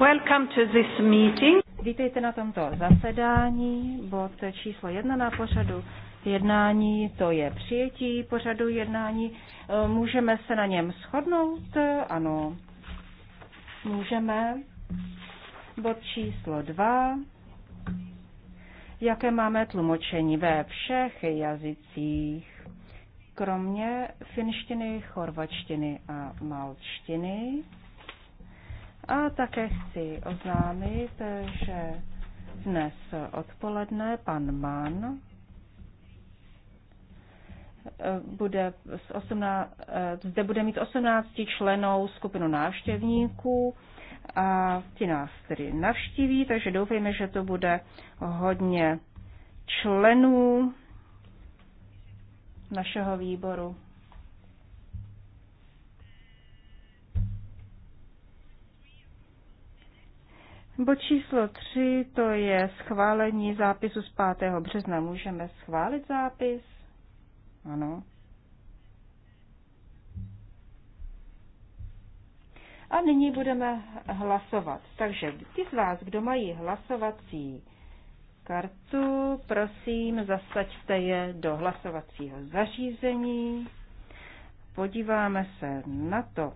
Welcome to this meeting. Vítejte na tomto zasedání. Bod číslo jedna na pořadu jednání, to je přijetí pořadu jednání. E, můžeme se na něm shodnout? Ano. Můžeme. Bod číslo dva. Jaké máme tlumočení ve všech jazycích? Kromě finštiny, chorvačtiny a malčtiny. A také chci oznámit, že dnes odpoledne pan Mann eh, bude z 18, eh, zde bude mít 18 členů skupinu návštěvníků a ti nás tedy navštíví, takže doufejme, že to bude hodně členů našeho výboru. Bod číslo 3 to je schválení zápisu z 5. března. Můžeme schválit zápis? Ano. A nyní budeme hlasovat. Takže ti z vás, kdo mají hlasovací kartu, prosím, zasaďte je do hlasovacího zařízení. Podíváme se na to.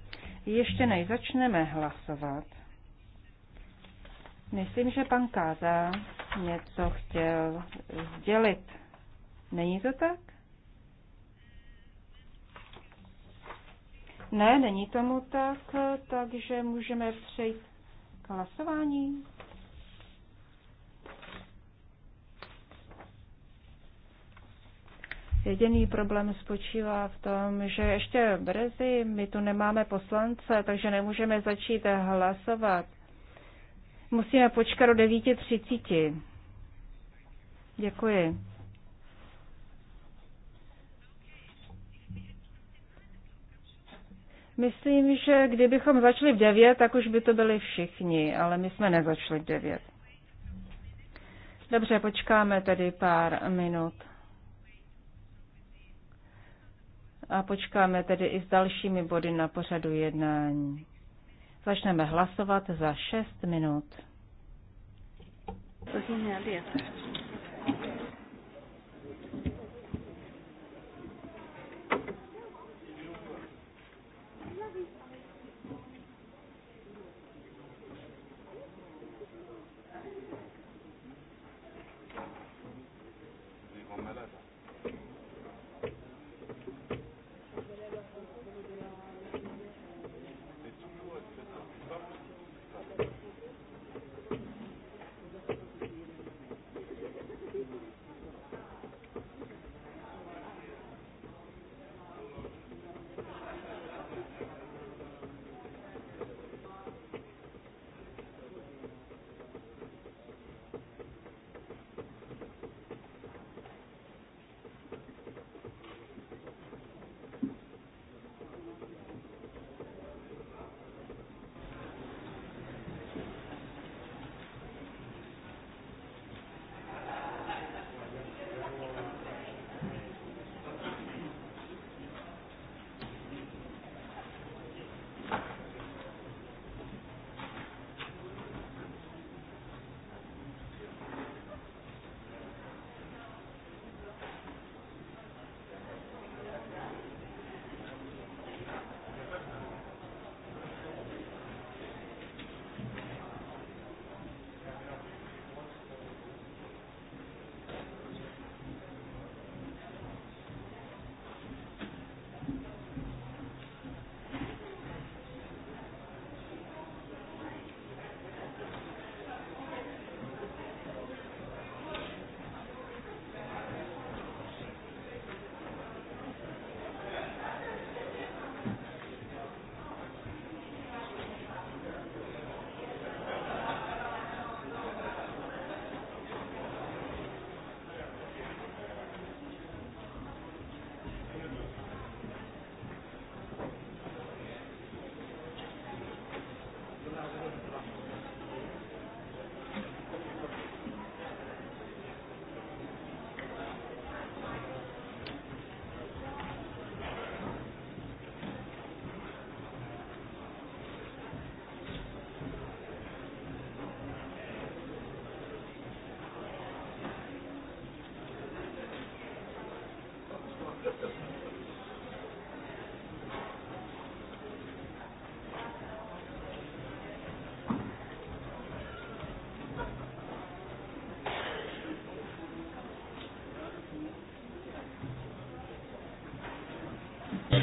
Ještě než začneme hlasovat, Myslím, že pan Káza něco chtěl sdělit. Není to tak? Ne, není tomu tak, takže můžeme přejít k hlasování. Jediný problém spočívá v tom, že ještě brzy my tu nemáme poslance, takže nemůžeme začít hlasovat. Musíme počkat do 9.30. Děkuji. Myslím, že kdybychom začali v 9, tak už by to byli všichni, ale my jsme nezačali v 9. Dobře, počkáme tedy pár minut. A počkáme tedy i s dalšími body na pořadu jednání. Začneme hlasovat za 6 minut.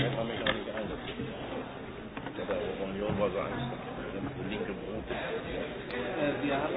der kann mich auch nicht einsetzen. Der bei Union war so eins. Linke Brot. Wir haben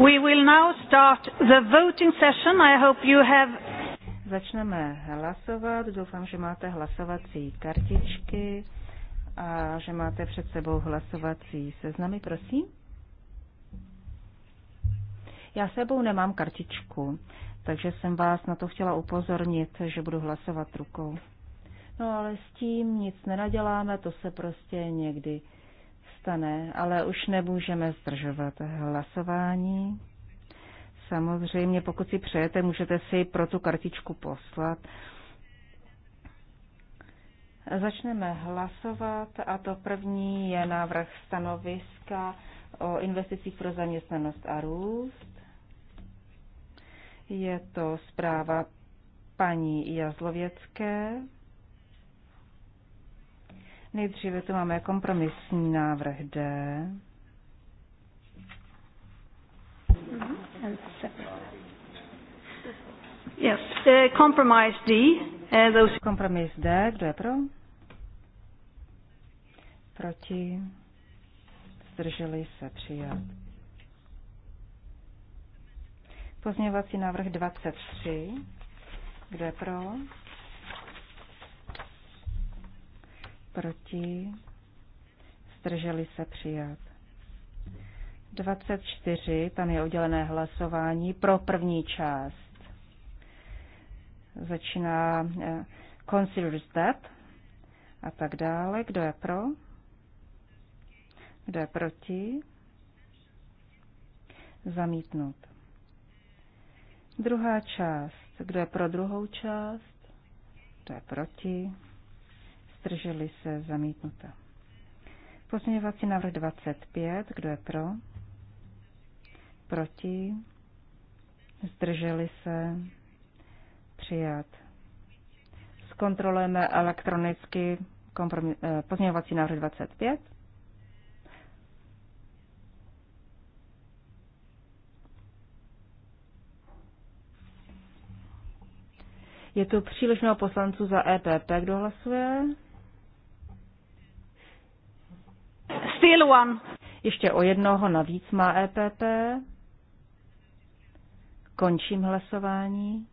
We will now start the voting session. I hope you have Začneme hlasovat. Doufám, že máte hlasovací kartičky a že máte před sebou hlasovací seznamy, prosím. Já sebou nemám kartičku, takže jsem vás na to chtěla upozornit, že budu hlasovat rukou. No ale s tím nic nenaděláme, to se prostě někdy nastane, ale už nemůžeme zdržovat hlasování. Samozřejmě, pokud si přejete, můžete si pro tu kartičku poslat. Začneme hlasovat a to první je návrh stanoviska o investicích pro zaměstnanost a růst. Je to zpráva paní Jazlověcké. Nejdříve tu máme kompromisní návrh D. Yes, uh, compromise D. Uh, those... Kompromis D, kdo je pro? Proti? Zdrželi se přijat. Pozměňovací návrh 23. Kdo je pro? proti, zdrželi se přijat. 24, tam je oddělené hlasování pro první část. Začíná eh, considers that a tak dále. Kdo je pro? Kdo je proti? Zamítnut. Druhá část. Kdo je pro druhou část? Kdo je proti? zdrželi se zamítnuta. Pozměňovací návrh 25, kdo je pro? Proti? Zdrželi se? Přijat. Zkontrolujeme elektronicky eh, pozměňovací návrh 25. Je tu příliš mnoho poslanců za EPP, kdo hlasuje. still one. Ještě o jednoho navíc má EPP. Končím hlasování.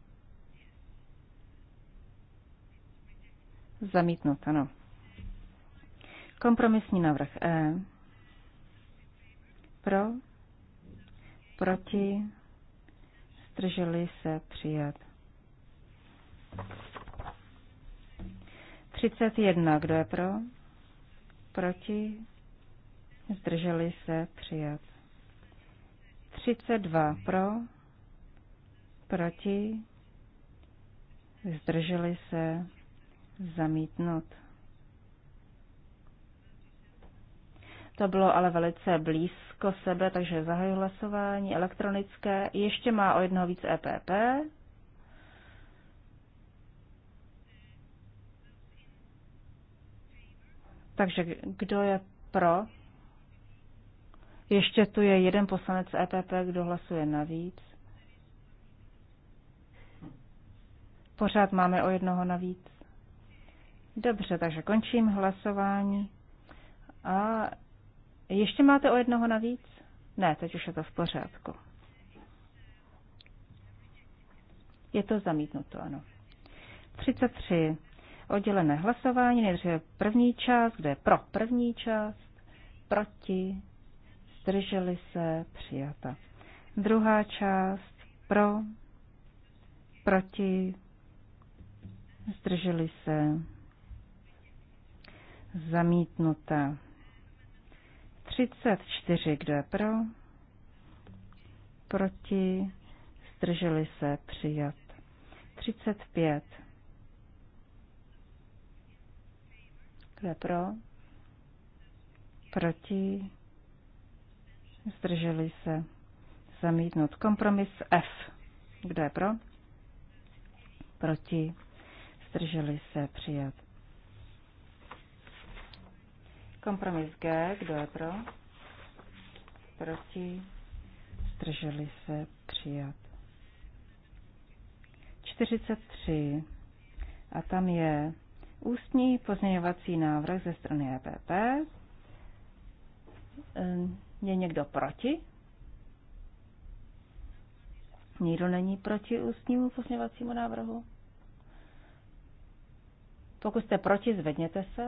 Zamítnout, ano. Kompromisní návrh E. Pro, proti, zdrželi se přijat. 31. Kdo je pro? Proti? zdrželi se přijat. 32 pro, proti, zdrželi se zamítnout. To bylo ale velice blízko sebe, takže zahajuji hlasování elektronické. Ještě má o jednoho víc EPP. Takže kdo je pro ještě tu je jeden poslanec EPP, kdo hlasuje navíc. Pořád máme o jednoho navíc. Dobře, takže končím hlasování. A ještě máte o jednoho navíc? Ne, teď už je to v pořádku. Je to zamítnuto, ano. 33. Oddělené hlasování, nejdříve první část, kde je pro první část, proti, zdrželi se, přijata. Druhá část pro, proti, zdrželi se, zamítnuta. 34, kdo je pro, proti, zdrželi se, přijat. 35, kdo je pro, proti, Zdrželi se. Zamítnut. Kompromis F. Kdo je pro? Proti. Zdrželi se. Přijat. Kompromis G. Kdo je pro? Proti. Zdrželi se. Přijat. 43. A tam je ústní pozměňovací návrh ze strany EPP je někdo proti? Nikdo není proti ústnímu posměvacímu návrhu? Pokud jste proti, zvedněte se.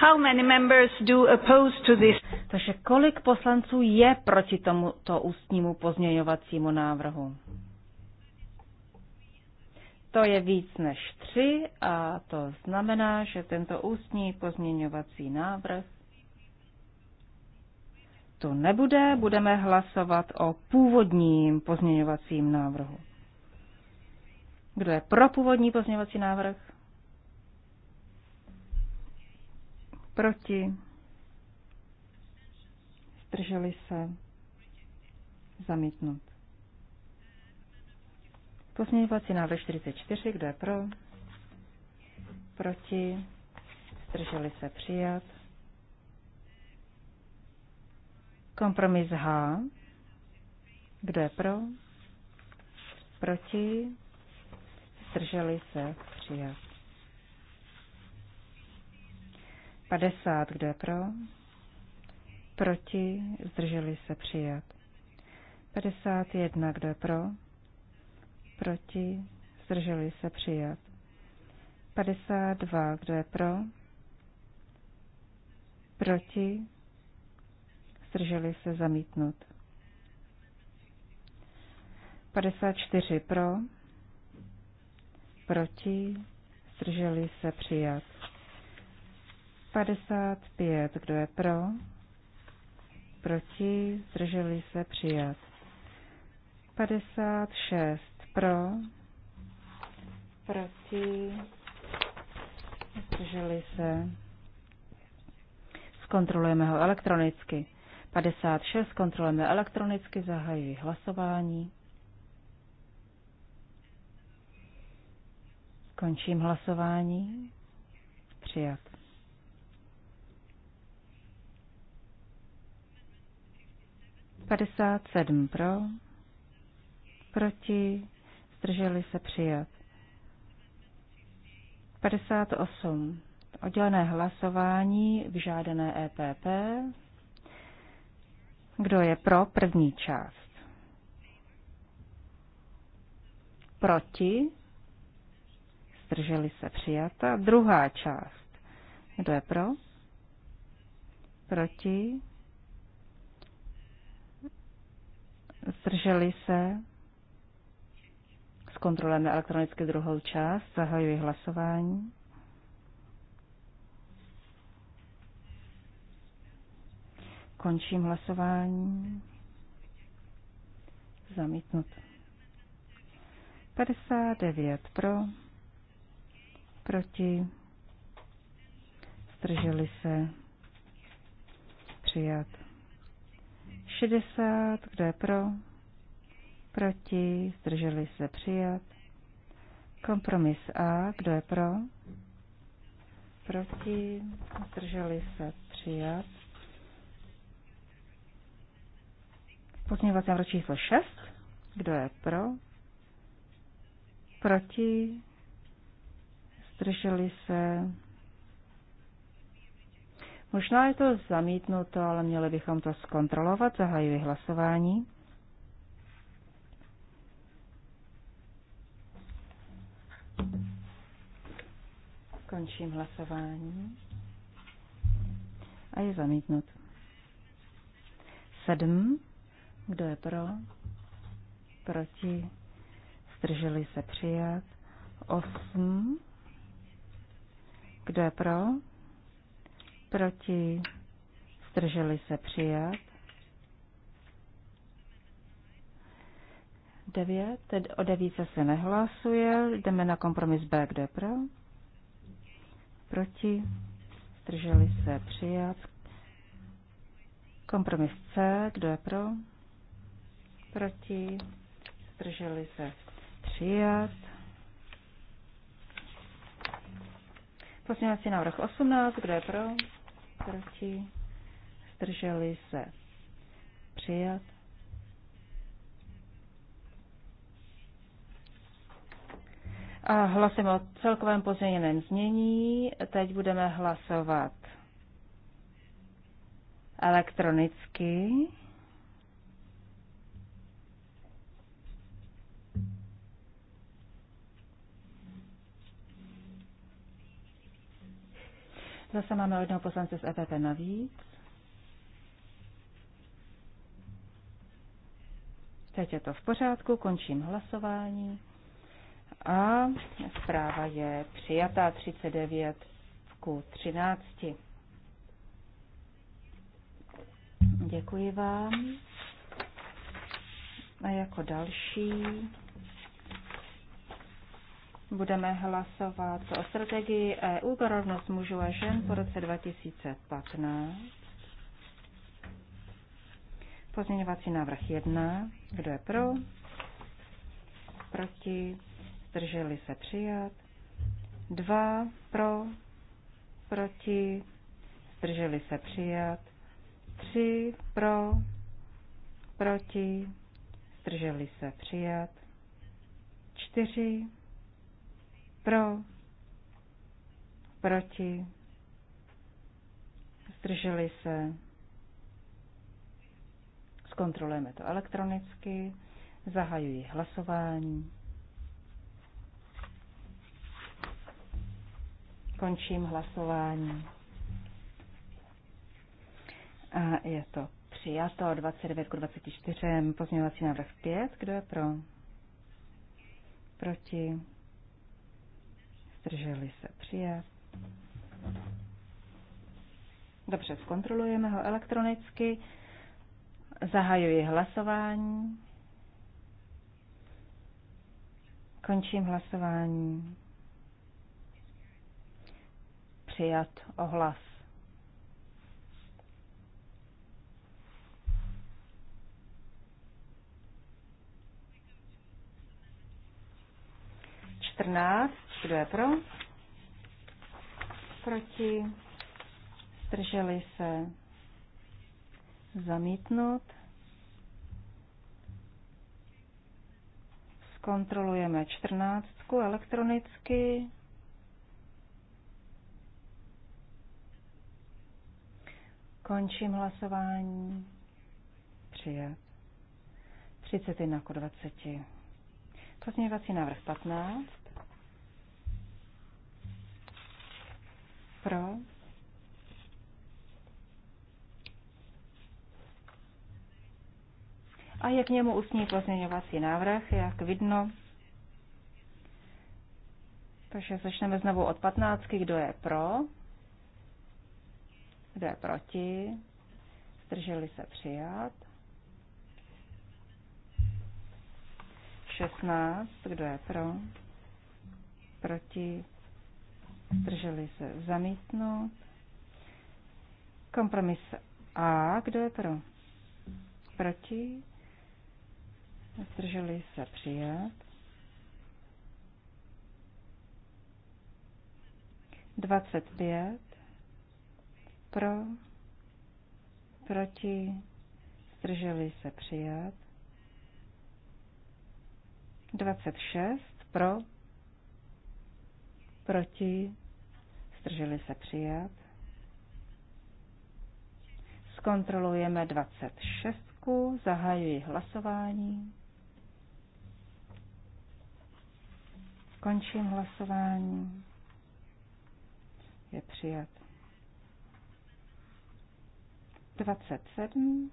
How many members do oppose to this? Takže kolik poslanců je proti tomuto ústnímu pozměňovacímu návrhu? To je víc než tři a to znamená, že tento ústní pozměňovací návrh tu nebude, budeme hlasovat o původním pozměňovacím návrhu. Kdo je pro původní pozměňovací návrh? Proti? Zdrželi se? Zamítnout. Pozměňovací návrh 44, kdo je pro? Proti? Zdrželi se přijat. Kompromis H. Kdo je pro? Proti? Zdrželi se přijat. 50. Kdo je pro? Proti? Zdrželi se přijat. 51. Kdo je pro? proti, zdrželi se přijat. 52, kdo je pro, proti, zdrželi se zamítnut. 54 pro, proti, zdrželi se přijat. 55, kdo je pro, proti, zdrželi se přijat. 56 pro, proti, zdrželi se. Zkontrolujeme ho elektronicky. 56 kontrolujeme elektronicky, zahajuji hlasování. Končím hlasování. Přijat. Padesát sedm pro, proti, zdrželi se přijat. 58. Oddělené hlasování vyžádané EPP. Kdo je pro první část? Proti? Zdrželi se přijata. Druhá část. Kdo je pro? Proti? Zdrželi se Zkontrolujeme elektronicky druhou část. Zahajuji hlasování. Končím hlasování. Zamítnut. 59 pro, proti, zdrželi se, přijat. 60, kdo je pro, proti, zdrželi se přijat. Kompromis A, kdo je pro, proti, zdrželi se přijat. Pozměňovací návrh číslo 6, kdo je pro, proti, zdrželi se. Možná je to zamítnuto, ale měli bychom to zkontrolovat. Zahajuji hlasování. Končím hlasování. A je zamítnut. Sedm. Kdo je pro? Proti? Zdrželi se přijat. Osm. Kdo je pro? Proti? Zdrželi se přijat. 9, tedy o 9 se nehlasuje, jdeme na kompromis B, je pro, proti, zdrželi se přijat, kompromis C, kdo je pro, proti, zdrželi se přijat, Pozměňovací návrh 18, kdo je pro? Proti? Zdrželi se? Přijat. A hlasujeme o celkovém pozměněném znění. Teď budeme hlasovat elektronicky. Zase máme jednoho poslance z EPP navíc. Teď je to v pořádku, končím hlasování. A zpráva je přijatá 39 ku 13. Děkuji vám. A jako další budeme hlasovat o strategii EU pro rovnost mužů a žen po roce 2015. Pozměňovací návrh 1. Kdo je pro? Proti? zdrželi se přijat. dva pro, proti, zdrželi se přijat. tři pro, proti, zdrželi se přijat. čtyři pro, proti, zdrželi se. Zkontrolujeme to elektronicky. Zahajuji hlasování. Končím hlasování. A je to přijato 29 k 24, pozměňovací návrh 5. Kdo je pro? Proti? Zdrželi se přijat. Dobře, zkontrolujeme ho elektronicky. Zahajuji hlasování. Končím hlasování přijat ohlas. Čtrnáct, kdo je pro? Proti? Zdrželi se? Zamítnout? Zkontrolujeme čtrnáctku elektronicky. Končím hlasování. Přijat. 31 k 20. Pozměňovací návrh 15. Pro. A je k němu ústní pozměňovací návrh, jak vidno. Takže začneme znovu od 15. Kdo je pro? Kdo je proti? Zdrželi se přijat. 16. Kdo je pro? Proti? Zdrželi se zamítnout. Kompromis A. Kdo je pro? Proti? Zdrželi se přijat. 25. Pro, proti, zdrželi se přijat. 26 pro, proti, zdrželi se přijat. Zkontrolujeme 26, zahajuji hlasování. Končím hlasování. Je přijat. 27.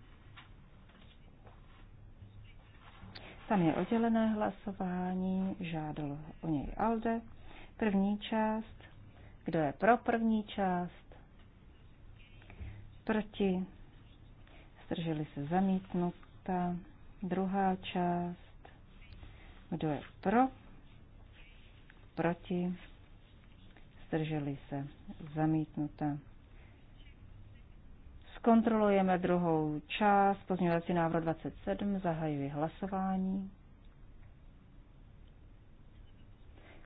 Tam je oddělené hlasování, žádalo o něj Alde. První část, kdo je pro první část, proti, zdrželi se zamítnuta. Druhá část, kdo je pro, proti, zdrželi se zamítnuta. Zkontrolujeme druhou část, pozměňovací návrh 27, zahajuji hlasování.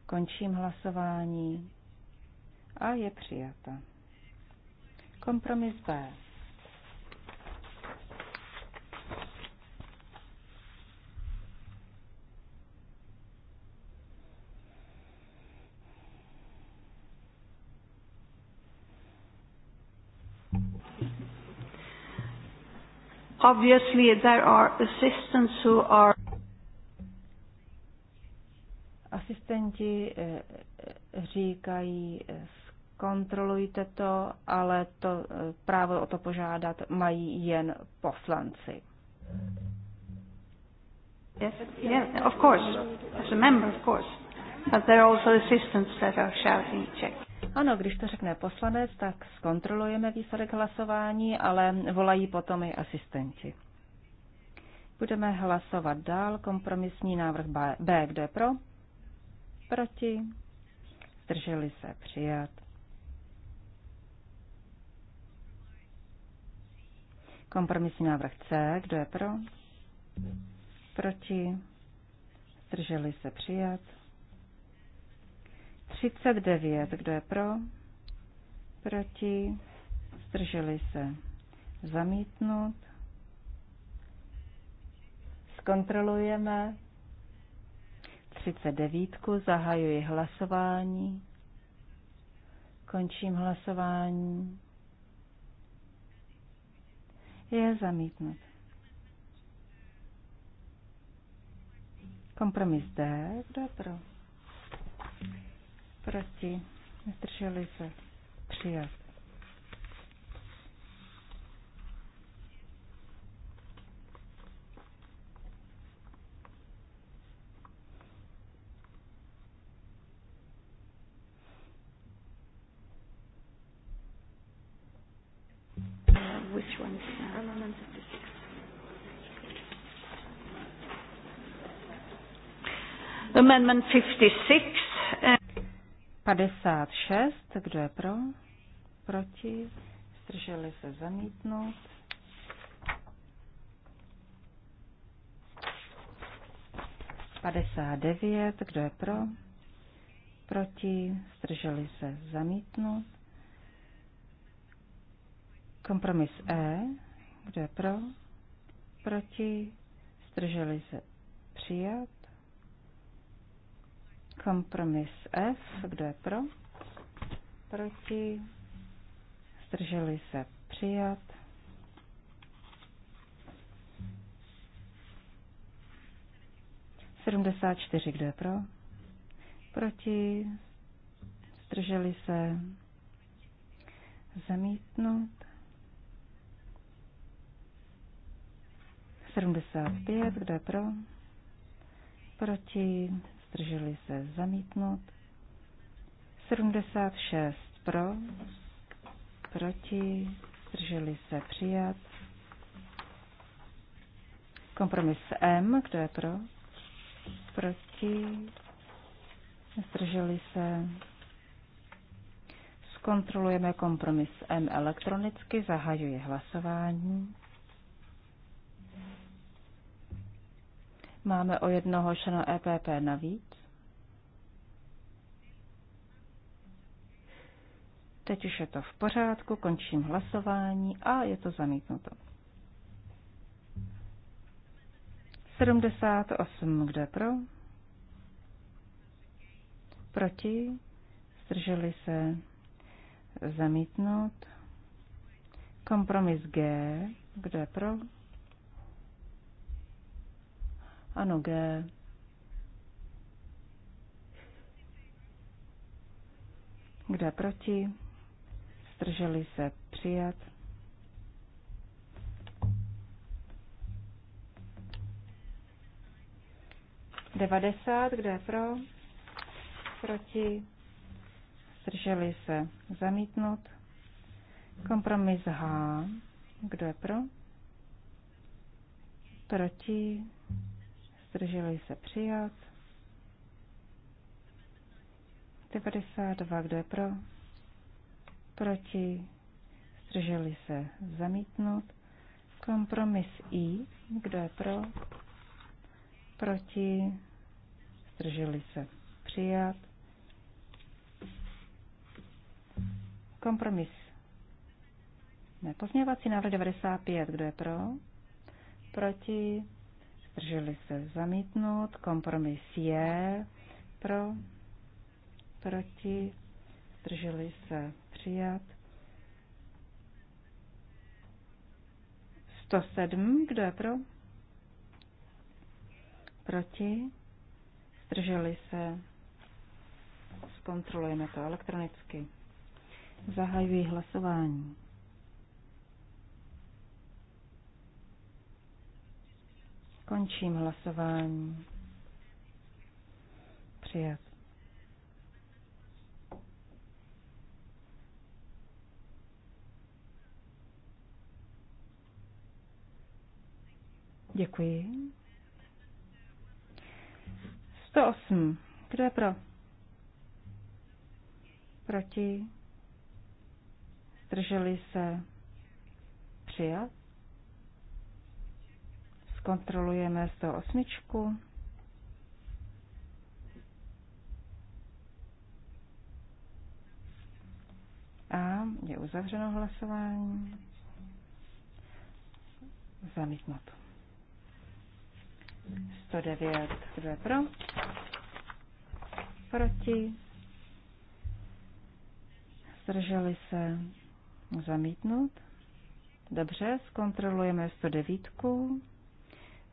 Končím hlasování a je přijata. Kompromis B. Obviously, there are assistants who are Asistenti eh, eh, říkají, eh, zkontrolujte to, ale to právo o to požádat mají jen poslanci. Yes, yeah, of course, as a member, of course. Ano, když to řekne poslanec, tak zkontrolujeme výsledek hlasování, ale volají potom i asistenti. Budeme hlasovat dál. Kompromisní návrh B. Kdo je pro? Proti? Zdrželi se přijat. Kompromisní návrh C. Kdo je pro? Proti? Zdrželi se přijat. 39. Kdo je pro? Proti? Zdrželi se. Zamítnout. Zkontrolujeme. 39. Zahajuji hlasování. Končím hlasování. Je zamítnut. Kompromis D. Kdo je pro? proti, zdrželi se, přijat. Amendment 56. Amendment 56. 56, kdo je pro? Proti? Zdrželi se zamítnout. Padesát devět, kdo je pro? Proti? Zdrželi se zamítnout. Kompromis E, kdo je pro? Proti? Zdrželi se přijat. Kompromis F, kdo je pro? Proti? Zdrželi se přijat. Sedmdesát čtyři, kdo je pro? Proti? Zdrželi se zamítnout. 75, kdo je pro? Proti? zdrželi se zamítnout. 76 pro, proti, zdrželi se přijat. Kompromis M, kdo je pro? Proti, zdrželi se. Zkontrolujeme kompromis M elektronicky, zahajuje hlasování. Máme o jednoho člena EPP navíc. Teď už je to v pořádku, končím hlasování a je to zamítnuto. 78, kdo je pro? Proti? Zdrželi se zamítnout. Kompromis G, kdo je pro? a nogé. Kde proti? Zdrželi se přijat. Devadesát, kde pro? Proti? Zdrželi se zamítnout. Kompromis H. Kdo je pro? Proti? zdrželi se přijat. 92, kdo je pro, proti, zdrželi se zamítnout. Kompromis I, kdo je pro, proti, zdrželi se přijat. Kompromis. Ne, pozměvací návrh 95, kdo je pro? Proti, zdrželi se zamítnout, kompromis je pro, proti, zdrželi se přijat. 107, kdo je pro? Proti, zdrželi se, zkontrolujeme to elektronicky. Zahajuji hlasování. Končím hlasování. Přijat. Děkuji. 108. Kdo je pro? Proti? Drželi se? Přijat? Zkontrolujeme 108. A je uzavřeno hlasování. Zamítnout. 109. Kdo je pro? Proti? Zdrželi se? Zamítnout? Dobře, zkontrolujeme 109.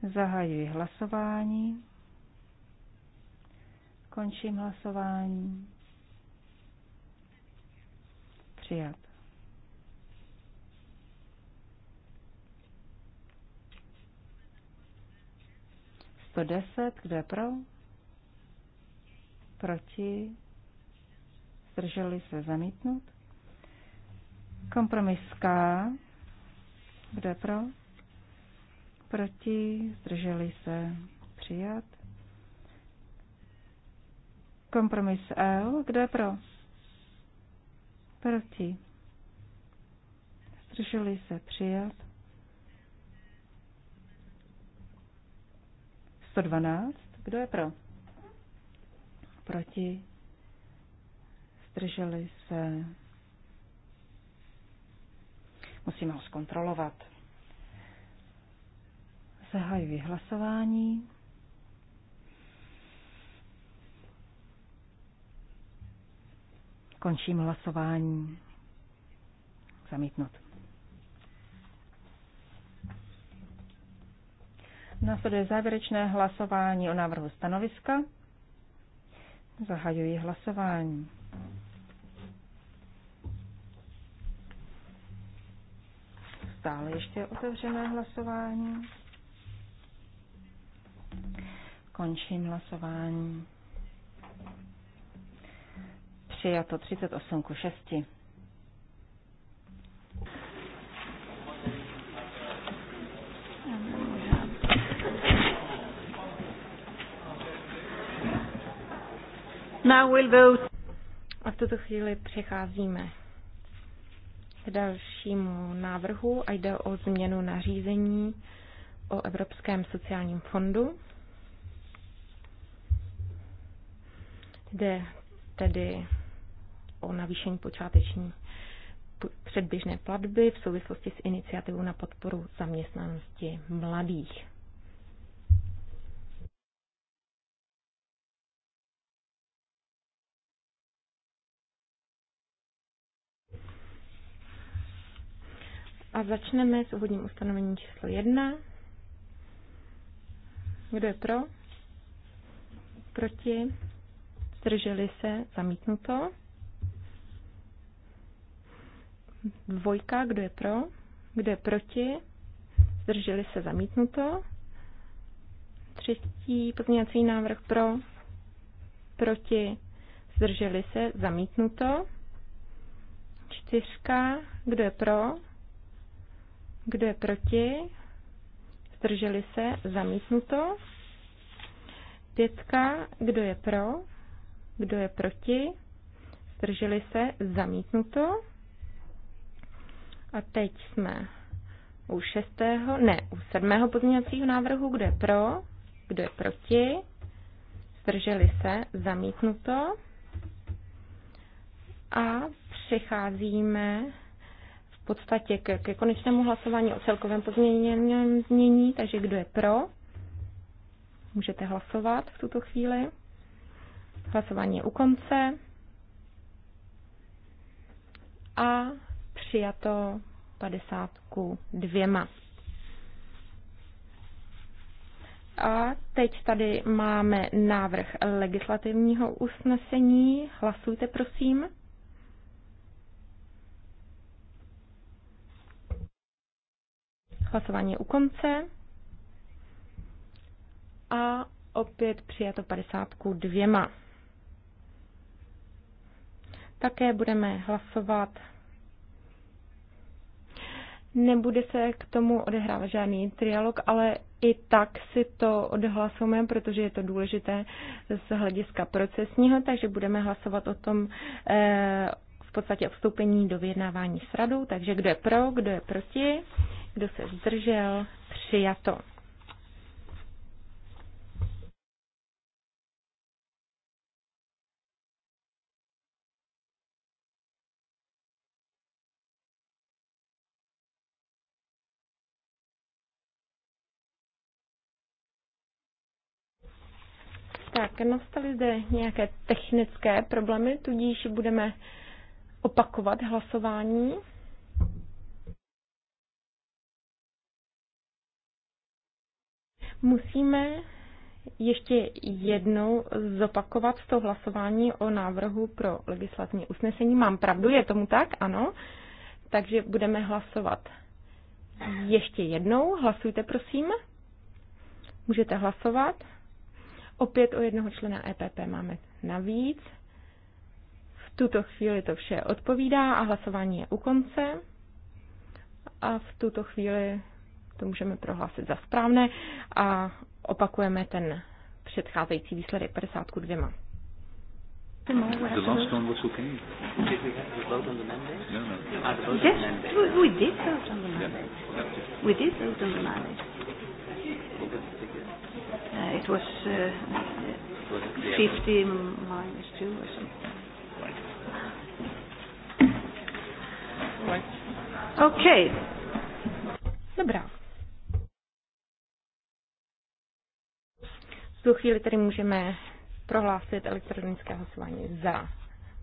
Zahajuji hlasování. Končím hlasování. Přijat. Sto deset, kdo je pro? Proti? Zdrželi se zamítnout? Kompromis K, kdo je pro? proti, zdrželi se přijat. Kompromis L, kdo je pro? Proti. Zdrželi se přijat. 112, kdo je pro? Proti. Zdrželi se. Musíme ho zkontrolovat. Zahajuji hlasování. Končím hlasování. Zamítnut. Následuje závěrečné hlasování o návrhu stanoviska. Zahajuji hlasování. Stále ještě otevřené hlasování. Končím hlasování. Přijato 38 ku 6. Now we'll vote. A v tuto chvíli přecházíme k dalšímu návrhu a jde o změnu nařízení o Evropském sociálním fondu. Jde tedy o navýšení počáteční předběžné platby v souvislosti s iniciativou na podporu zaměstnanosti mladých. A začneme s úvodním ustanovením číslo 1. Kdo je pro? Proti? zdrželi se, zamítnuto. Dvojka, kdo je pro, kdo je proti, zdrželi se, zamítnuto. Třetí pozměňovací návrh pro, proti, zdrželi se, zamítnuto. Čtyřka, kdo je pro, kdo je proti, zdrželi se, zamítnuto. Pětka, kdo je pro, kdo je proti? Zdrželi se? Zamítnuto. A teď jsme u šestého, ne, u sedmého pozměňovacího návrhu. Kdo je pro? Kdo je proti? Zdrželi se? Zamítnuto. A přecházíme v podstatě ke, ke konečnému hlasování o celkovém pozměněném znění. Takže kdo je pro? Můžete hlasovat v tuto chvíli. Hlasování je u konce. A přijato 50 dvěma. A teď tady máme návrh legislativního usnesení. Hlasujte, prosím. Hlasování je u konce. A opět přijato 50 dvěma. Také budeme hlasovat. Nebude se k tomu odehrávat žádný trialog, ale i tak si to odhlasujeme, protože je to důležité z hlediska procesního, takže budeme hlasovat o tom eh, v podstatě o vstoupení do vyjednávání s radou. Takže kdo je pro, kdo je proti, kdo se zdržel, přijato. Tak, nastaly zde nějaké technické problémy, tudíž budeme opakovat hlasování. Musíme ještě jednou zopakovat to hlasování o návrhu pro legislativní usnesení. Mám pravdu, je tomu tak? Ano. Takže budeme hlasovat ještě jednou. Hlasujte, prosím. Můžete hlasovat. Opět o jednoho člena EPP máme navíc. V tuto chvíli to vše odpovídá a hlasování je u konce. A v tuto chvíli to můžeme prohlásit za správné a opakujeme ten předcházející výsledek 50 k 2. The last one was okay. Did we have vote on the mandate? No, no. Yes, we, did vote on the mandate. We did vote on the mandate. Uh, it was uh, 50 minus 2 or something. Okay. Dobrá. V tu chvíli tedy můžeme prohlásit elektronické hlasování za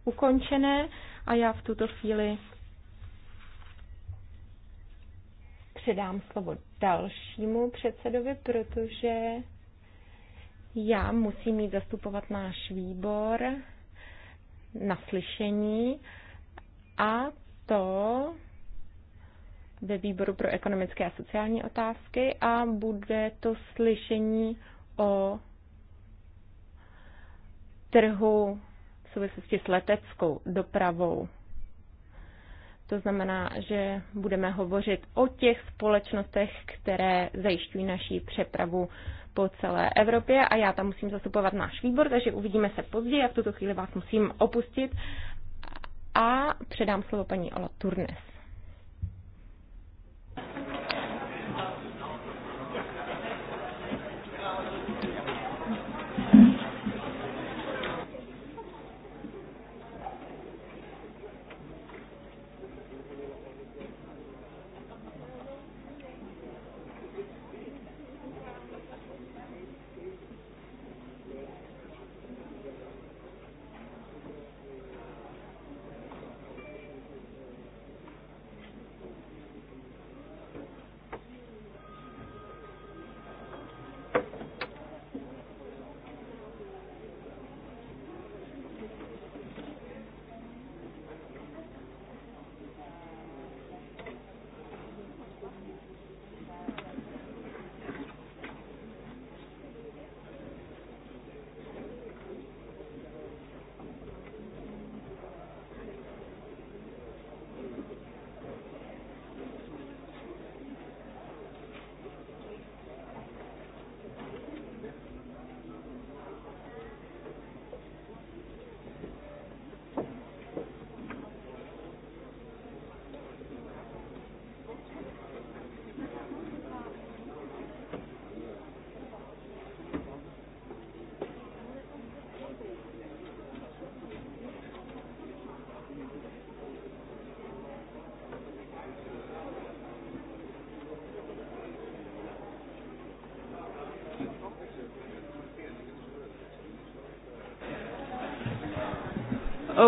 ukončené a já v tuto chvíli předám slovo dalšímu předsedovi, protože já musím mít zastupovat náš výbor na slyšení a to ve výboru pro ekonomické a sociální otázky a bude to slyšení o trhu v souvislosti s leteckou dopravou. To znamená, že budeme hovořit o těch společnostech, které zajišťují naší přepravu po celé Evropě a já tam musím zastupovat náš výbor, takže uvidíme se později. Já v tuto chvíli vás musím opustit a předám slovo paní Ola Turnes.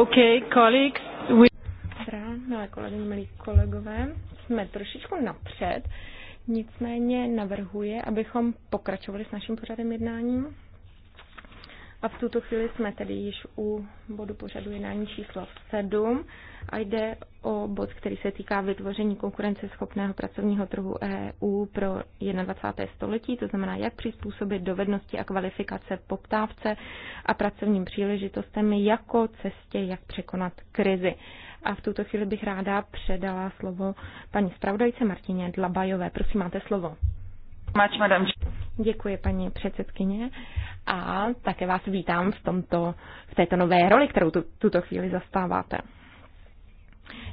Okay, colleagues, we... Dobrá, milé kolegyně, milí kolegové, jsme trošičku napřed, nicméně navrhuje, abychom pokračovali s naším pořadem jednáním. A v tuto chvíli jsme tedy již u bodu pořadu jednání číslo 7 a jde o bod, který se týká vytvoření konkurenceschopného pracovního trhu EU pro 21. století, to znamená, jak přizpůsobit dovednosti a kvalifikace poptávce a pracovním příležitostem jako cestě, jak překonat krizi. A v tuto chvíli bych ráda předala slovo paní zpravodajce Martině Dlabajové. Prosím, máte slovo. Máč, madam. Děkuji, paní předsedkyně a také vás vítám v, tomto, v této nové roli, kterou tu, tuto chvíli zastáváte.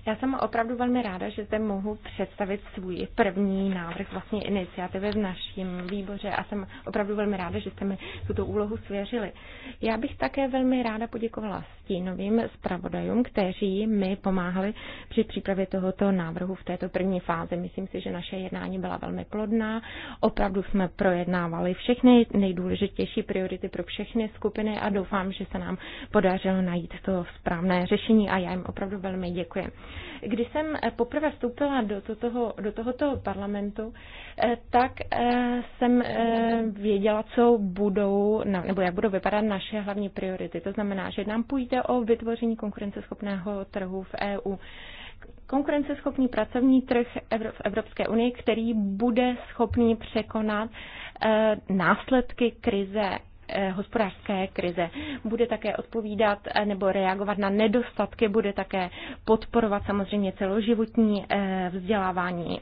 Já jsem opravdu velmi ráda, že zde mohu představit svůj první návrh vlastně iniciativy v našem výboře a jsem opravdu velmi ráda, že jste mi tuto úlohu svěřili. Já bych také velmi ráda poděkovala stínovým zpravodajům, kteří mi pomáhali při přípravě tohoto návrhu v této první fázi. Myslím si, že naše jednání byla velmi plodná. Opravdu jsme projednávali všechny nejdůležitější priority pro všechny skupiny a doufám, že se nám podařilo najít to správné řešení a já jim opravdu velmi děkuji. Když jsem eh, poprvé vstoupila do, to, toho, do tohoto parlamentu, eh, tak eh, jsem věděla, co budou, nebo jak budou vypadat naše hlavní priority. To znamená, že nám půjde o vytvoření konkurenceschopného trhu v EU konkurenceschopný pracovní trh v Evropské unii, který bude schopný překonat následky krize Eh, hospodářské krize. Bude také odpovídat eh, nebo reagovat na nedostatky, bude také podporovat samozřejmě celoživotní eh, vzdělávání,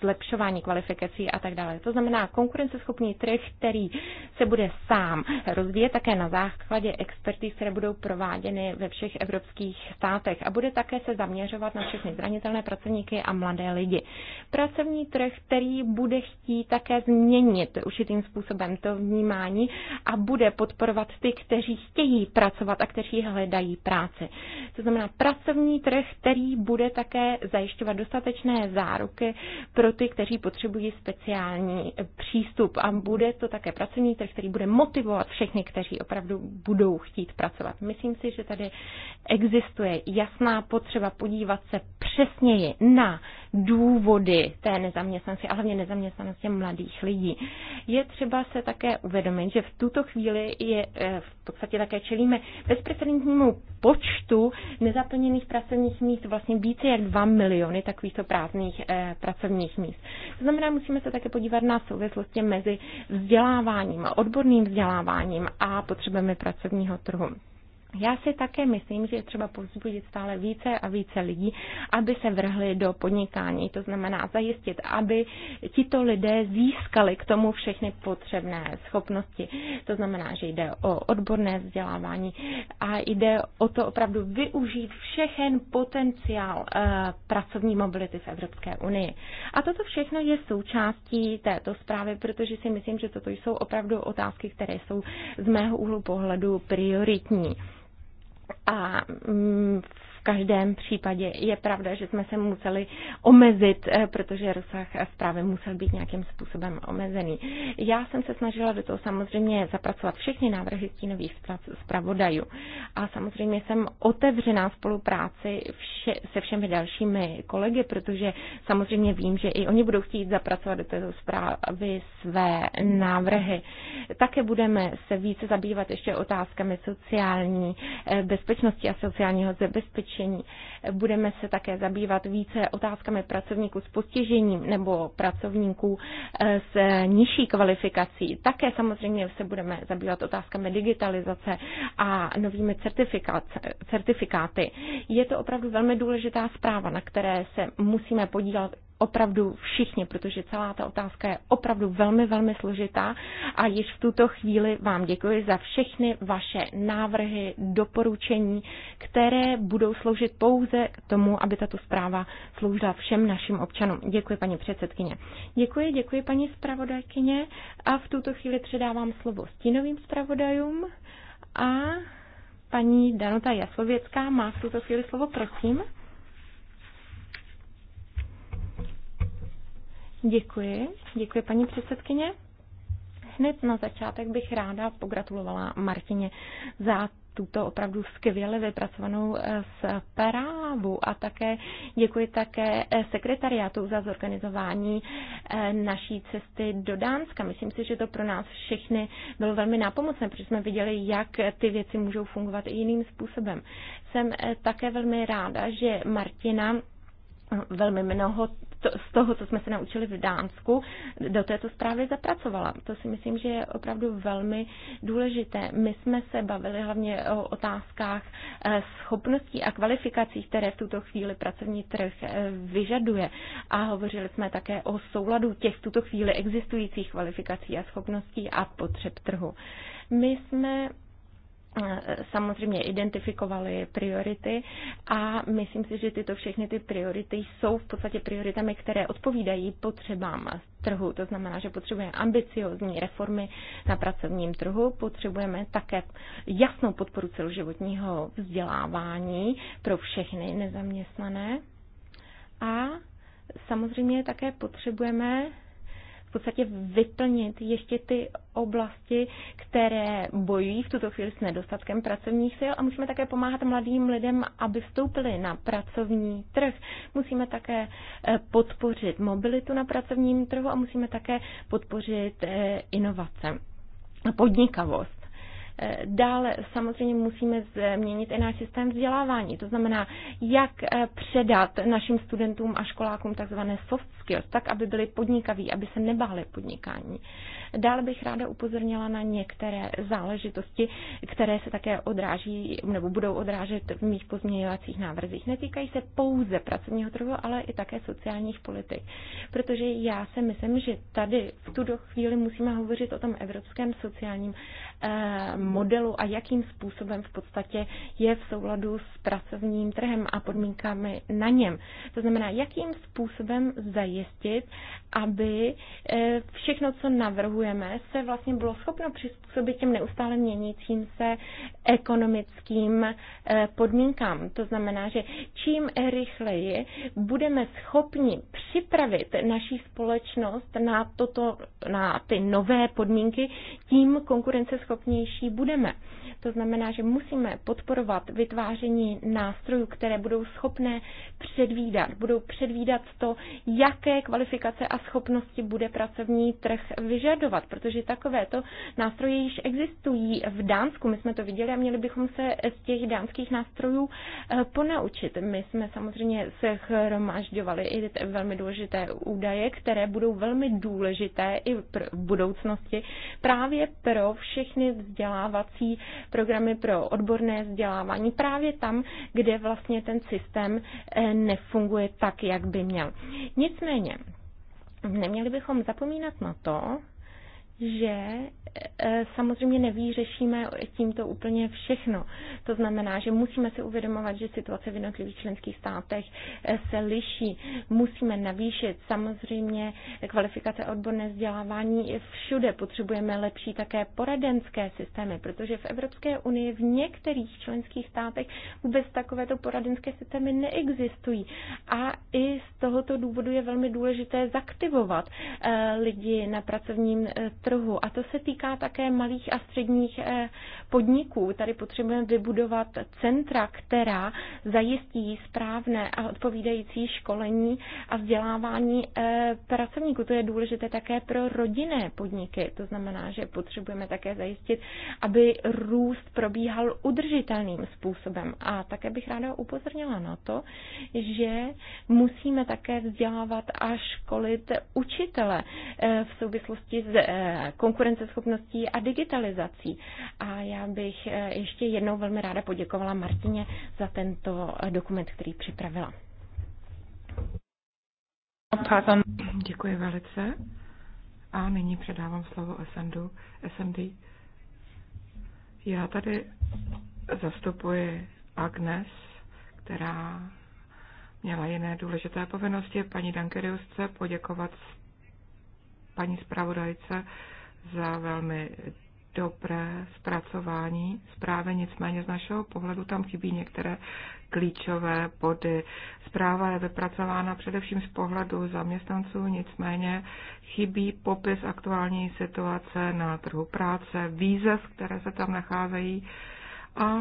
zlepšování kvalifikací a tak dále. To znamená konkurenceschopný trh, který se bude sám rozvíjet také na základě expertí, které budou prováděny ve všech evropských státech a bude také se zaměřovat na všechny zranitelné pracovníky a mladé lidi. Pracovní trh, který bude chtít také změnit určitým způsobem to vnímání a bude podporovat ty, kteří chtějí pracovat a kteří hledají práci. To znamená pracovní trh, který bude také zajišťovat dostatečné záruky pro ty, kteří potřebují speciální přístup a bude to také pracovní trh, který bude motivovat všechny, kteří opravdu budou chtít pracovat. Myslím si, že tady existuje jasná potřeba podívat se přesněji na důvody té nezaměstnanosti, a hlavně nezaměstnanosti mladých lidí. Je třeba se také uvědomit, že v tuto chvíli je eh, v podstatě také čelíme bezprecedentnímu počtu nezaplněných pracovních míst, vlastně více jak 2 miliony takovýchto prázdných eh, pracovních míst. To znamená, musíme se také podívat na souvislosti mezi vzděláváním, odborným vzděláváním a potřebami pracovního trhu. Já si také myslím, že je třeba povzbudit stále více a více lidí, aby se vrhli do podnikání. To znamená zajistit, aby tito lidé získali k tomu všechny potřebné schopnosti. To znamená, že jde o odborné vzdělávání a jde o to opravdu využít všechen potenciál eh, pracovní mobility v Evropské unii. A toto všechno je součástí této zprávy, protože si myslím, že toto jsou opravdu otázky, které jsou z mého úhlu pohledu prioritní. A v mm, v každém případě je pravda, že jsme se museli omezit, eh, protože rozsah zprávy musel být nějakým způsobem omezený. Já jsem se snažila do toho samozřejmě zapracovat všechny návrhy stínových zpravodajů a samozřejmě jsem otevřená spolupráci vše, se všemi dalšími kolegy, protože samozřejmě vím, že i oni budou chtít zapracovat do této zprávy své návrhy. Také budeme se více zabývat ještě otázkami sociální eh, bezpečnosti a sociálního zabezpečení cvičení. Budeme se také zabývat více otázkami pracovníků s postižením nebo pracovníků eh, s nižší kvalifikací. Také samozřejmě se budeme zabývat otázkami digitalizace a novými certifikáty. Je to opravdu velmi důležitá zpráva, na které se musíme podívat opravdu všichni, protože celá ta otázka je opravdu velmi, velmi složitá a již v tuto chvíli vám děkuji za všechny vaše návrhy, doporučení, které budou sloužit pouze k tomu, aby tato zpráva sloužila všem našim občanům. Děkuji, paní předsedkyně. Děkuji, děkuji, paní zpravodajkyně a v tuto chvíli předávám slovo stínovým zpravodajům a paní Danuta Jaslověcká má v tuto chvíli slovo, prosím. Děkuji. Děkuji, paní předsedkyně. Hned na začátek bych ráda pogratulovala Martině za tuto opravdu skvěle vypracovanou eh, zprávu a také děkuji také eh, sekretariátu za zorganizování eh, naší cesty do Dánska. Myslím si, že to pro nás všechny bylo velmi nápomocné, protože jsme viděli, jak ty věci můžou fungovat i jiným způsobem. Jsem také velmi ráda, že Martina velmi mnoho to, z toho, co jsme se naučili v Dánsku, do této zprávy zapracovala. To si myslím, že je opravdu velmi důležité. My jsme se bavili hlavně o otázkách eh, schopností a kvalifikací, které v tuto chvíli pracovní trh eh, vyžaduje. A hovořili jsme také o souladu těch v tuto chvíli existujících kvalifikací a schopností a potřeb trhu. My jsme E, samozřejmě identifikovali priority a myslím si, že tyto všechny ty priority jsou v podstatě prioritami, které odpovídají potřebám trhu. To znamená, že potřebujeme ambiciozní reformy na pracovním trhu, potřebujeme také jasnou podporu celoživotního vzdělávání pro všechny nezaměstnané a samozřejmě také potřebujeme v podstatě vyplnit ještě ty oblasti, které bojují v tuto chvíli s nedostatkem pracovních sil a musíme také pomáhat mladým lidem, aby vstoupili na pracovní trh. Musíme také eh, podpořit mobilitu na pracovním trhu a musíme také podpořit eh, inovace, podnikavost. Eh, dále samozřejmě musíme změnit i náš systém vzdělávání, to znamená, jak předat našim studentům a školákům takzvané soft skills, tak, aby byli podnikaví, aby se nebáli podnikání. Dále bych ráda upozornila na některé záležitosti, které se také odráží nebo budou odrážet v mých pozměňovacích návrzích. Netýkají se pouze pracovního trhu, ale i také sociálních politik. Protože já si myslím, že tady v tuto chvíli musíme hovořit o tom evropském sociálním eh, modelu a jakým způsobem v podstatě je v souladu s pracovním trhem a podmínkami na něm. To znamená, jakým způsobem zajistit zajistit, aby eh, všechno, co navrhujeme, se vlastně bylo schopno přizpůsobit těm neustále měnícím se ekonomickým eh, podmínkám. To znamená, že čím rychleji budeme schopni připravit naší společnost na, toto, na ty nové podmínky, tím konkurenceschopnější budeme. To znamená, že musíme podporovat vytváření nástrojů, které budou schopné předvídat. Budou předvídat to, jaké kvalifikace a schopnosti bude pracovní trh vyžadovat, protože takovéto nástroje již existují v Dánsku. My jsme to viděli a měli bychom se z těch dánských nástrojů eh, ponaučit. My jsme samozřejmě se chromažďovali i velmi důležité údaje, které budou velmi důležité i v budoucnosti právě pro všechny vzdělávací programy pro odborné vzdělávání právě tam, kde vlastně ten systém eh, nefunguje tak, jak by měl. Nicméně, neměli bychom zapomínat na to, že eh, samozřejmě nevyřešíme tímto úplně všechno. To znamená, že musíme si uvědomovat, že situace v jednotlivých členských státech eh, se liší. Musíme navýšit samozřejmě kvalifikace odborné vzdělávání všude. Potřebujeme lepší také poradenské systémy, protože v Evropské unii v některých členských státech vůbec takovéto poradenské systémy neexistují. A i z tohoto důvodu je velmi důležité zaktivovat eh, lidi na pracovním trhu trhu. A to se týká také malých a středních eh, podniků. Tady potřebujeme vybudovat centra, která zajistí správné a odpovídající školení a vzdělávání eh, pracovníků. To je důležité také pro rodinné podniky. To znamená, že potřebujeme také zajistit, aby růst probíhal udržitelným způsobem. A také bych ráda upozornila na to, že musíme také vzdělávat a školit učitele eh, v souvislosti s konkurenceschopností a digitalizací. A já bych eh, ještě jednou velmi ráda poděkovala Martině za tento eh, dokument, který připravila. Děkuji velice. A nyní předávám slovo SMD. SMD. Já tady zastupuji Agnes, která měla jiné důležité povinnosti. Paní Dankeriusce poděkovat paní zpravodajce za velmi dobré zpracování zprávy, nicméně z našeho pohledu tam chybí některé klíčové body. Zpráva je vypracována především z pohledu zaměstnanců, nicméně chybí popis aktuální situace na trhu práce, výzev, které se tam nacházejí a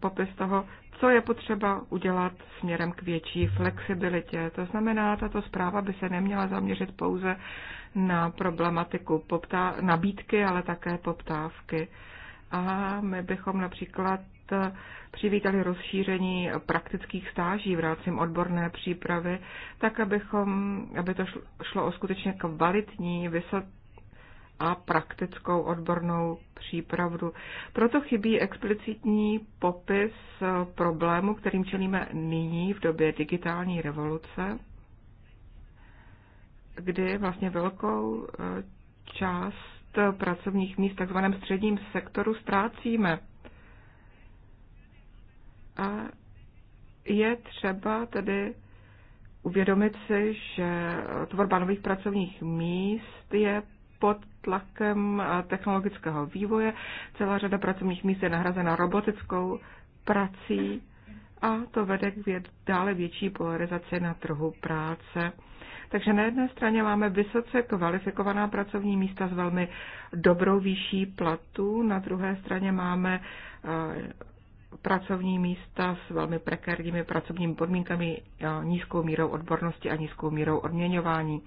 popis toho, co je potřeba udělat směrem k větší flexibilitě. To znamená, tato zpráva by se neměla zaměřit pouze na problematiku poptá- nabídky, ale také poptávky. A my bychom například eh, přivítali rozšíření praktických stáží v rámci odborné přípravy, tak abychom, aby to šlo o skutečně kvalitní, vysoké a praktickou odbornou přípravdu. Proto chybí explicitní popis problému, kterým čelíme nyní v době digitální revoluce, kdy vlastně velkou eh, část pracovních míst v takzvaném středním sektoru ztrácíme. A je třeba tedy uvědomit si, že tvorba nových pracovních míst je pod tlakem eh, technologického vývoje. Celá řada pracovních míst je nahrazena robotickou prací a to vede k věd, dále větší polarizaci na trhu práce. Takže na jedné straně máme vysoce kvalifikovaná pracovní místa s velmi dobrou výší platu, na druhé straně máme eh, pracovní místa s velmi prekérními pracovními podmínkami, nízkou mírou odbornosti a nízkou mírou odměňování.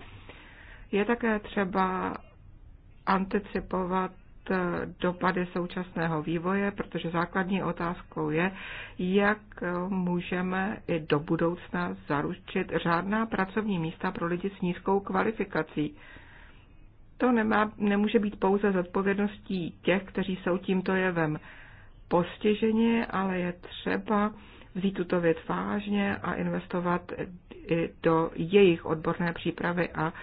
Je také třeba anticipovat eh, dopady současného vývoje, protože základní otázkou je, jak eh, můžeme i do budoucna zaručit řádná pracovní místa pro lidi s nízkou kvalifikací. To nemá, nemůže být pouze zodpovědností těch, kteří jsou tímto jevem postiženi, ale je třeba vzít tuto věc vážně a investovat i do jejich odborné přípravy a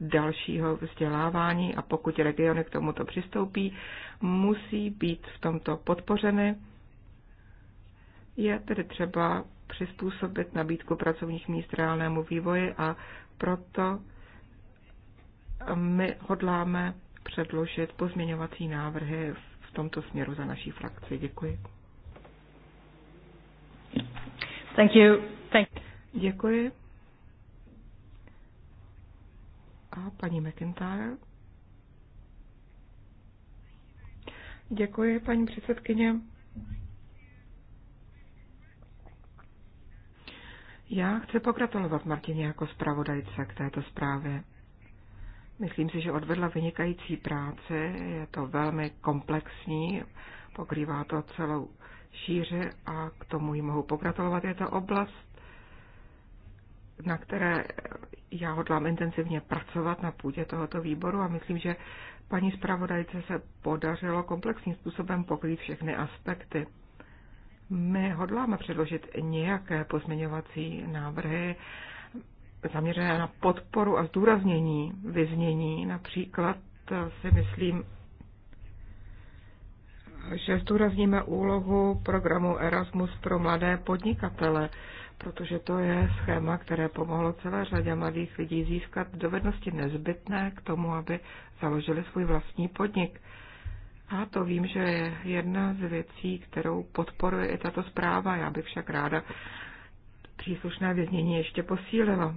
dalšího vzdělávání a pokud regiony k tomuto přistoupí, musí být v tomto podpořeny. Je tedy třeba přizpůsobit nabídku pracovních míst reálnému vývoji a proto my hodláme předložit pozměňovací návrhy v tomto směru za naší frakci. Děkuji. Thank you. Thank you. Děkuji. a paní McIntyre. Děkuji, paní předsedkyně. Já chci pokratulovat Martině jako zpravodajce k této zprávě. Myslím si, že odvedla vynikající práci, je to velmi komplexní, pokrývá to celou šíři a k tomu ji mohu pokratulovat. Je to oblast, na které já hodlám intenzivně pracovat na půdě tohoto výboru a myslím, že paní zpravodajce se podařilo komplexním způsobem pokrýt všechny aspekty. My hodláme předložit nějaké pozměňovací návrhy zaměřené na podporu a zdůraznění vyznění. Například si myslím, že zdůrazníme úlohu programu Erasmus pro mladé podnikatele, protože to je schéma, které pomohlo celé řadě mladých lidí získat dovednosti nezbytné k tomu, aby založili svůj vlastní podnik. A to vím, že je jedna z věcí, kterou podporuje i tato zpráva. Já bych však ráda příslušné věznění ještě posílila.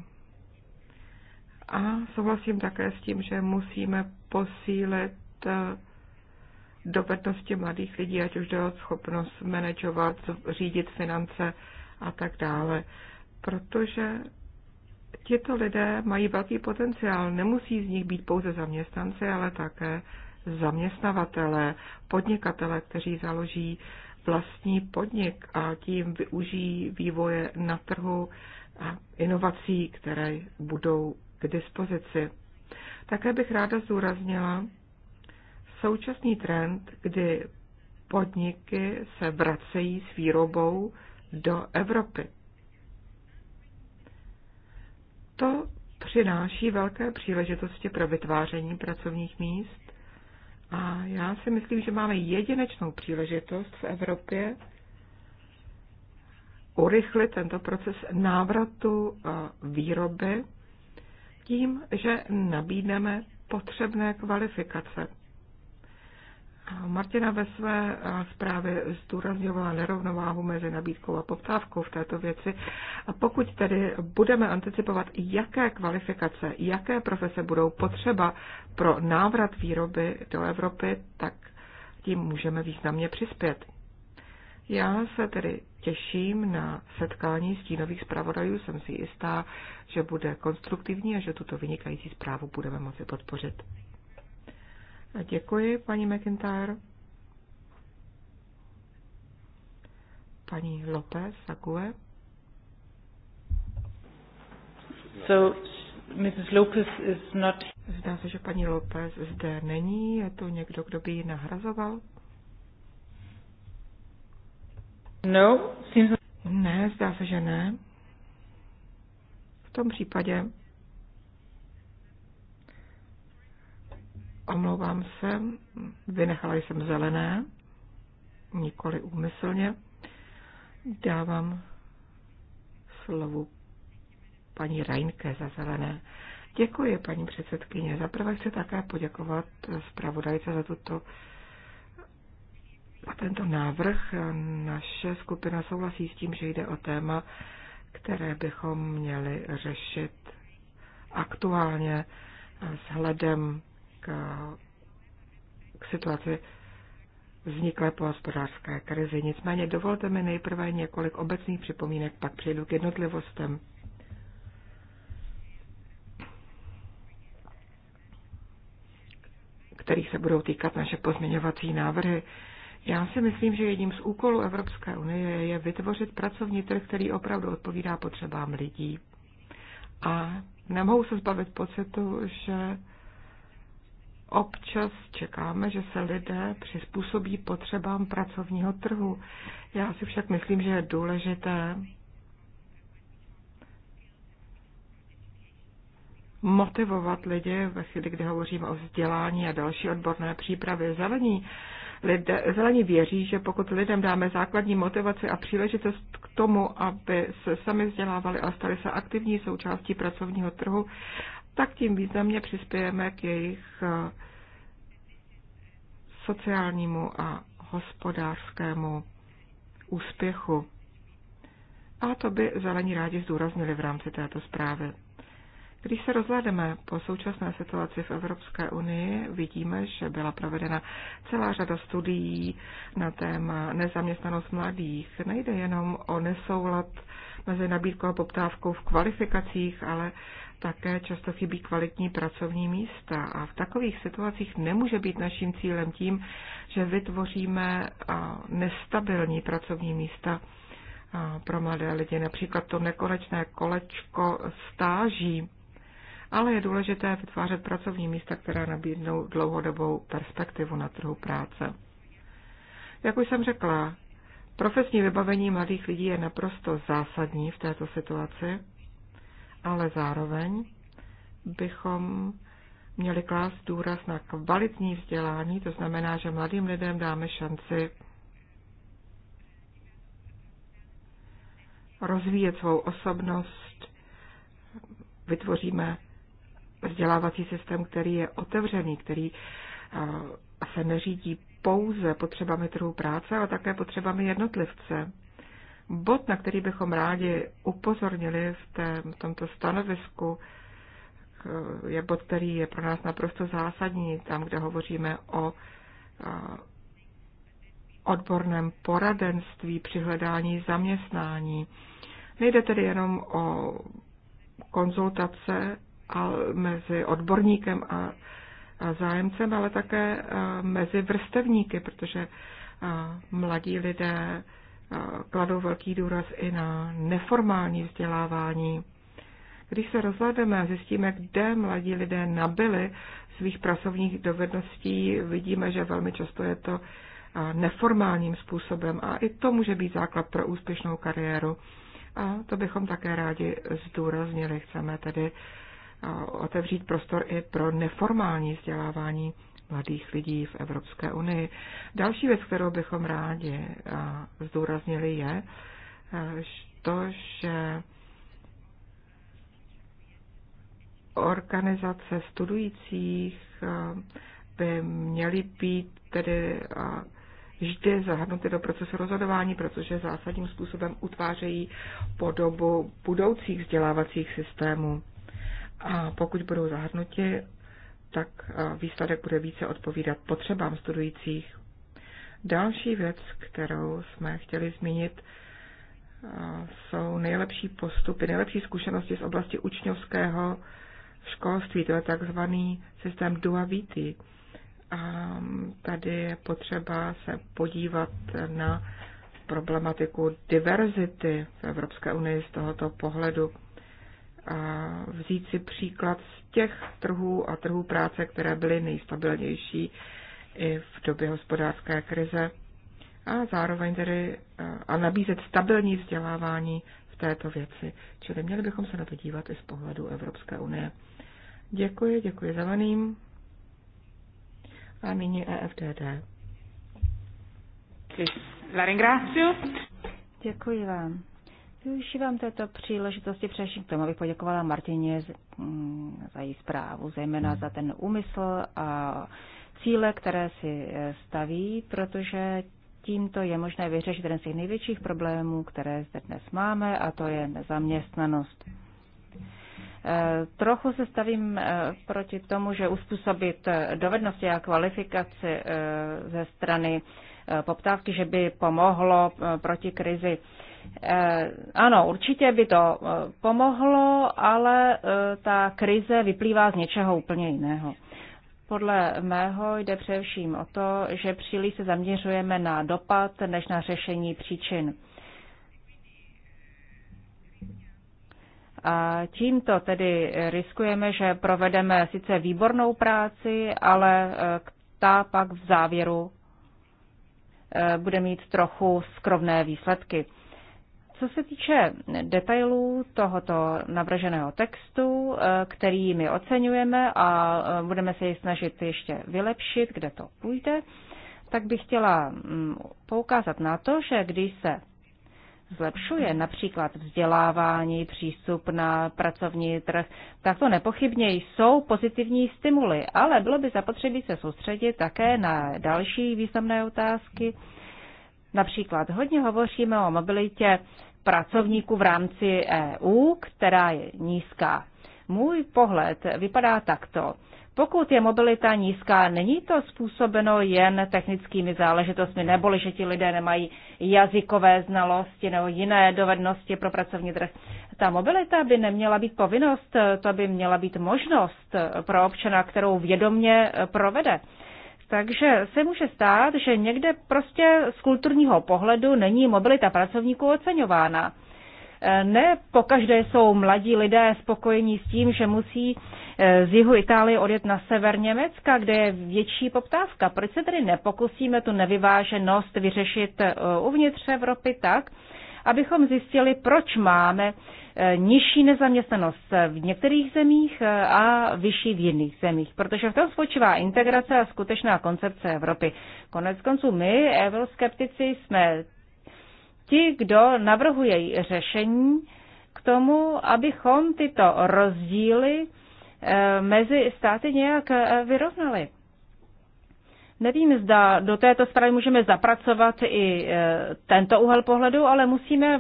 A souhlasím také s tím, že musíme posílit eh, dovednosti mladých lidí, ať už jde o schopnost manažovat, řídit finance, a tak dále. Protože tito lidé mají velký potenciál. Nemusí z nich být pouze zaměstnanci, ale také zaměstnavatele, podnikatele, kteří založí vlastní podnik a tím využijí vývoje na trhu a inovací, které budou k dispozici. Také bych ráda zúraznila současný trend, kdy podniky se vracejí s výrobou do Evropy. To přináší velké příležitosti pro vytváření pracovních míst a já si myslím, že máme jedinečnou příležitost v Evropě urychlit tento proces návratu výroby tím, že nabídneme potřebné kvalifikace. Martina ve své eh, zprávě zdůrazňovala nerovnováhu mezi nabídkou a poptávkou v této věci. A pokud tedy budeme anticipovat, jaké kvalifikace, jaké profese budou potřeba pro návrat výroby do Evropy, tak tím můžeme významně přispět. Já se tedy těším na setkání stínových zpravodajů. Jsem si jistá, že bude konstruktivní a že tuto vynikající zprávu budeme moci podpořit. Děkuji, paní McIntyre. Paní López Ague. So, Mrs. Lopez is not... Zdá se, že paní López zde není. Je to někdo, kdo by ji nahrazoval? No, seems... Ne, zdá se, že ne. V tom případě Omlouvám se, vynechala jsem zelené, nikoli úmyslně. Dávám slovu paní Rajnke za zelené. Děkuji, paní předsedkyně. Zaprvé chci také poděkovat zpravodajce za tuto a tento návrh. Naše skupina souhlasí s tím, že jde o téma, které bychom měli řešit aktuálně s hledem k situaci vzniklé po hospodářské krizi. Nicméně dovolte mi nejprve několik obecných připomínek, pak přejdu k jednotlivostem. kterých se budou týkat naše pozměňovací návrhy. Já si myslím, že jedním z úkolů Evropské unie je vytvořit pracovní trh, který opravdu odpovídá potřebám lidí. A nemohu se zbavit pocitu, že občas čekáme, že se lidé přizpůsobí potřebám pracovního trhu. Já si však myslím, že je důležité motivovat lidi ve chvíli, kdy hovoříme o vzdělání a další odborné přípravě. Zelení, lidé, zelení věří, že pokud lidem dáme základní motivaci a příležitost k tomu, aby se sami vzdělávali a stali se aktivní součástí pracovního trhu tak tím významně přispějeme k jejich eh, sociálnímu a hospodářskému úspěchu. A to by zelení rádi zdůraznili v rámci této zprávy. Když se rozhledeme po současné situaci v Evropské unii, vidíme, že byla provedena celá řada studií na téma nezaměstnanost mladých. Nejde jenom o nesoulad mezi nabídkou a poptávkou v kvalifikacích, ale také často chybí kvalitní pracovní místa. A v takových situacích nemůže být naším cílem tím, že vytvoříme nestabilní pracovní místa pro mladé lidi. Například to nekonečné kolečko stáží ale je důležité vytvářet pracovní místa, která nabídnou dlouhodobou perspektivu na trhu práce. Jak už jsem řekla, profesní vybavení mladých lidí je naprosto zásadní v této situaci, ale zároveň bychom měli klást důraz na kvalitní vzdělání, to znamená, že mladým lidem dáme šanci rozvíjet svou osobnost, vytvoříme vzdělávací systém, který je otevřený, který se neřídí pouze potřebami trhu práce, ale také potřebami jednotlivce. Bod, na který bychom rádi upozornili v, té, v tomto stanovisku, je bod, který je pro nás naprosto zásadní, tam, kde hovoříme o odborném poradenství při hledání zaměstnání. Nejde tedy jenom o konzultace mezi odborníkem a, a zájemcem, ale také mezi vrstevníky, protože mladí lidé kladou velký důraz i na neformální vzdělávání. Když se rozhledeme a zjistíme, kde mladí lidé nabyli svých pracovních dovedností, vidíme, že velmi často je to neformálním způsobem a i to může být základ pro úspěšnou kariéru. A to bychom také rádi zdůraznili. Chceme tedy otevřít prostor i pro neformální vzdělávání mladých lidí v Evropské unii. Další věc, kterou bychom rádi zdůraznili, je e, to, že organizace studujících e, by měly být tedy vždy zahrnuty do procesu rozhodování, protože zásadním způsobem utvářejí podobu budoucích vzdělávacích systémů. A pokud budou zahrnuti, tak výsledek bude více odpovídat potřebám studujících. Další věc, kterou jsme chtěli zmínit, jsou nejlepší postupy, nejlepší zkušenosti z oblasti učňovského školství. To je takzvaný systém Duavity. A tady je potřeba se podívat na problematiku diverzity v Evropské unii z tohoto pohledu vzít si příklad z těch trhů a trhů práce, které byly nejstabilnější i v době hospodářské krize a zároveň tedy eh, a nabízet stabilní vzdělávání v této věci. Čili měli bychom se na to dívat i z pohledu Evropské unie. Děkuji, děkuji zeleným. A nyní EFDD. La ringrazio. Děkuji vám. Využívám této příležitosti především k tomu, abych poděkovala Martině mm, za její zprávu, zejména za ten úmysl a cíle, které si eh, staví, protože tímto je možné vyřešit jeden z těch největších problémů, které zde dnes máme, a to je nezaměstnanost. Eh, trochu se stavím eh, proti tomu, že uspůsobit dovednosti a kvalifikaci ze strany poptávky, že by pomohlo proti krizi. Eh, ano, určitě by to eh, pomohlo, ale eh, ta krize vyplývá z něčeho úplně jiného. Podle mého jde především o to, že příliš se zaměřujeme na dopad než na řešení příčin. A tímto tedy riskujeme, že provedeme sice výbornou práci, ale ta pak v závěru bude mít trochu skrovné výsledky. Co se týče detailů tohoto navrženého textu, eh, který my oceňujeme a eh, budeme se ji snažit ještě vylepšit, kde to půjde, tak bych chtěla mm, poukázat na to, že když se zlepšuje například vzdělávání, přístup na pracovní trh, tak to nepochybně jsou pozitivní stimuly, ale bylo by zapotřebí se soustředit také na další významné otázky. Například hodně hovoříme o mobilitě pracovníků v rámci EU, která je nízká. Můj pohled vypadá takto. Pokud je mobilita nízká, není to způsobeno jen technickými záležitostmi, neboli že ti lidé nemají jazykové znalosti nebo jiné dovednosti pro pracovní trh. Ta mobilita by neměla být povinnost, to by měla být možnost pro občana, kterou vědomě provede. Takže se může stát, že někde prostě z kulturního pohledu není mobilita pracovníků oceňována. E, ne pokaždé jsou mladí lidé spokojení s tím, že musí e, z jihu Itálie odjet na sever Německa, kde je větší poptávka. Proč se tedy nepokusíme tu nevyváženost vyřešit e, uvnitř Evropy tak, abychom zjistili, proč máme nižší nezaměstnanost v některých zemích eh, a vyšší v jiných zemích, protože v tom spočívá integrace a skutečná koncepce Evropy. Konec konců my, euroskeptici, jsme ti, kdo navrhuje řešení k tomu, abychom tyto rozdíly eh, mezi státy nějak eh, vyrovnali. Nevím, zda do této zprávy můžeme zapracovat i tento úhel pohledu, ale musíme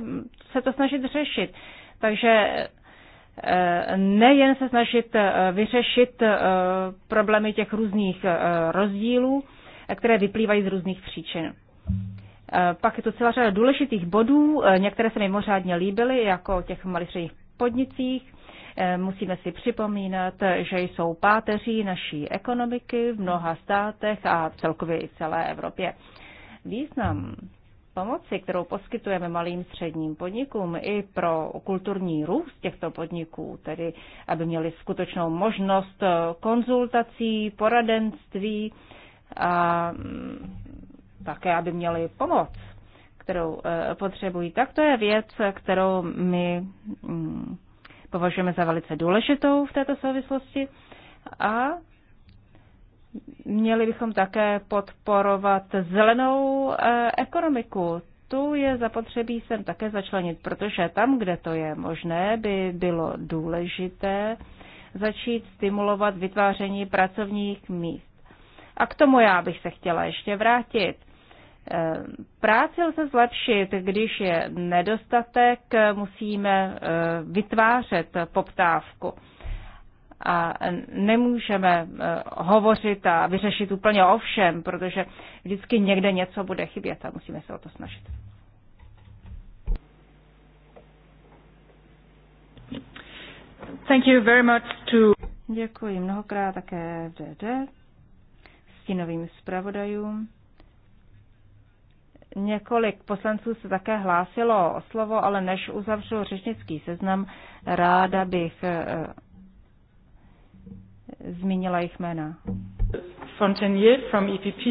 se to snažit řešit. Takže eh, nejen se snažit eh, vyřešit eh, problémy těch různých rozdílů, které vyplývají z různých příčin. Pak je to celá řada důležitých bodů, některé se mimořádně líbily, jako o těch malých podnicích. Musíme si připomínat, že jsou páteří naší ekonomiky v mnoha státech a celkově i celé Evropě. Význam pomoci, kterou poskytujeme malým středním podnikům i pro kulturní růst těchto podniků, tedy aby měli skutečnou možnost eh, konzultací, poradenství a mm, také, aby měli pomoc, kterou eh, potřebují. Tak to je věc, kterou my mm, považujeme za velice důležitou v této souvislosti a Měli bychom také podporovat zelenou eh, ekonomiku. Tu je zapotřebí sem také začlenit, protože tam, kde to je možné, by bylo důležité začít stimulovat vytváření pracovních míst. A k tomu já bych se chtěla ještě vrátit. Eh, práci lze zlepšit, když je nedostatek, musíme eh, vytvářet poptávku a nemůžeme eh, hovořit a vyřešit úplně o všem, protože vždycky někde něco bude chybět a musíme se o to snažit. Thank you very much to... Děkuji mnohokrát také FDD, stínovým zpravodajům. Několik poslanců se také hlásilo o slovo, ale než uzavřu řečnický seznam, ráda bych eh, zmínila jich jména. Fontenier from EPP,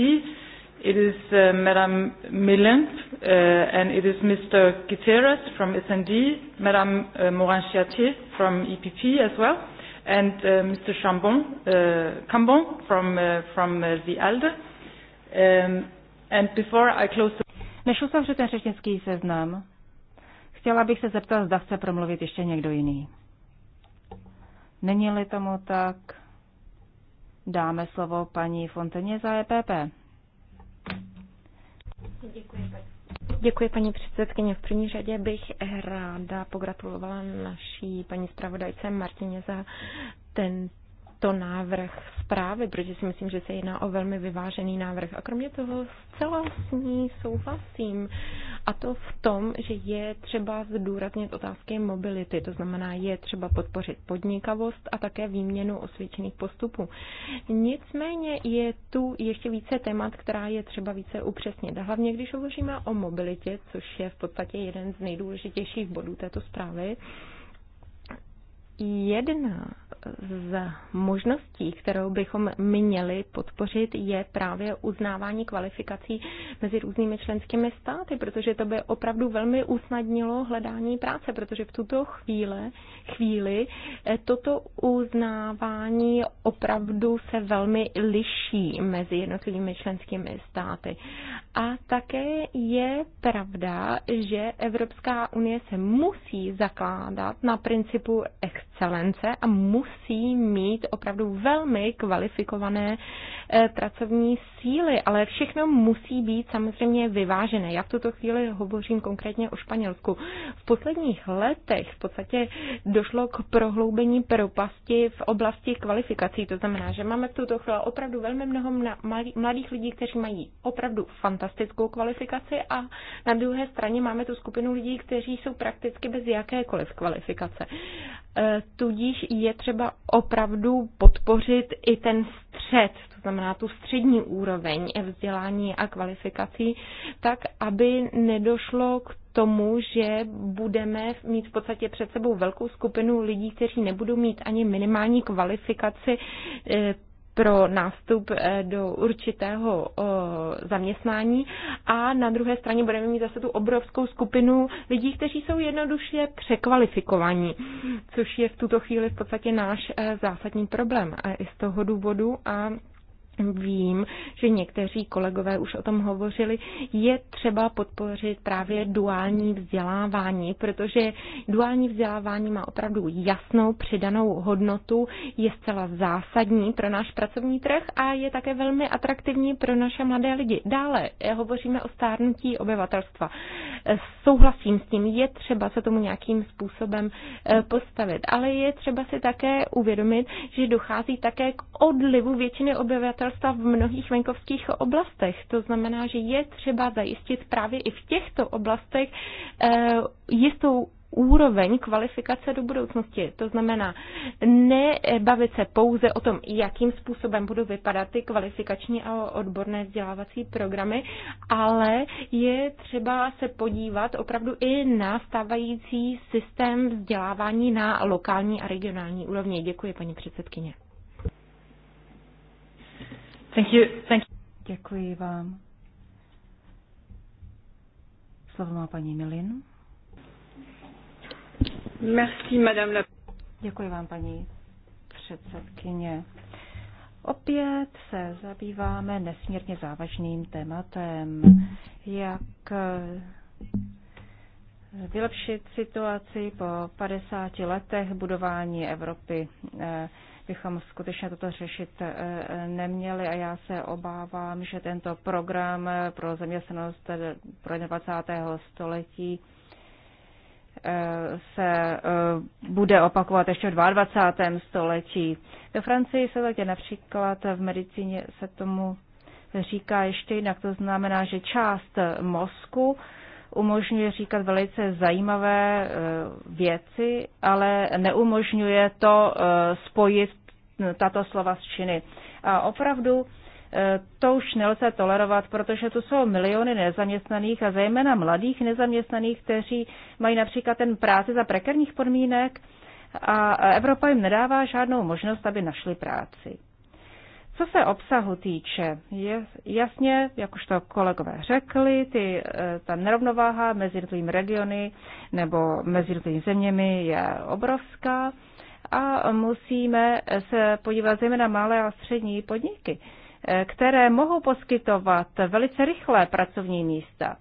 it is uh, Madame Millen uh, and it is Mr. Guterres from SND, Madame uh, Morin-Chartier from EPP as well and uh, Mr. Chambon, uh, Cambon from, uh, from uh, the ALDE. Um, and before I close the... Než uzavřu ten řečnický seznam, chtěla bych se zeptat, zda chce promluvit ještě někdo jiný. Není-li tomu tak, dáme slovo paní Fonteně za EPP. Děkuji, Děkuji paní předsedkyně. V první řadě bych ráda pogratulovala naší paní zpravodajce Martině za ten tento návrh zprávy, protože si myslím, že se jedná o velmi vyvážený návrh. A kromě toho zcela s ní souhlasím. A to v tom, že je třeba zdůraznit otázky mobility, to znamená, je třeba podpořit podnikavost a také výměnu osvědčených postupů. Nicméně je tu ještě více témat, která je třeba více upřesnit. Hlavně když hovoříme o mobilitě, což je v podstatě jeden z nejdůležitějších bodů této zprávy, Jedna z možností, kterou bychom měli podpořit, je právě uznávání kvalifikací mezi různými členskými státy, protože to by opravdu velmi usnadnilo hledání práce, protože v tuto chvíle, chvíli eh, toto uznávání opravdu se velmi liší mezi jednotlivými členskými státy. A také je pravda, že Evropská unie se musí zakládat na principu ex excelence a musí mít opravdu velmi kvalifikované eh, pracovní síly, ale všechno musí být samozřejmě vyvážené. Já v tuto chvíli hovořím konkrétně o Španělsku. V posledních letech v podstatě došlo k prohloubení propasti v oblasti kvalifikací. To znamená, že máme v tuto chvíli opravdu velmi mnoho mladých lidí, kteří mají opravdu fantastickou kvalifikaci a na druhé straně máme tu skupinu lidí, kteří jsou prakticky bez jakékoliv kvalifikace. Eh, tudíž je třeba opravdu podpořit i ten střed, to znamená tu střední úroveň vzdělání a kvalifikací, tak aby nedošlo k tomu, že budeme mít v podstatě před sebou velkou skupinu lidí, kteří nebudou mít ani minimální kvalifikaci eh, pro nástup eh, do určitého zaměstnání a na druhé straně budeme mít zase tu obrovskou skupinu lidí, kteří jsou jednoduše překvalifikovaní, což je v tuto chvíli v podstatě náš eh, zásadní problém. A i z toho důvodu a vím, že někteří kolegové už o tom hovořili, je třeba podpořit právě duální vzdělávání, protože duální vzdělávání má opravdu jasnou přidanou hodnotu, je zcela zásadní pro náš pracovní trh a je také velmi atraktivní pro naše mladé lidi. Dále eh, hovoříme o stárnutí obyvatelstva. Eh, souhlasím s tím, je třeba se tomu nějakým způsobem eh, postavit, ale je třeba si také uvědomit, že dochází také k odlivu většiny obyvatelstva stav v mnohých venkovských oblastech. To znamená, že je třeba zajistit právě i v těchto oblastech eh, jistou úroveň kvalifikace do budoucnosti. To znamená, nebavit se pouze o tom, jakým způsobem budou vypadat ty kvalifikační a odborné vzdělávací programy, ale je třeba se podívat opravdu i na stávající systém vzdělávání na lokální a regionální úrovni. Děkuji, paní předsedkyně. Thank you. Thank you. Děkuji vám. Slovo má paní Milin. Merci, madame la... Děkuji vám, paní předsedkyně. Opět se zabýváme nesmírně závažným tématem, jak vylepšit situaci po 50 letech budování Evropy bychom skutečně toto řešit eh, neměli a já se obávám, že tento program eh, pro zaměstnanost eh, pro 21. století se bude opakovat ještě v 22. století. Ve Francii se také například v medicíně se tomu říká ještě jinak. To znamená, že část mozku umožňuje říkat velice zajímavé věci, ale neumožňuje to spojit tato slova z činy. A opravdu e, to už nelze tolerovat, protože tu jsou miliony nezaměstnaných a zejména mladých nezaměstnaných, kteří mají například ten práci za prekerních podmínek a Evropa jim nedává žádnou možnost, aby našli práci. Co se obsahu týče, je jasně, jak už to kolegové řekli, ty, e, ta nerovnováha mezi jednotlivými regiony nebo mezi jednotlivými zeměmi je obrovská a musíme se podívat zejména malé a střední podniky, eh, které mohou poskytovat velice rychlé pracovní místa.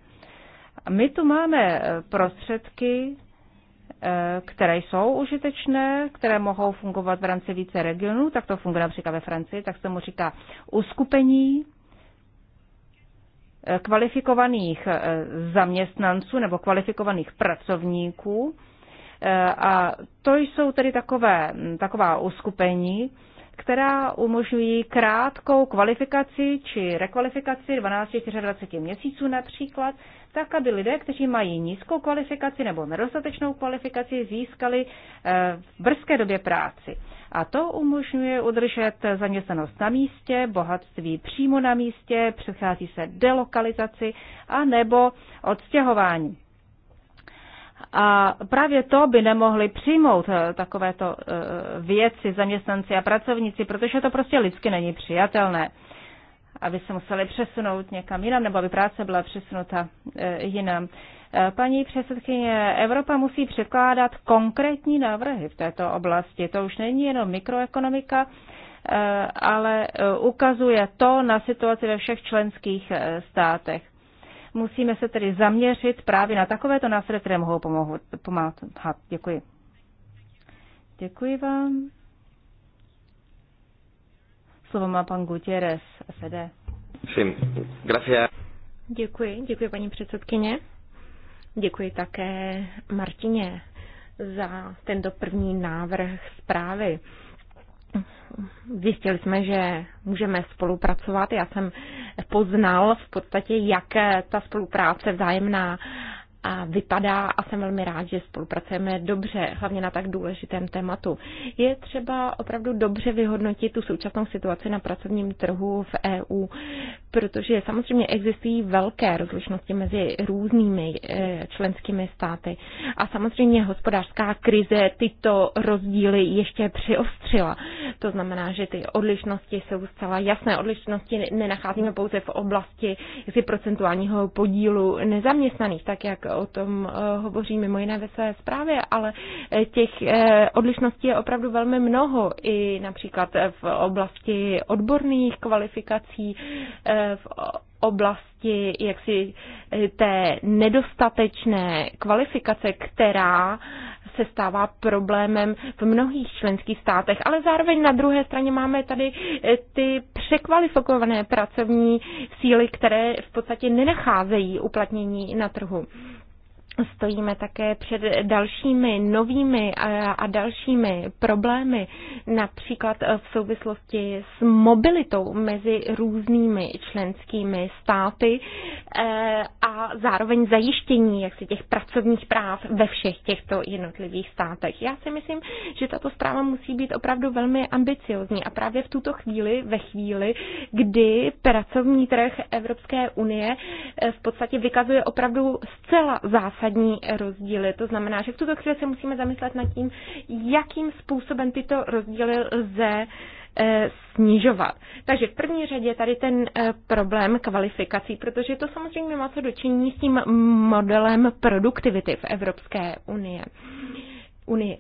My tu máme eh, prostředky, eh, které jsou užitečné, které mohou fungovat v rámci více regionů, tak to funguje například ve Francii, tak se mu říká uskupení kvalifikovaných zaměstnanců nebo kvalifikovaných pracovníků, Eh, a to jsou tedy takové, taková uskupení, která umožňují krátkou kvalifikaci či rekvalifikaci 12-24 měsíců například, tak aby lidé, kteří mají nízkou kvalifikaci nebo nedostatečnou kvalifikaci, získali eh, v brzké době práci. A to umožňuje udržet zaměstnanost na místě, bohatství přímo na místě, předchází se delokalizaci a nebo odstěhování. A právě to by nemohli přijmout eh, takovéto eh, věci, zaměstnanci a pracovníci, protože to prostě lidsky není přijatelné, aby se museli přesunout někam jinam nebo aby práce byla přesunuta eh, jinam. Paní předsedkyně, Evropa musí předkládat konkrétní návrhy v této oblasti. To už není jenom mikroekonomika, ale ukazuje to na situaci ve všech členských státech. Musíme se tedy zaměřit právě na takovéto nástroje, které mohou pomáhat. Děkuji. Děkuji vám. Slovo má pan Gutierrez, SED. Sim, Gracias. Děkuji, děkuji paní předsedkyně. Děkuji také Martině za tento první návrh zprávy zjistili jsme, že můžeme spolupracovat. Já jsem poznal v podstatě, jak ta spolupráce vzájemná a vypadá a jsem velmi rád, že spolupracujeme dobře, hlavně na tak důležitém tématu. Je třeba opravdu dobře vyhodnotit tu současnou situaci na pracovním trhu v EU, protože samozřejmě existují velké rozlišnosti mezi různými eh, členskými státy a samozřejmě hospodářská krize tyto rozdíly ještě přiostřila. To znamená, že ty odlišnosti jsou zcela jasné. Odlišnosti nenacházíme pouze v oblasti procentuálního podílu nezaměstnaných, tak jak o tom eh, hovoří mimo jiné ve své zprávě, ale eh, těch eh, odlišností je opravdu velmi mnoho, i například v oblasti odborných kvalifikací, v oblasti jaksi té nedostatečné kvalifikace, která se stává problémem v mnohých členských státech. Ale zároveň na druhé straně máme tady ty překvalifikované pracovní síly, které v podstatě nenacházejí uplatnění na trhu stojíme také před dalšími novými a dalšími problémy, například v souvislosti s mobilitou mezi různými členskými státy eh, a zároveň zajištění jaksi těch pracovních práv ve všech těchto jednotlivých státech. Já si myslím, že tato zpráva musí být opravdu velmi ambiciozní a právě v tuto chvíli, ve chvíli, kdy pracovní trh Evropské unie eh, v podstatě vykazuje opravdu zcela zásadní zásadní rozdíly. To znamená, že v tuto chvíli se musíme zamyslet nad tím, jakým způsobem tyto rozdíly lze eh, snižovat. Takže v první řadě tady ten eh, problém kvalifikací, protože to samozřejmě má co dočinění s tím modelem produktivity v Evropské unie. unii.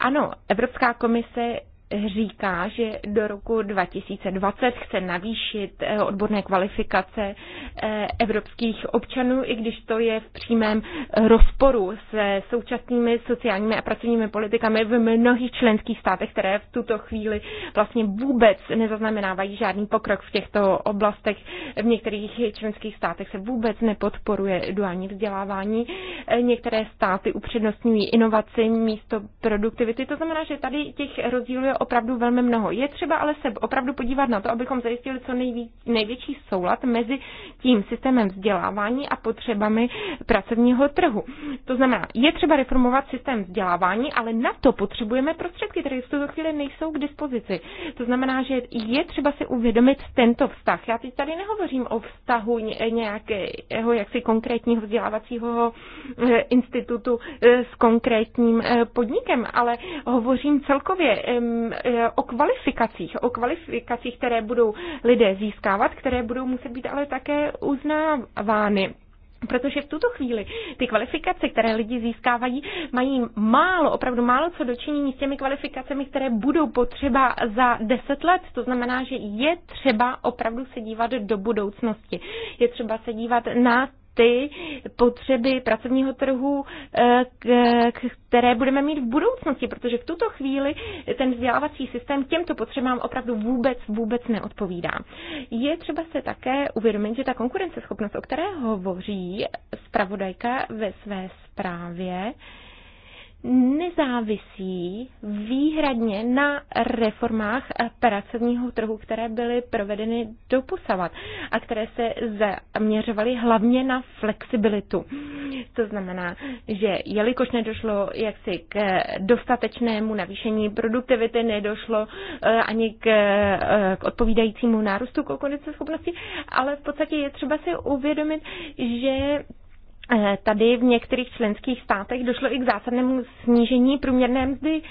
Ano, Evropská komise říká, že do roku 2020 chce navýšit eh, odborné kvalifikace eh, evropských občanů, i když to je v přímém rozporu se současnými sociálními a pracovními politikami v mnohých členských státech, které v tuto chvíli vlastně vůbec nezaznamenávají žádný pokrok v těchto oblastech. V některých členských státech se vůbec nepodporuje duální vzdělávání. Eh, některé státy upřednostňují inovaci místo produktivity. To znamená, že tady těch rozdílů je opravdu velmi mnoho. Je třeba ale se opravdu podívat na to, abychom zajistili co nejví, největší soulad mezi tím systémem vzdělávání a potřebami pracovního trhu. To znamená, je třeba reformovat systém vzdělávání, ale na to potřebujeme prostředky, které v tuto chvíli nejsou k dispozici. To znamená, že je třeba si uvědomit tento vztah. Já teď tady nehovořím o vztahu nějakého jaksi konkrétního vzdělávacího eh, institutu eh, s konkrétním eh, podnikem, ale hovořím celkově. Eh, o kvalifikacích, o kvalifikacích, které budou lidé získávat, které budou muset být ale také uznávány. Protože v tuto chvíli ty kvalifikace, které lidi získávají, mají málo, opravdu málo co dočinění s těmi kvalifikacemi, které budou potřeba za deset let. To znamená, že je třeba opravdu se dívat do budoucnosti. Je třeba se dívat na ty potřeby pracovního trhu, eh, které budeme mít v budoucnosti, protože v tuto chvíli ten vzdělávací systém těmto potřebám opravdu vůbec, vůbec neodpovídá. Je třeba se také uvědomit, že ta konkurenceschopnost, o které hovoří zpravodajka ve své zprávě, nezávisí výhradně na reformách pracovního trhu, které byly provedeny posavat a které se zaměřovaly hlavně na flexibilitu. To znamená, že jelikož nedošlo jaksi k dostatečnému navýšení produktivity, nedošlo eh, ani k, eh, k odpovídajícímu nárůstu konkurenceschopnosti, ale v podstatě je třeba si uvědomit, že Eh, tady v některých členských státech došlo i k zásadnému snížení průměrné mzdy,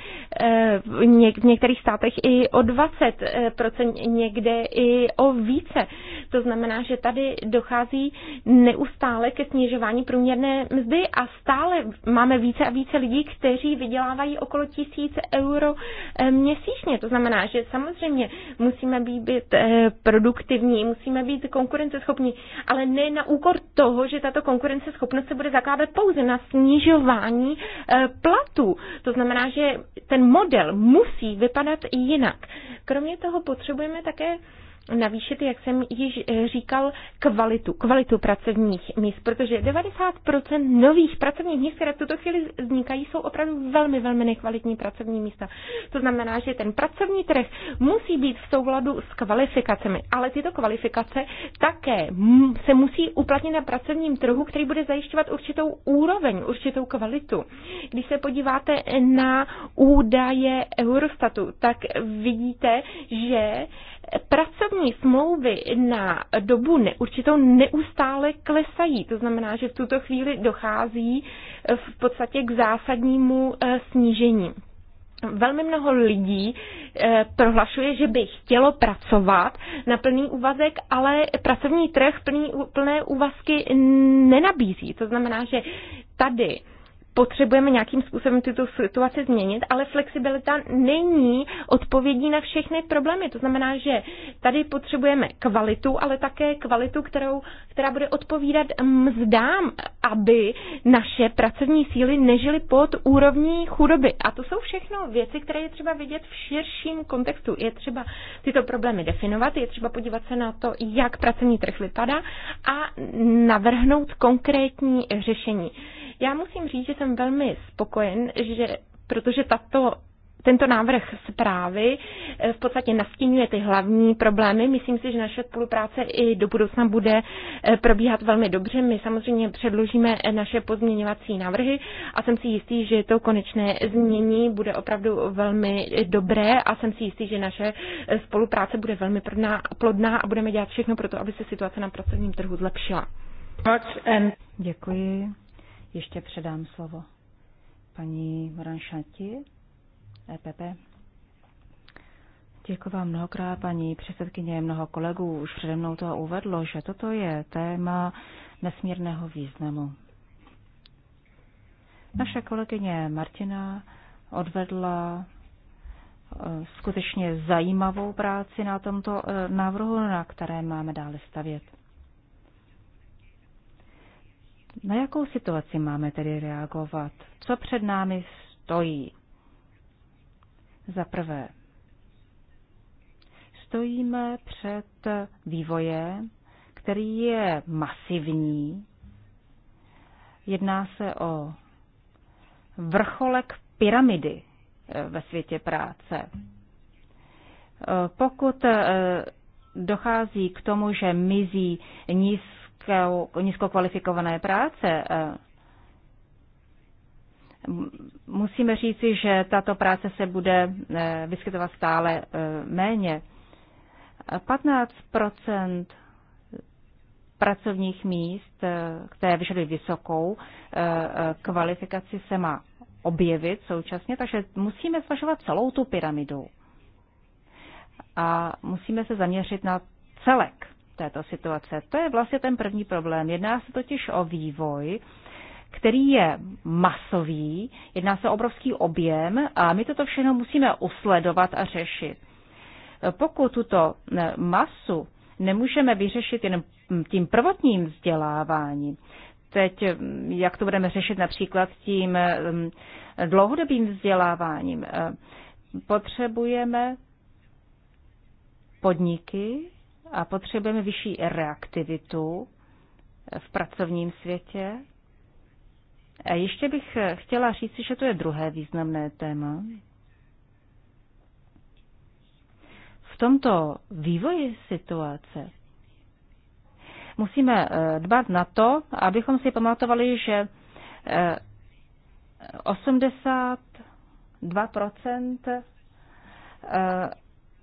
eh, v některých státech i o 20%, eh, někde i o více. To znamená, že tady dochází neustále ke snižování průměrné mzdy a stále máme více a více lidí, kteří vydělávají okolo tisíc euro eh, měsíčně. To znamená, že samozřejmě musíme být eh, produktivní, musíme být konkurenceschopní, ale ne na úkor toho, že tato konkurenceschopnost se bude zakládat pouze na snižování eh, platů. To znamená, že ten model musí vypadat jinak. Kromě toho potřebujeme také navýšit, jak jsem již eh, říkal, kvalitu, kvalitu pracovních míst, protože 90% nových pracovních míst, které v tuto chvíli vznikají, jsou opravdu velmi, velmi nekvalitní pracovní místa. To znamená, že ten pracovní trh musí být v souladu s kvalifikacemi, ale tyto kvalifikace také se musí uplatnit na pracovním trhu, který bude zajišťovat určitou úroveň, určitou kvalitu. Když se podíváte na údaje Eurostatu, tak vidíte, že pracovní smlouvy na dobu neurčitou neustále klesají. To znamená, že v tuto chvíli dochází eh, v podstatě k zásadnímu eh, snížení. Velmi mnoho lidí eh, prohlašuje, že by chtělo pracovat na plný úvazek, ale pracovní trh plný, plné úvazky nenabízí. To znamená, že tady potřebujeme nějakým způsobem tuto situaci změnit, ale flexibilita není odpovědí na všechny problémy. To znamená, že tady potřebujeme kvalitu, ale také kvalitu, kterou, která bude odpovídat mzdám, aby naše pracovní síly nežily pod úrovní chudoby. A to jsou všechno věci, které je třeba vidět v širším kontextu. Je třeba tyto problémy definovat, je třeba podívat se na to, jak pracovní trh vypadá a navrhnout konkrétní řešení. Já musím říct, že jsem velmi spokojen, že protože tato tento návrh zprávy eh, v podstatě nastínuje ty hlavní problémy. Myslím si, že naše spolupráce i do budoucna bude eh, probíhat velmi dobře. My samozřejmě předložíme eh, naše pozměňovací návrhy a jsem si jistý, že to konečné změní bude opravdu velmi dobré a jsem si jistý, že naše spolupráce bude velmi plodná a budeme dělat všechno pro to, aby se situace na pracovním trhu zlepšila. Děkuji ještě předám slovo paní Moranšati, EPP. Děkuji vám mnohokrát, paní předsedkyně. Mnoho kolegů už přede mnou to uvedlo, že toto je téma nesmírného významu. Naše kolegyně Martina odvedla eh, skutečně zajímavou práci na tomto eh, návrhu, na které máme dále stavět. Na jakou situaci máme tedy reagovat? Co před námi stojí? Za prvé, stojíme před vývojem, který je masivní. Jedná se o vrcholek pyramidy eh, ve světě práce. Eh, pokud eh, dochází k tomu, že mizí nízké nízkokvalifikované práce, e, musíme říci, že tato práce se bude e, vyskytovat stále e, méně. 15 pracovních míst, které vyžadují vysokou kvalifikaci, se má objevit současně, takže musíme zvažovat celou tu pyramidu. A musíme se zaměřit na celek této situace. To je vlastně ten první problém. Jedná se totiž o vývoj, který je masový, jedná se o obrovský objem a my toto všechno musíme usledovat a řešit. Pokud tuto eh, masu nemůžeme vyřešit jen tím prvotním vzděláváním, teď eh, jak to budeme řešit například tím eh, dlouhodobým vzděláváním, potřebujeme podniky, a potřebujeme vyšší reaktivitu v pracovním světě. A ještě bych chtěla říct, že to je druhé významné téma. V tomto vývoji situace musíme eh, dbat na to, abychom si pamatovali, že 82% eh,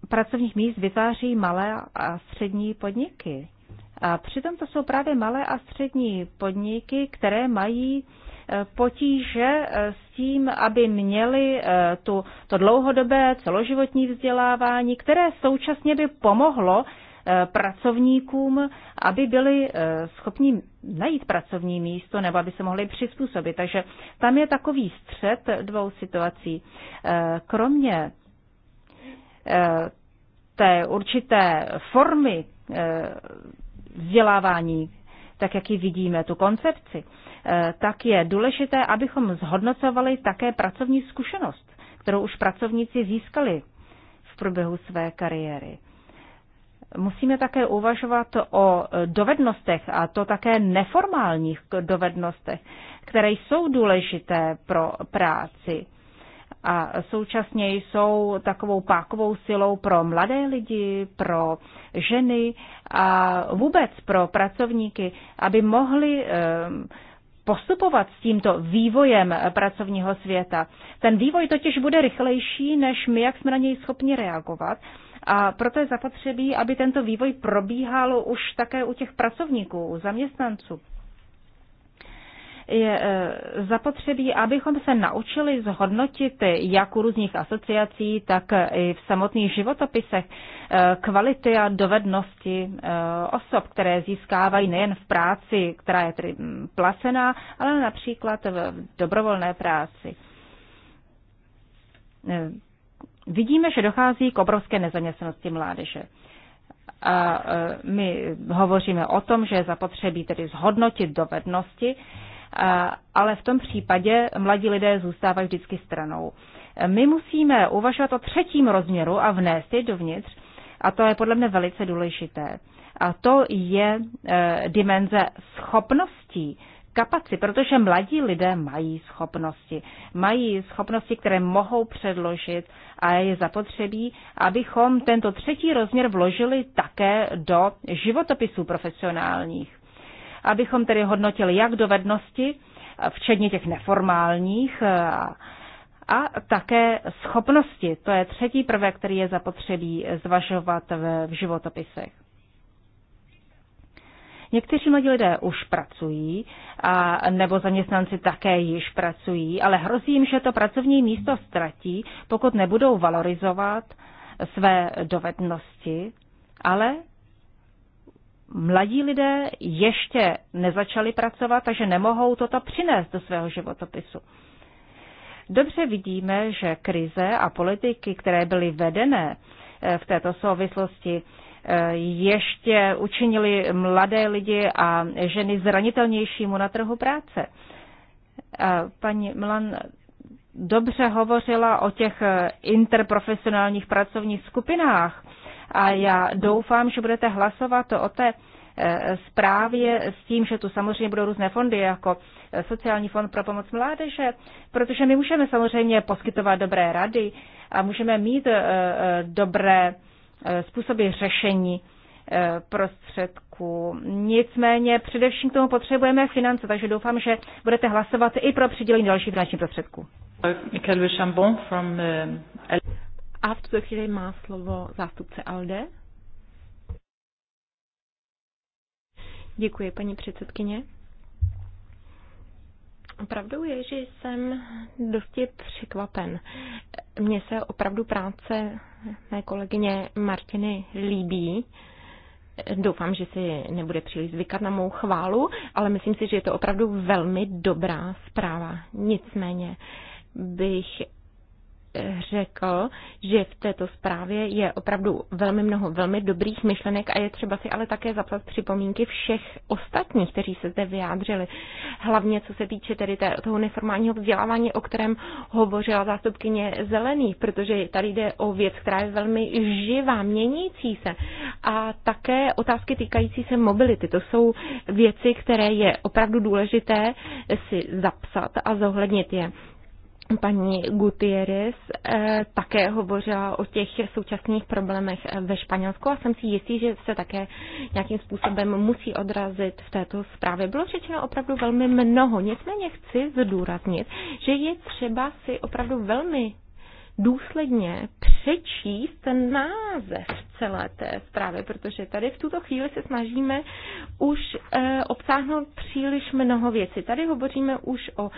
pracovních míst vytváří malé a střední podniky. A přitom to jsou právě malé a střední podniky, které mají e, potíže e, s tím, aby měli e, tu, to dlouhodobé celoživotní vzdělávání, které současně by pomohlo pracovníkům, aby byli schopni najít pracovní místo nebo aby se mohli přizpůsobit. Takže tam je takový střed dvou situací. Kromě Eh, té určité formy eh, vzdělávání, tak jak ji vidíme, tu koncepci, eh, tak je důležité, abychom zhodnocovali také pracovní zkušenost, kterou už pracovníci získali v průběhu své kariéry. Musíme také uvažovat o dovednostech, a to také neformálních dovednostech, které jsou důležité pro práci a současně jsou takovou pákovou silou pro mladé lidi, pro ženy a vůbec pro pracovníky, aby mohli ehm, postupovat s tímto vývojem pracovního světa. Ten vývoj totiž bude rychlejší, než my, jak jsme na něj schopni reagovat. A proto je zapotřebí, aby tento vývoj probíhal už také u těch pracovníků, u zaměstnanců je e, zapotřebí, abychom se naučili zhodnotit jak u různých asociací, tak i v samotných životopisech e, kvality a dovednosti e, osob, které získávají nejen v práci, která je tedy placená, ale například v dobrovolné práci. Vidíme, že dochází k obrovské nezaměstnanosti mládeže. A my hovoříme o tom, že je zapotřebí tedy zhodnotit dovednosti, ale v tom případě mladí lidé zůstávají vždycky stranou. My musíme uvažovat o třetím rozměru a vnést je dovnitř, a to je podle mě velice důležité. A to je e, dimenze schopností, kapacit, protože mladí lidé mají schopnosti. Mají schopnosti, které mohou předložit a je zapotřebí, abychom tento třetí rozměr vložili také do životopisů profesionálních abychom tedy hodnotili jak dovednosti, včetně těch neformálních, eh, a také schopnosti. To je třetí prvek, který je zapotřebí zvažovat v životopisech. Někteří mladí lidé už pracují, a, nebo zaměstnanci také již pracují, ale hrozí jim, že to pracovní místo ztratí, pokud nebudou valorizovat své dovednosti, ale mladí lidé ještě nezačali pracovat, takže nemohou toto přinést do svého životopisu. Dobře vidíme, že krize a politiky, které byly vedené eh, v této souvislosti, eh, ještě učinili mladé lidi a ženy zranitelnějšímu na trhu práce. Paní Milan dobře hovořila o těch eh, interprofesionálních pracovních skupinách, a já doufám, že budete hlasovat o té e, zprávě s tím, že tu samozřejmě budou různé fondy, jako e, sociální fond pro pomoc mládeže, protože my můžeme samozřejmě poskytovat dobré rady a můžeme mít e, dobré způsoby řešení prostředků. Nicméně především k tomu potřebujeme finance, takže doufám, že budete hlasovat i pro přidělení dalších finančních prostředků. A v tuto chvíli má slovo zástupce ALDE. Děkuji, paní předsedkyně. Pravdou je, že jsem dosti překvapen. Mně se opravdu práce mé kolegyně Martiny líbí. Doufám, že si nebude příliš zvykat na mou chválu, ale myslím si, že je to opravdu velmi dobrá zpráva. Nicméně bych řekl, že v této zprávě je opravdu velmi mnoho velmi dobrých myšlenek a je třeba si ale také zapsat připomínky všech ostatních, kteří se zde vyjádřili. Hlavně co se týče tedy toho neformálního vzdělávání, o kterém hovořila zástupkyně zelených, protože tady jde o věc, která je velmi živá, měnící se. A také otázky týkající se mobility. To jsou věci, které je opravdu důležité si zapsat a zohlednit je. Paní Gutierrez eh, také hovořila o těch současných problémech eh, ve Španělsku a jsem si jistý, že se také nějakým způsobem musí odrazit v této zprávě. Bylo řečeno opravdu velmi mnoho, nicméně chci zdůraznit, že je třeba si opravdu velmi důsledně přečíst ten název celé té zprávy, protože tady v tuto chvíli se snažíme už e, obsáhnout příliš mnoho věcí. Tady hovoříme už o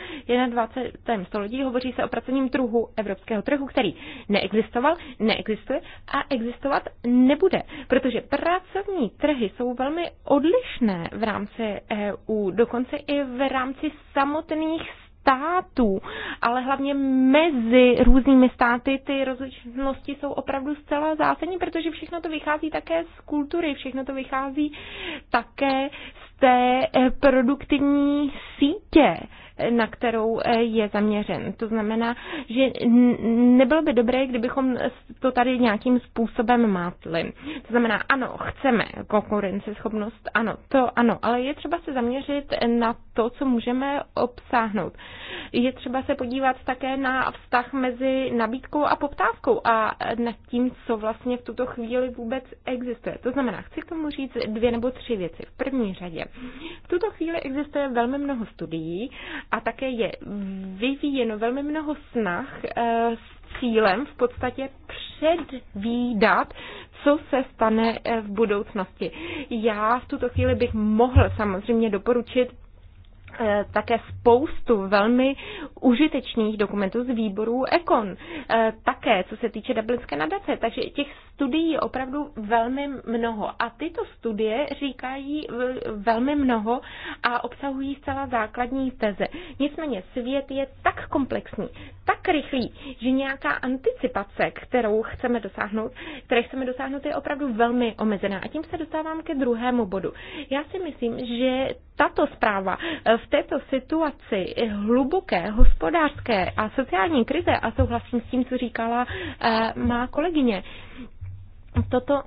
21. století, hovoří se o pracovním trhu evropského trhu, který neexistoval, neexistuje a existovat nebude, protože pracovní trhy jsou velmi odlišné v rámci EU, dokonce i v rámci samotných států, ale hlavně mezi různými státy ty rozličnosti jsou opravdu zcela zásadní, protože všechno to vychází také z kultury, všechno to vychází také z té eh, produktivní sítě na kterou eh, je zaměřen. To znamená, že nebylo by dobré, kdybychom to tady nějakým způsobem mátli. To znamená, ano, chceme konkurenceschopnost, ano, to ano, ale je třeba se zaměřit na to, co můžeme obsáhnout. Je třeba se podívat také na vztah mezi nabídkou a poptávkou a nad tím, co vlastně v tuto chvíli vůbec existuje. To znamená, chci k tomu říct dvě nebo tři věci. V první řadě, v tuto chvíli existuje velmi mnoho studií a také je vyvíjeno velmi mnoho snah eh, s cílem v podstatě předvídat, co se stane eh, v budoucnosti. Já v tuto chvíli bych mohl samozřejmě doporučit Eh, také spoustu velmi užitečných dokumentů z výborů Econ, eh, také co se týče Dublinské nadace. Takže těch studií je opravdu velmi mnoho. A tyto studie říkají eh, velmi mnoho a obsahují zcela základní teze. Nicméně svět je tak komplexní, tak rychlý, že nějaká anticipace, kterou chceme dosáhnout, které chceme dosáhnout, je opravdu velmi omezená. A tím se dostávám ke druhému bodu. Já si myslím, že tato zpráva v v této situaci hluboké hospodářské a sociální krize, a souhlasím s tím, co říkala eh, má kolegyně, toto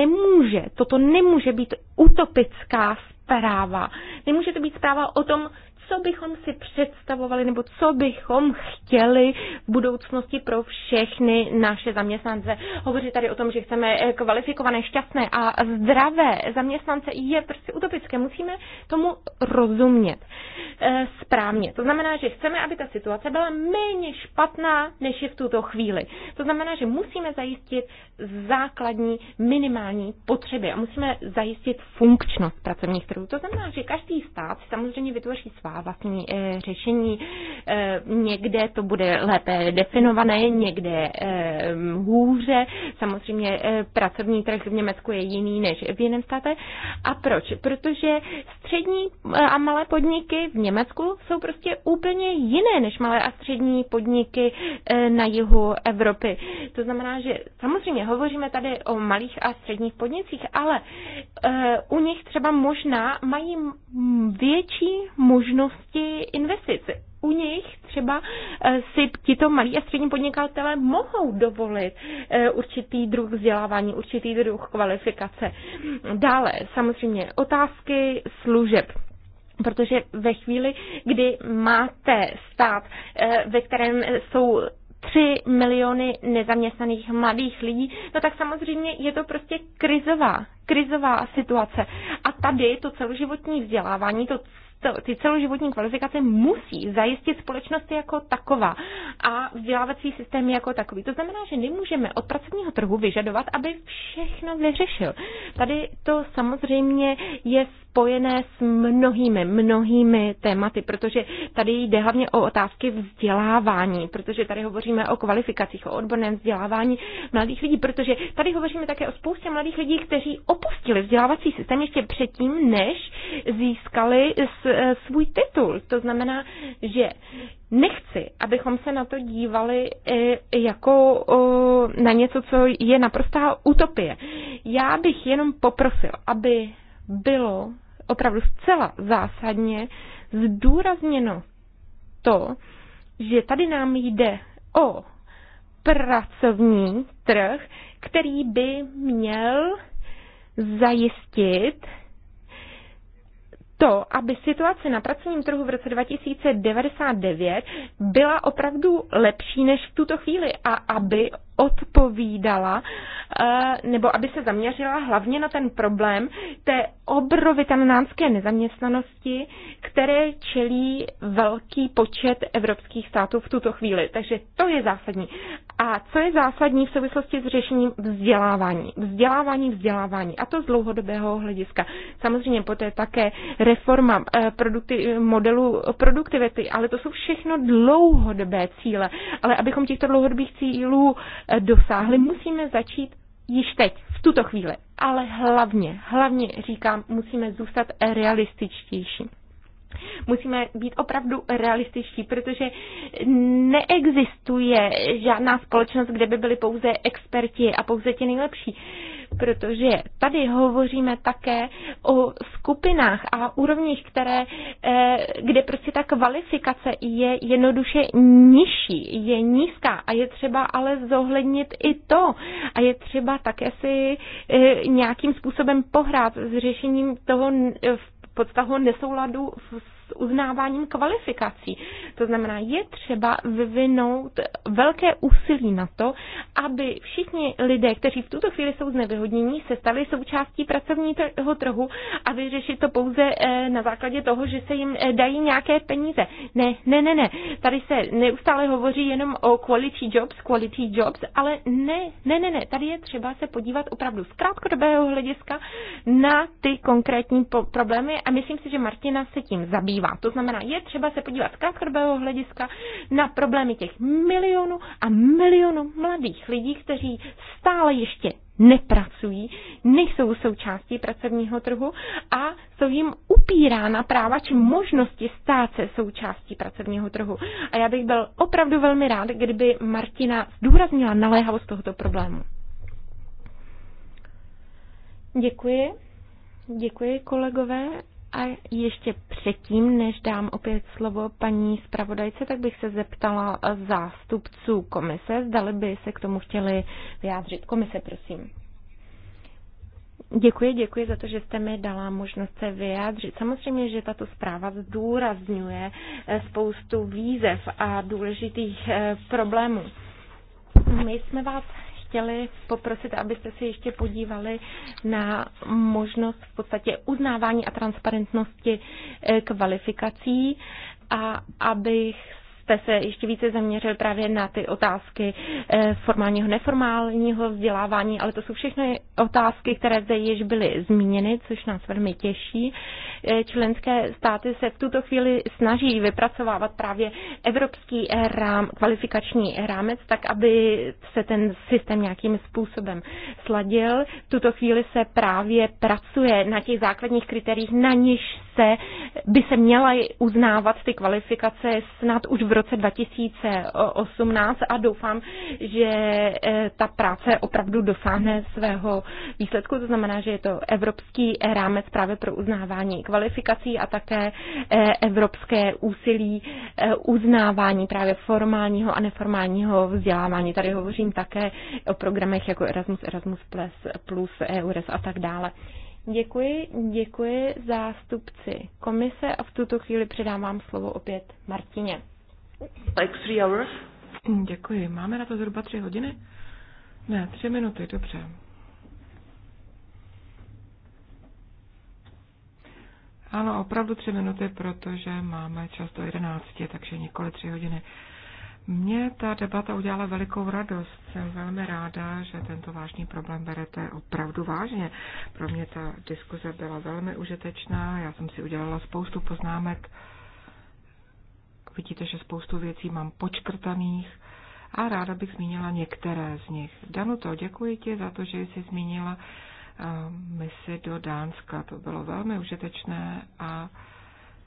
nemůže, toto nemůže být utopická zpráva. Nemůže to být zpráva o tom, co bychom si představovali nebo co bychom chtěli v budoucnosti pro všechny naše zaměstnance. Hovoří tady o tom, že chceme kvalifikované, šťastné a zdravé zaměstnance je prostě utopické. Musíme tomu rozumět eh, správně. To znamená, že chceme, aby ta situace byla méně špatná, než je v tuto chvíli. To znamená, že musíme zajistit základní minimální potřeby a musíme zajistit funkčnost pracovních trhů. To znamená, že každý stát samozřejmě vytvoří svá vlastní eh, řešení. Eh, někde to bude lépe definované, někde eh, hůře. Samozřejmě pracovní trh v Německu je jiný než v jiném státě. A proč? Protože střední a malé podniky v Německu jsou prostě úplně jiné než malé a střední podniky na jihu Evropy. To znamená, že samozřejmě hovoříme tady o malých a středních podnicích, ale u nich třeba možná mají větší možnost možnosti investic. U nich třeba eh, si tito malí a střední podnikatelé mohou dovolit eh, určitý druh vzdělávání, určitý druh kvalifikace. Dále samozřejmě otázky služeb. Protože ve chvíli, kdy máte stát, eh, ve kterém jsou 3 miliony nezaměstnaných mladých lidí, no tak samozřejmě je to prostě krizová, krizová situace. A tady to celoživotní vzdělávání, to to, ty celoživotní kvalifikace musí zajistit společnost jako taková a vzdělávací systém jako takový. To znamená, že nemůžeme od pracovního trhu vyžadovat, aby všechno vyřešil. Tady to samozřejmě je spojené s mnohými, mnohými tématy, protože tady jde hlavně o otázky vzdělávání, protože tady hovoříme o kvalifikacích, o odborném vzdělávání mladých lidí, protože tady hovoříme také o spoustě mladých lidí, kteří opustili vzdělávací systém ještě předtím, než získali eh, svůj titul. To znamená, že nechci, abychom se na to dívali eh, jako na něco, co je naprostá utopie. Já bych jenom poprosil, aby bylo opravdu zcela zásadně zdůrazněno to, že tady nám jde o pracovní trh, který by měl zajistit to, aby situace na pracovním trhu v roce 2099 byla opravdu lepší než v tuto chvíli a aby odpovídala eh, nebo aby se zaměřila hlavně na ten problém té obrovitánské nezaměstnanosti, které čelí velký počet evropských států v tuto chvíli. Takže to je zásadní. A co je zásadní v souvislosti s řešením vzdělávání? Vzdělávání, vzdělávání. A to z dlouhodobého hlediska. Samozřejmě poté také reforma eh, produkty, modelu produktivity, ale to jsou všechno dlouhodobé cíle. Ale abychom těchto dlouhodobých cílů eh, dosáhli, musíme začít již teď, v tuto chvíli. Ale hlavně, hlavně říkám, musíme zůstat realističtější. Musíme být opravdu realističtí, protože neexistuje žádná společnost, kde by byli pouze experti a pouze ti nejlepší protože tady hovoříme také o skupinách a úrovních, které, eh, kde prostě ta kvalifikace je jednoduše nižší, je nízká a je třeba ale zohlednit i to. A je třeba také si eh, nějakým způsobem pohrát s řešením toho v podstahu nesouladu v uznáváním kvalifikací. To znamená, je třeba vyvinout velké úsilí na to, aby všichni lidé, kteří v tuto chvíli jsou znevyhodnění, se stali součástí pracovního trhu a vyřešit to pouze eh, na základě toho, že se jim eh, dají nějaké peníze. Ne, ne, ne, ne. Tady se neustále hovoří jenom o quality jobs, quality jobs, ale ne, ne, ne, ne. Tady je třeba se podívat opravdu z krátkodobého hlediska na ty konkrétní problémy a myslím si, že Martina se tím zabývá podívá. To znamená, je třeba se podívat z krátkodobého hlediska na problémy těch milionů a milionů mladých lidí, kteří stále ještě nepracují, nejsou součástí pracovního trhu a jsou jim upírána práva či možnosti stát se součástí pracovního trhu. A já bych byl opravdu velmi rád, kdyby Martina zdůraznila naléhavost tohoto problému. Děkuji. Děkuji, kolegové. A ještě předtím, než dám opět slovo paní zpravodajce, tak bych se zeptala zástupců komise, zdali by se k tomu chtěli vyjádřit. Komise, prosím. Děkuji, děkuji za to, že jste mi dala možnost se vyjádřit. Samozřejmě, že tato zpráva zdůrazňuje eh, spoustu výzev a důležitých eh, problémů. My jsme vás chtěli poprosit, abyste se ještě podívali na možnost v podstatě uznávání a transparentnosti eh, kvalifikací a abych jste se ještě více zaměřil právě na ty otázky eh, formálního, neformálního vzdělávání, ale to jsou všechny otázky, které zde již byly zmíněny, což nás velmi těší. Eh, členské státy se v tuto chvíli snaží vypracovávat právě evropský eh, rám, kvalifikační rámec, tak aby se ten systém nějakým způsobem sladil. V tuto chvíli se právě pracuje na těch základních kritériích, na niž se by se měla uznávat ty kvalifikace snad už v v roce 2018 a doufám, že eh, ta práce opravdu dosáhne svého výsledku. To znamená, že je to evropský eh, rámec právě pro uznávání kvalifikací a také eh, evropské úsilí uznávání právě formálního a neformálního vzdělávání. Tady hovořím také o programech jako Erasmus, Erasmus Plus, EURES a tak dále. Děkuji, děkuji zástupci komise a v tuto chvíli předávám slovo opět Martině. Like three hours? Mm, děkuji. Máme na to zhruba tři hodiny? Ne, tři minuty, dobře. Ano, opravdu tři minuty, protože máme čas do jedenácti, takže nikoli tři hodiny. Mně ta debata udělala velikou radost. Jsem velmi ráda, že tento vážný problém berete opravdu vážně. Pro mě ta diskuze byla velmi užitečná. Já jsem si udělala spoustu poznámek Vidíte, že spoustu věcí mám počkrtaných a ráda bych zmínila některé z nich. Danuto, děkuji ti za to, že jsi zmínila eh, misi do Dánska. To bylo velmi užitečné a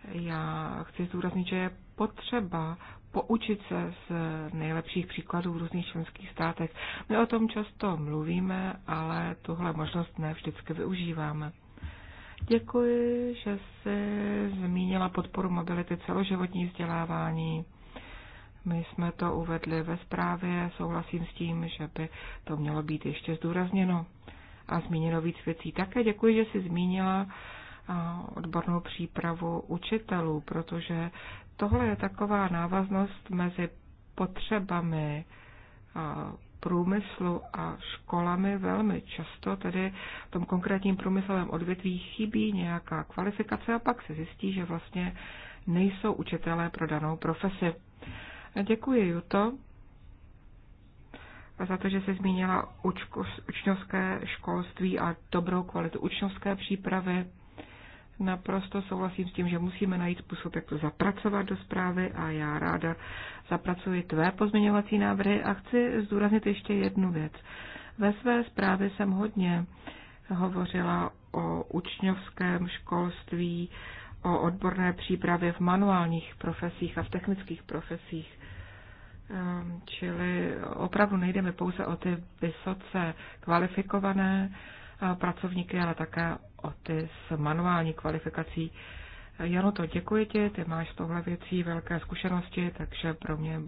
já chci zdůraznit, že je potřeba poučit se z nejlepších příkladů v různých členských státech. My o tom často mluvíme, ale tuhle možnost ne vždycky využíváme. Děkuji, že se zmínila podporu mobility celoživotní vzdělávání. My jsme to uvedli ve zprávě, souhlasím s tím, že by to mělo být ještě zdůrazněno a zmíněno víc věcí. Také děkuji, že jsi zmínila odbornou přípravu učitelů, protože tohle je taková návaznost mezi potřebami průmyslu a školami velmi často, tedy v tom konkrétním průmyslovém odvětví chybí nějaká kvalifikace a pak se zjistí, že vlastně nejsou učitelé pro danou profesi. Děkuji, Juto, za to, že se zmínila učňovské školství a dobrou kvalitu učňovské přípravy naprosto souhlasím s tím, že musíme najít způsob, jak to zapracovat do zprávy a já ráda zapracuji tvé pozměňovací návrhy a chci zdůraznit ještě jednu věc. Ve své zprávě jsem hodně hovořila o učňovském školství, o odborné přípravě v manuálních profesích a v technických profesích. Ehm, čili opravdu nejdeme pouze o ty vysoce kvalifikované eh, pracovníky, ale také ty s manuální kvalifikací. Jano, to děkuji ti, ty máš s tohle věcí velké zkušenosti, takže pro mě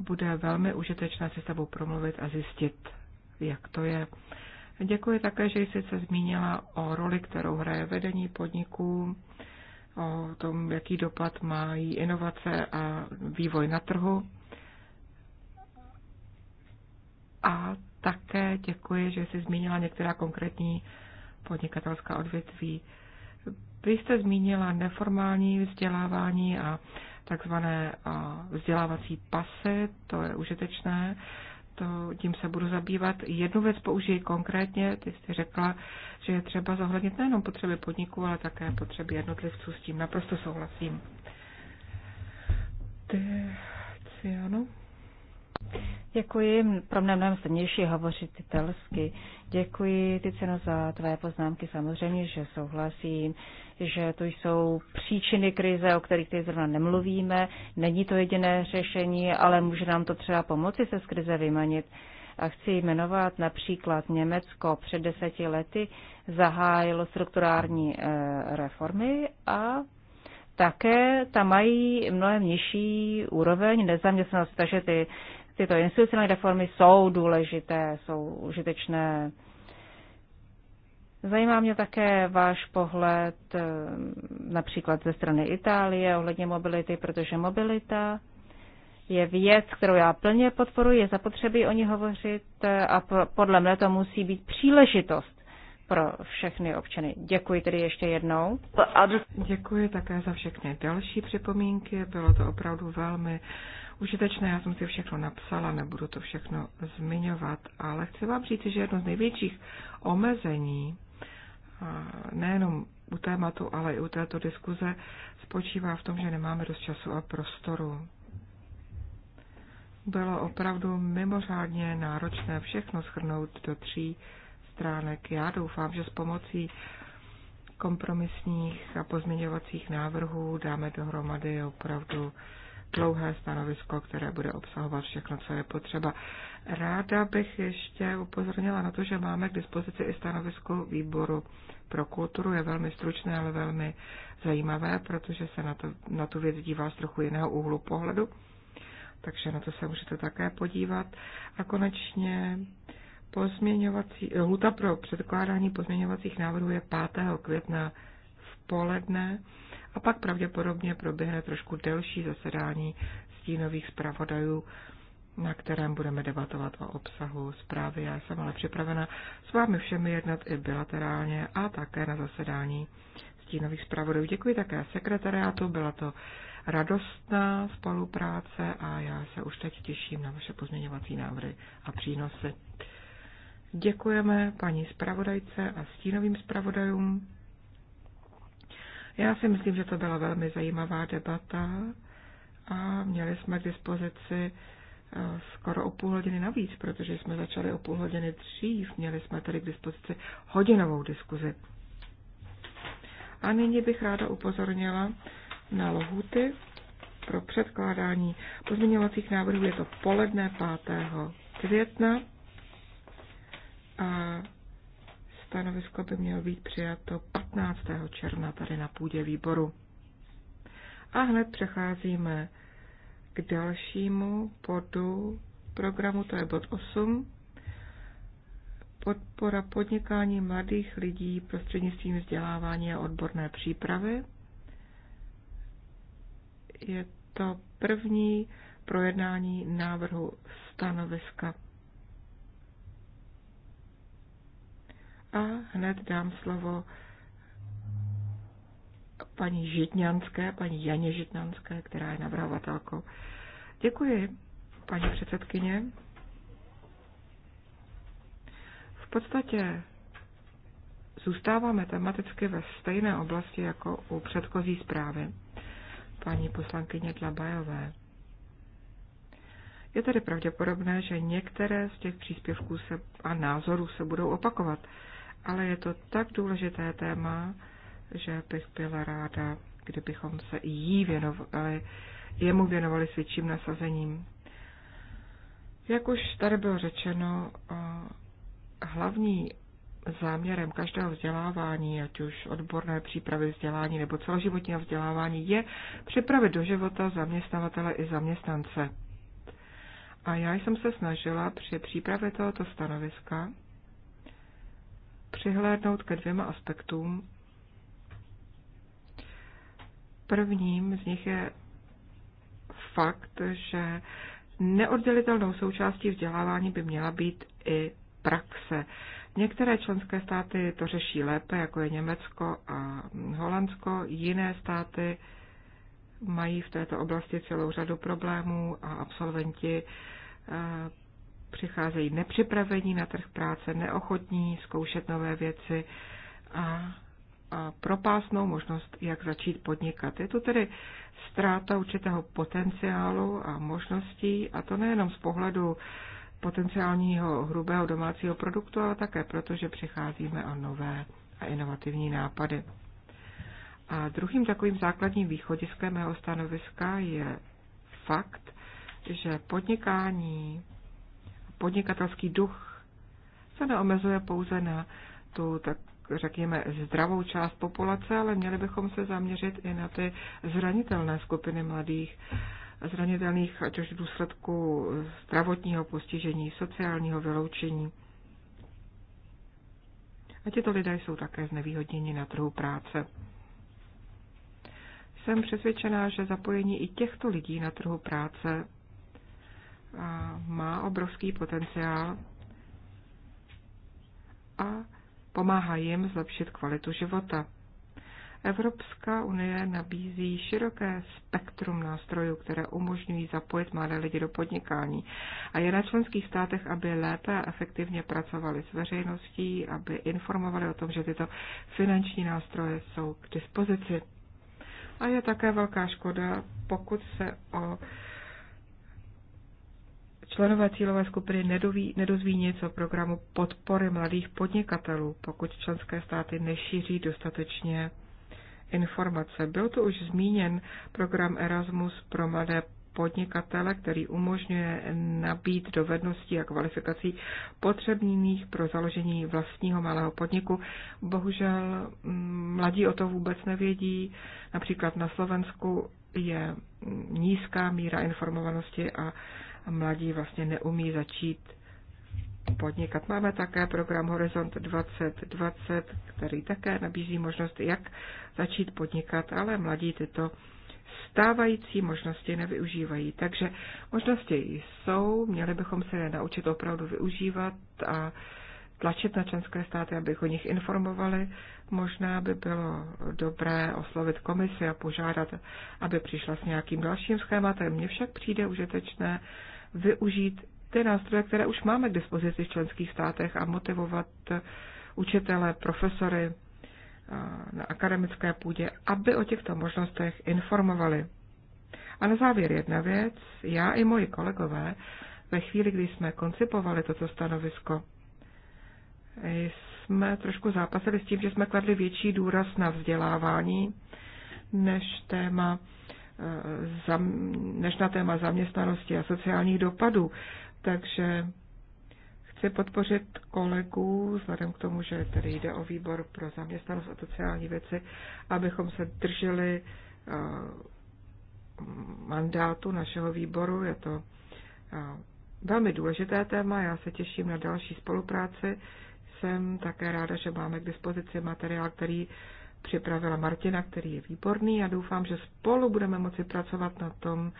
bude velmi užitečné si s tebou promluvit a zjistit, jak to je. Děkuji také, že jsi se zmínila o roli, kterou hraje vedení podniků, o tom, jaký dopad mají inovace a vývoj na trhu. A také děkuji, že jsi zmínila některá konkrétní podnikatelská odvětví. Vy jste zmínila neformální vzdělávání a takzvané vzdělávací pasy, to je užitečné, to, tím se budu zabývat. Jednu věc použiji konkrétně, ty jste řekla, že je třeba zohlednit nejenom potřeby podniku, ale také potřeby jednotlivců, s tím naprosto souhlasím. Ty, ty ano. Děkuji, pro mě mnohem snadnější hovořit italsky. Děkuji, Ticino, za tvé poznámky. Samozřejmě, že souhlasím, že to jsou příčiny krize, o kterých teď zrovna nemluvíme. Není to jediné řešení, ale může nám to třeba pomoci se z krize vymanit. A chci jmenovat například Německo před deseti lety zahájilo strukturální eh, reformy a také tam mají mnohem nižší úroveň nezaměstnanosti, takže ty Tyto institucionální reformy jsou důležité, jsou užitečné. Zajímá mě také váš pohled eh, například ze strany Itálie ohledně mobility, protože mobilita je věc, kterou já plně podporuji, je zapotřebí o ní hovořit eh, a podle mne to musí být příležitost pro všechny občany. Děkuji tedy ještě jednou. Děkuji také za všechny další připomínky, bylo to opravdu velmi užitečné. Já jsem si všechno napsala, nebudu to všechno zmiňovat, ale chci vám říct, že jedno z největších omezení, nejenom u tématu, ale i u této diskuze, spočívá v tom, že nemáme dost času a prostoru. Bylo opravdu mimořádně náročné všechno schrnout do tří stránek. Já doufám, že s pomocí kompromisních a pozměňovacích návrhů dáme dohromady opravdu dlouhé stanovisko, které bude obsahovat všechno, co je potřeba. Ráda bych ještě upozornila na to, že máme k dispozici i stanovisko výboru pro kulturu. Je velmi stručné, ale velmi zajímavé, protože se na, to, na tu věc dívá z trochu jiného úhlu pohledu. Takže na to se můžete také podívat. A konečně pozměňovací, lhuta pro předkládání pozměňovacích návrhů je 5. května v poledne a pak pravděpodobně proběhne trošku delší zasedání stínových zpravodajů, na kterém budeme debatovat o obsahu zprávy. Já jsem ale připravena s vámi všemi jednat i bilaterálně a také na zasedání stínových zpravodajů. Děkuji také sekretariátu, byla to radostná spolupráce a já se už teď těším na vaše pozměňovací návrhy a přínosy. Děkujeme paní zpravodajce a stínovým zpravodajům. Já si myslím, že to byla velmi zajímavá debata a měli jsme k dispozici eh, skoro o půl hodiny navíc, protože jsme začali o půl hodiny dřív, měli jsme tady k dispozici hodinovou diskuzi. A nyní bych ráda upozornila na lohuty pro předkládání pozměňovacích návrhů. Je to poledne 5. května a Stanovisko by mělo být přijato 15. června tady na půdě výboru. A hned přecházíme k dalšímu bodu programu, to je bod 8. Podpora podnikání mladých lidí prostřednictvím vzdělávání a odborné přípravy. Je to první projednání návrhu stanoviska A hned dám slovo paní Žitňanské, paní Janě Žitňanské, která je navrhovatelkou. Děkuji, paní předsedkyně. V podstatě zůstáváme tematicky ve stejné oblasti jako u předchozí zprávy paní poslankyně Tlabajové. Je tedy pravděpodobné, že některé z těch příspěvků se a názorů se budou opakovat ale je to tak důležité téma, že bych byla ráda, kdybychom se jí věnovali, jemu věnovali s větším nasazením. Jak už tady bylo řečeno, hlavní záměrem každého vzdělávání, ať už odborné přípravy vzdělání nebo celoživotního vzdělávání, je připravit do života zaměstnavatele i zaměstnance. A já jsem se snažila při přípravě tohoto stanoviska přihlédnout ke dvěma aspektům. Prvním z nich je fakt, že neoddělitelnou součástí vzdělávání by měla být i praxe. Některé členské státy to řeší lépe, jako je Německo a Holandsko, jiné státy mají v této oblasti celou řadu problémů a absolventi eh, přicházejí nepřipravení na trh práce, neochotní zkoušet nové věci a, a propásnou možnost, jak začít podnikat. Je to tedy ztráta určitého potenciálu a možností, a to nejenom z pohledu potenciálního hrubého domácího produktu, ale také proto, že přicházíme o nové a inovativní nápady. A druhým takovým základním východiskem mého stanoviska je fakt, že podnikání podnikatelský duch se neomezuje pouze na tu, tak řekněme, zdravou část populace, ale měli bychom se zaměřit i na ty zranitelné skupiny mladých, zranitelných ať už v důsledku zdravotního postižení, sociálního vyloučení. A tyto lidé jsou také znevýhodněni na trhu práce. Jsem přesvědčená, že zapojení i těchto lidí na trhu práce a má obrovský potenciál a pomáhá jim zlepšit kvalitu života. Evropská unie nabízí široké spektrum nástrojů, které umožňují zapojit mladé lidi do podnikání a je na členských státech, aby lépe a efektivně pracovali s veřejností, aby informovali o tom, že tyto finanční nástroje jsou k dispozici. A je také velká škoda, pokud se o Členové cílové skupiny nedoví, nedozví nic o programu podpory mladých podnikatelů, pokud členské státy nešíří dostatečně informace. Byl to už zmíněn program Erasmus pro mladé podnikatele, který umožňuje nabít dovedností a kvalifikací potřebných pro založení vlastního malého podniku. Bohužel mm, mladí o to vůbec nevědí. Například na Slovensku je mm, nízká míra informovanosti a mladí vlastně neumí začít podnikat. Máme také program Horizont 2020, který také nabízí možnost, jak začít podnikat, ale mladí tyto stávající možnosti nevyužívají. Takže možnosti jsou, měli bychom se je naučit opravdu využívat a tlačit na členské státy, aby o nich informovali Možná by bylo dobré oslovit komisi a požádat, aby přišla s nějakým dalším schématem. Mně však přijde užitečné využít ty nástroje, které už máme k dispozici v členských státech a motivovat učitele, profesory eh, na akademické půdě, aby o těchto možnostech informovali. A na závěr jedna věc. Já i moji kolegové ve chvíli, kdy jsme koncipovali toto stanovisko, jsme trošku zápasili s tím, že jsme kladli větší důraz na vzdělávání než, téma, eh, než na téma zaměstnanosti a sociálních dopadů. Takže chci podpořit kolegů, vzhledem k tomu, že tady jde o výbor pro zaměstnanost a sociální věci, abychom se drželi eh, mandátu našeho výboru. Je to eh, velmi důležité téma, já se těším na další spolupráci jsem také ráda, že máme k dispozici materiál, který připravila Martina, který je výborný a doufám, že spolu budeme moci pracovat na tom,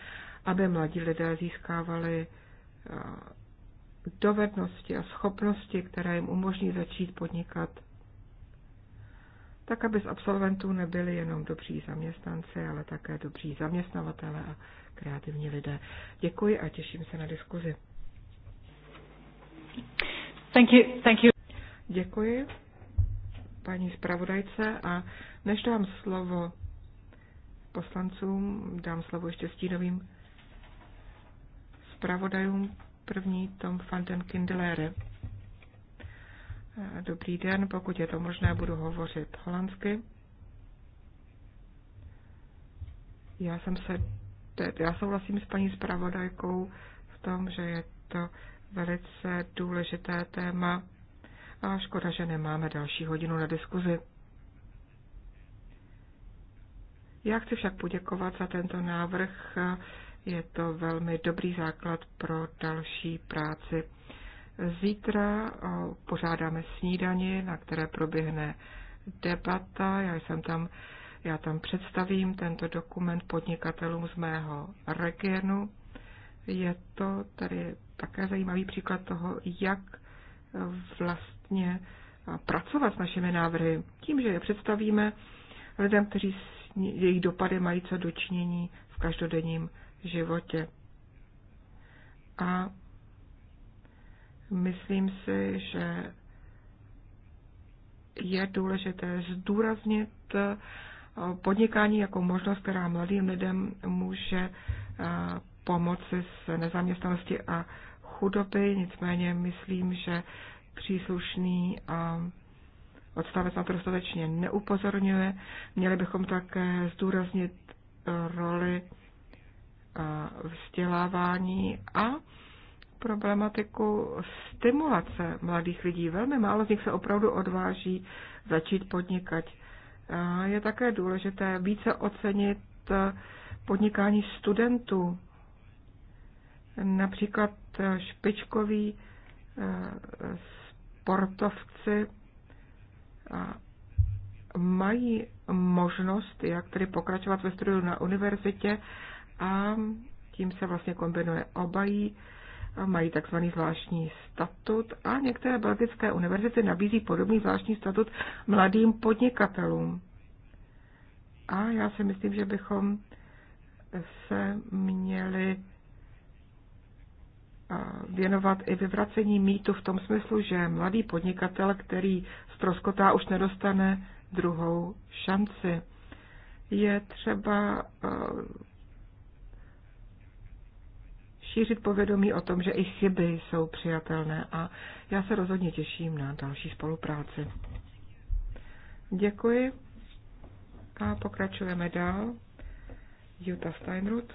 aby mladí lidé získávali eh, dovednosti a schopnosti, které jim umožní začít podnikat, tak aby z absolventů nebyli jenom dobří zaměstnanci, ale také dobří zaměstnavatele a kreativní lidé. Děkuji a těším se na diskuzi. Thank you, thank you. Děkuji paní zpravodajce a než dám slovo poslancům, dám slovo ještě stínovým zpravodajům. První Tom Fanten Kindlere. Dobrý den, pokud je to možné, budu hovořit holandsky. Já jsem se, já souhlasím s paní zpravodajkou v tom, že je to velice důležité téma a škoda, že nemáme další hodinu na diskuzi. Já chci však poděkovat za tento návrh. Je to velmi dobrý základ pro další práci. Zítra pořádáme snídani, na které proběhne debata. Já jsem tam, já tam představím tento dokument podnikatelům z mého regionu. Je to tady také zajímavý příklad toho, jak vlast vlastně pracovat s našimi návrhy tím, že je představíme lidem, kteří jejich dopady mají co dočinění v každodenním životě. A myslím si, že je důležité zdůraznit eh, podnikání jako možnost, která mladým lidem může eh, pomoci s nezaměstnaností a chudoby. Nicméně myslím, že příslušný odstavec na to dostatečně neupozorňuje. Měli bychom také zdůraznit eh, roli eh, vzdělávání a problematiku stimulace mladých lidí. Velmi málo z nich se opravdu odváží začít podnikat. Eh, je také důležité více ocenit podnikání studentů. Například špičkový Eh, sportovci eh, mají možnost, jak tedy pokračovat ve studiu na univerzitě a tím se vlastně kombinuje obají, mají takzvaný zvláštní statut a některé belgické univerzity nabízí podobný zvláštní statut mladým podnikatelům. A já si myslím, že bychom se měli věnovat i vyvracení mýtu v tom smyslu, že mladý podnikatel, který stroskotá, už nedostane druhou šanci. Je třeba eh, šířit povědomí o tom, že i chyby jsou přijatelné a já se rozhodně těším na další spolupráci. Děkuji a pokračujeme dál. Jutta Steinruth.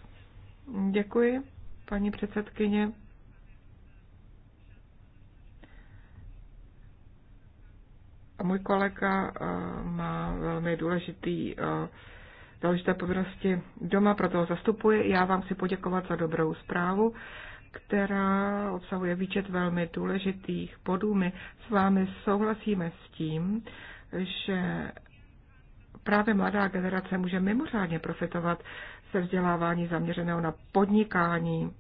Děkuji, paní předsedkyně. můj kolega eh, má velmi důležitý, eh, důležité povinnosti doma, proto ho zastupuji. Já vám chci poděkovat za dobrou zprávu, která obsahuje výčet velmi důležitých bodů. My s vámi souhlasíme s tím, že právě mladá generace může mimořádně profitovat se vzdělávání zaměřeného na podnikání.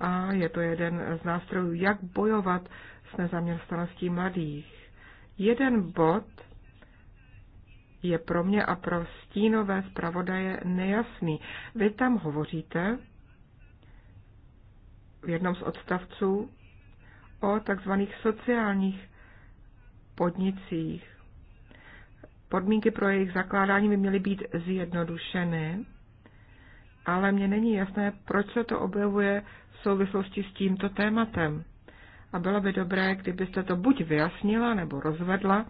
A je to jeden z nástrojů, jak bojovat s nezaměstnaností mladých Jeden bod je pro mě a pro stínové zpravodaje nejasný. Vy tam hovoříte v jednom z odstavců o takzvaných sociálních podnicích. Podmínky pro jejich zakládání by měly být zjednodušeny, ale mně není jasné, proč se to objevuje v souvislosti s tímto tématem a bylo by dobré, kdybyste to buď vyjasnila nebo rozvedla,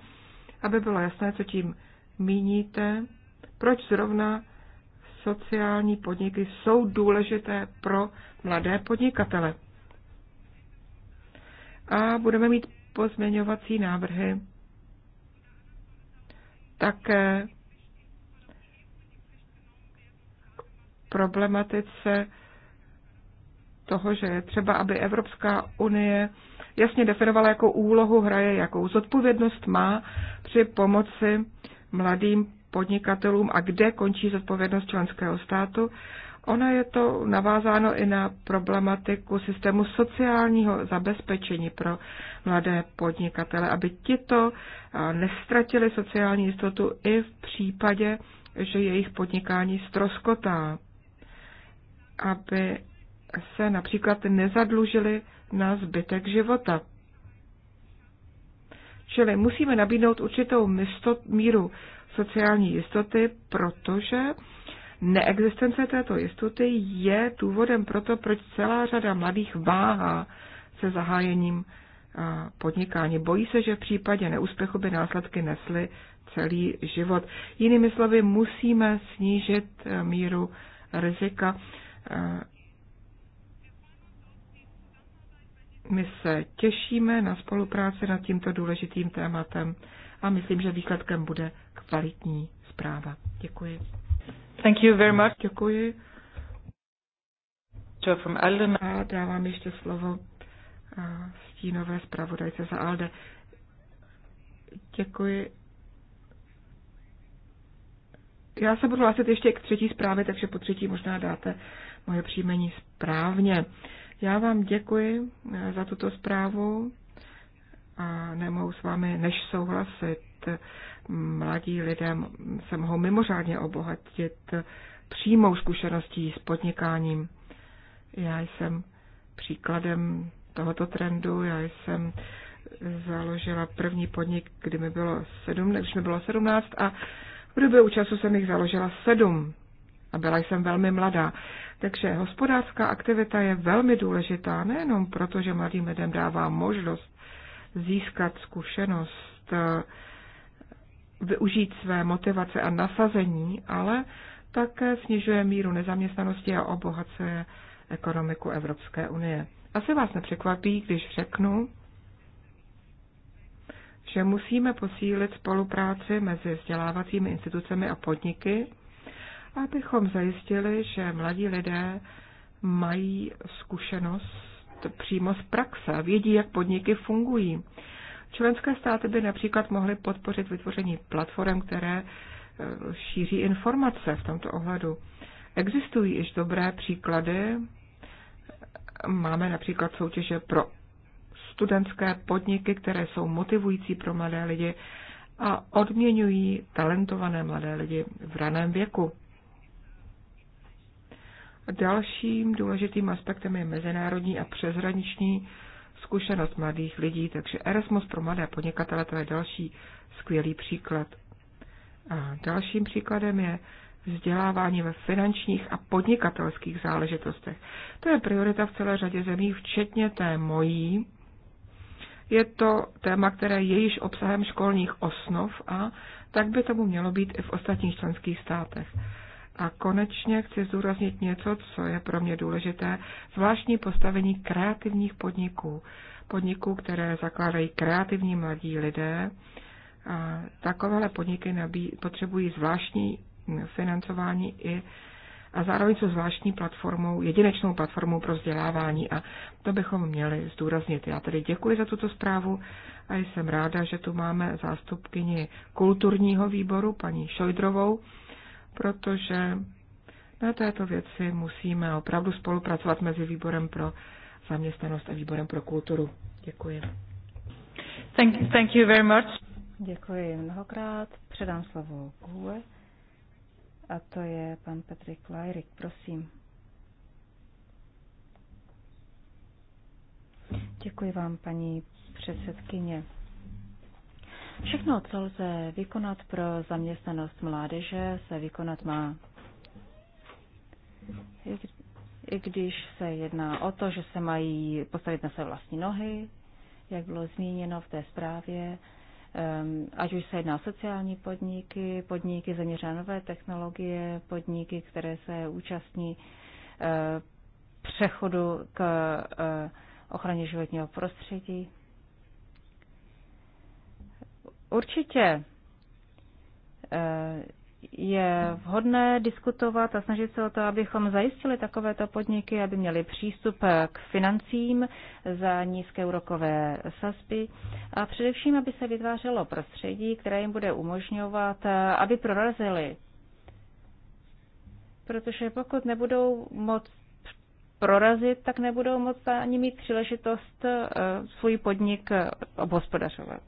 aby bylo jasné, co tím míníte, proč zrovna sociální podniky jsou důležité pro mladé podnikatele. A budeme mít pozměňovací návrhy také problematice toho, že je třeba, aby Evropská unie jasně definovala, jakou úlohu hraje, jakou zodpovědnost má při pomoci mladým podnikatelům a kde končí zodpovědnost členského státu. Ona je to navázáno i na problematiku systému sociálního zabezpečení pro mladé podnikatele, aby tito nestratili sociální jistotu i v případě, že jejich podnikání stroskotá, aby se například nezadlužili na zbytek života. Čili musíme nabídnout určitou mistot, míru sociální jistoty, protože neexistence této jistoty je důvodem pro to, proč celá řada mladých váhá se zahájením podnikání. Bojí se, že v případě neúspěchu by následky nesly celý život. Jinými slovy, musíme snížit e, míru rizika e, My se těšíme na spolupráci nad tímto důležitým tématem a myslím, že výsledkem bude kvalitní zpráva. Děkuji. Thank you very much. Děkuji. From Alden. A dávám ještě slovo stínové zpravodajce za ALDE. Děkuji. Já se budu hlásit ještě k třetí zprávě, takže po třetí možná dáte moje příjmení správně. Uh, já vám děkuji eh, za tuto zprávu a nemohu s vámi než souhlasit. Mladí lidem se mohou mimořádně obohatit přímou zkušeností s podnikáním. Já jsem příkladem tohoto trendu, já jsem založila první podnik, kdy mi bylo sedm, když mi bylo sedmnáct a v době účasu jsem jich založila sedm a byla jsem velmi mladá. Takže hospodářská aktivita je velmi důležitá, nejenom proto, že mladým lidem dává možnost získat zkušenost, eh, využít své motivace a nasazení, ale také snižuje míru nezaměstnanosti a obohacuje ekonomiku Evropské unie. Asi vás nepřekvapí, když řeknu, že musíme posílit spolupráci mezi vzdělávacími institucemi a podniky, abychom zajistili, že mladí lidé mají zkušenost přímo z praxe, vědí, jak podniky fungují. Členské státy by například mohly podpořit vytvoření platform, které eh, šíří informace v tomto ohledu. Existují již dobré příklady. Máme například soutěže pro studentské podniky, které jsou motivující pro mladé lidi a odměňují talentované mladé lidi v raném věku. Dalším důležitým aspektem je mezinárodní a přeshraniční zkušenost mladých lidí, takže Erasmus pro mladé podnikatele to je další skvělý příklad. A dalším příkladem je vzdělávání ve finančních a podnikatelských záležitostech. To je priorita v celé řadě zemí, včetně té mojí. Je to téma, které je již obsahem školních osnov a tak by tomu mělo být i v ostatních členských státech. A konečně chci zúraznit něco, co je pro mě důležité, zvláštní postavení kreativních podniků. Podniků, které zakládají kreativní mladí lidé. A takovéhle podniky nabí, potřebují zvláštní financování i a zároveň jsou zvláštní platformou, jedinečnou platformou pro vzdělávání a to bychom měli zdůraznit. Já tedy děkuji za tuto zprávu a jsem ráda, že tu máme zástupkyni kulturního výboru, paní Šojdrovou, protože na této věci musíme opravdu spolupracovat mezi výborem pro zaměstnanost a výborem pro kulturu. Děkuji. Thank, you, thank you very much. Děkuji mnohokrát. Předám slovo Kůle. A to je pan Patrik Lajrik, prosím. Děkuji vám, paní předsedkyně. Všechno, co lze vykonat pro zaměstnanost mládeže, se vykonat má. I když se jedná o to, že se mají postavit na své vlastní nohy, jak bylo zmíněno v té zprávě, ehm, ať už se jedná o sociální podniky, podniky zaměřené nové technologie, podniky, které se účastní eh, přechodu k eh, ochraně životního prostředí. Určitě eh, je vhodné diskutovat a snažit se o to, abychom zajistili takovéto podniky, aby měli přístup k financím za nízké úrokové sazby a především, aby se vytvářelo prostředí, které jim bude umožňovat, eh, aby prorazili. Protože pokud nebudou moc prorazit, tak nebudou moc ani mít příležitost eh, svůj podnik obhospodařovat.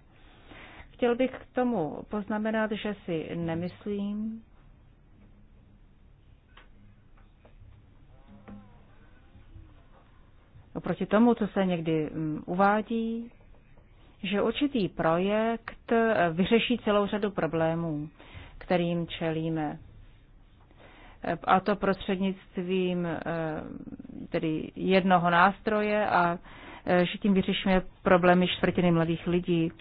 Chtěl bych k tomu poznamenat, že si nemyslím, oproti tomu, co se někdy mm, uvádí, že určitý projekt eh, vyřeší celou řadu problémů, kterým čelíme. Eh, a to prostřednictvím eh, tedy jednoho nástroje a že tím vyřešíme problémy čtvrtiny mladých lidí.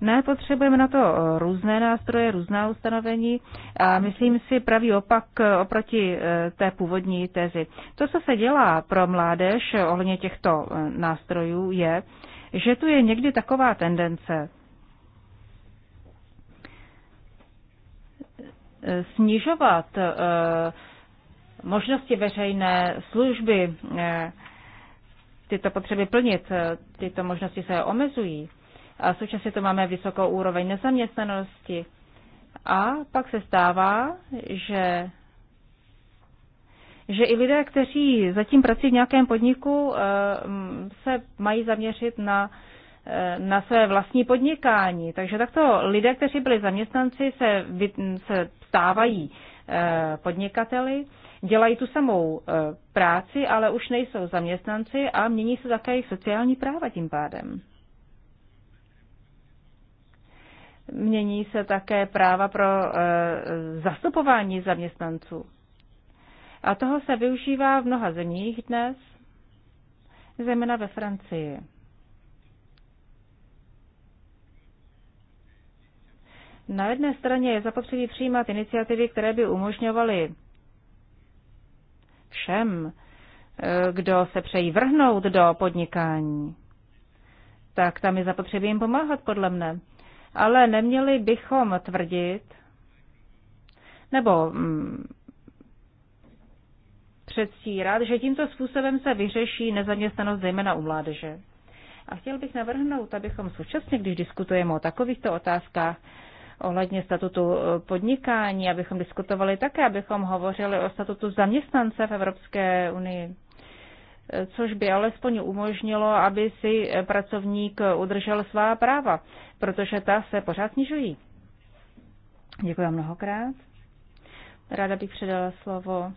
Ne, potřebujeme na to eh, různé nástroje, různá ustanovení a myslím si pravý opak eh, oproti eh, té původní tezi. To, co se dělá pro mládež ohledně těchto nástrojů, je, že tu je někdy taková tendence snižovat možnosti veřejné služby, tyto potřeby plnit, tyto možnosti se omezují. A současně to máme vysokou úroveň nezaměstnanosti. A pak se stává, že že i lidé, kteří zatím pracují v nějakém podniku, eh, se mají zaměřit na, eh, na své vlastní podnikání. Takže takto lidé, kteří byli zaměstnanci, se, se stávají eh, podnikateli, dělají tu samou práci, ale už nejsou zaměstnanci a mění se také jejich sociální práva tím pádem. Mění se také práva pro eh, zastupování zaměstnanců. A toho se využívá v mnoha zemích dnes, zejména ve Francii. Na jedné straně je zapotřebí přijímat iniciativy, které by umožňovaly všem, eh, kdo se přejí vrhnout do podnikání, tak tam je zapotřebí jim pomáhat, podle mne ale neměli bychom tvrdit, nebo hm, předstírat, že tímto způsobem se vyřeší nezaměstnanost zejména u mládeže. A chtěl bych navrhnout, abychom současně, když diskutujeme o takovýchto otázkách, ohledně statutu eh, podnikání, abychom diskutovali také, abychom hovořili o statutu zaměstnance v Evropské unii což by alespoň umožnilo, aby si pracovník udržel svá práva, protože ta se pořád snižují. Děkuji mnohokrát. Ráda bych předala slovo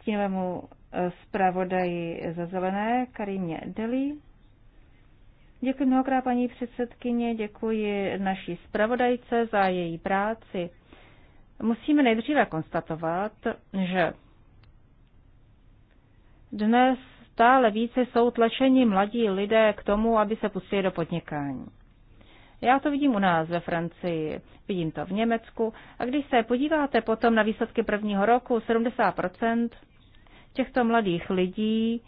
stínovému eh, zpravodaji za zelené Karimě Deli. Děkuji mnohokrát paní předsedkyně, děkuji naší zpravodajce za její práci. Musíme nejdříve konstatovat, že dnes stále více jsou tlačeni mladí lidé k tomu, aby se pustili do podnikání. Já to vidím u nás ve Francii, vidím to v Německu. A když se podíváte potom na výsledky prvního roku, 70% těchto mladých lidí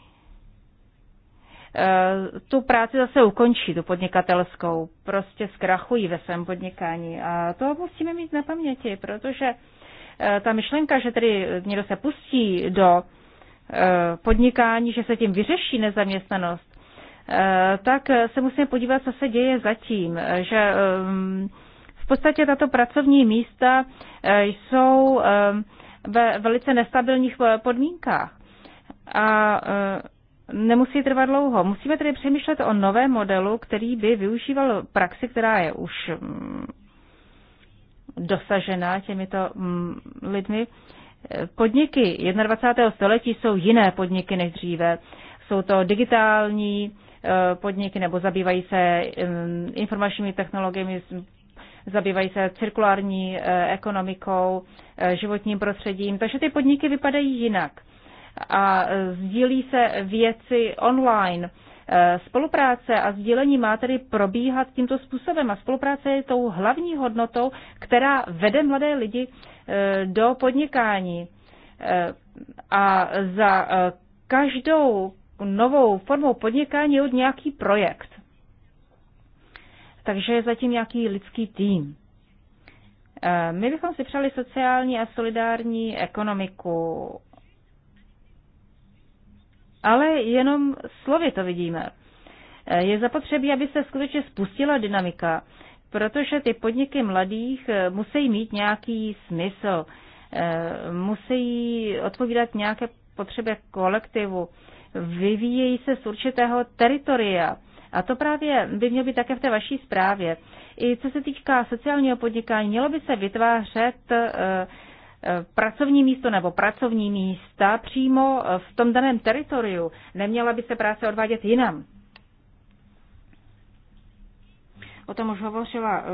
eh, tu práci zase ukončí, tu podnikatelskou. Prostě zkrachují ve svém podnikání. A to musíme mít na paměti, protože eh, ta myšlenka, že tedy někdo se pustí do podnikání, že se tím vyřeší nezaměstnanost, eh, tak se musíme podívat, co se děje zatím. Že eh, v podstatě tato pracovní místa eh, jsou ve velice nestabilních podmínkách. A nemusí trvat dlouho. Musíme tedy přemýšlet o novém modelu, který by využíval praxi, která je už mm, dosažená těmito mm, lidmi Podniky 21. století jsou jiné podniky než dříve. Jsou to digitální eh, podniky nebo zabývají se eh, informačními technologiemi, zabývají se cirkulární eh, ekonomikou, životním prostředím. Takže ty podniky vypadají jinak a sdílí se věci online Eh, spolupráce a sdílení má tedy probíhat tímto způsobem a spolupráce je tou hlavní hodnotou, která vede mladé lidi eh, do podnikání. Eh, a za každou novou formou podnikání je nějaký projekt. Takže je zatím nějaký lidský tým. My bychom si přáli sociální a solidární ekonomiku, ale jenom slovy to vidíme. E, je zapotřebí, aby se skutečně spustila dynamika, protože ty podniky mladých e, musí mít nějaký smysl, e, musí odpovídat nějaké potřebě kolektivu, vyvíjejí se z určitého teritoria. A to právě by mělo být také v té vaší zprávě. I co se týká sociálního podnikání, mělo by se vytvářet pracovní místo nebo pracovní místa přímo v tom daném teritoriu. Neměla by se práce odvádět jinam. O tom už hovořila eh,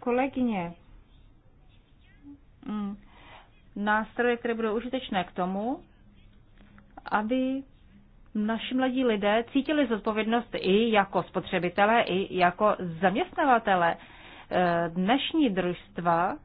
kolegyně. Mm. Nástroje, které budou užitečné k tomu, aby naši mladí lidé cítili zodpovědnost i jako spotřebitelé, i jako zaměstnavatele. Eh, dnešní družstva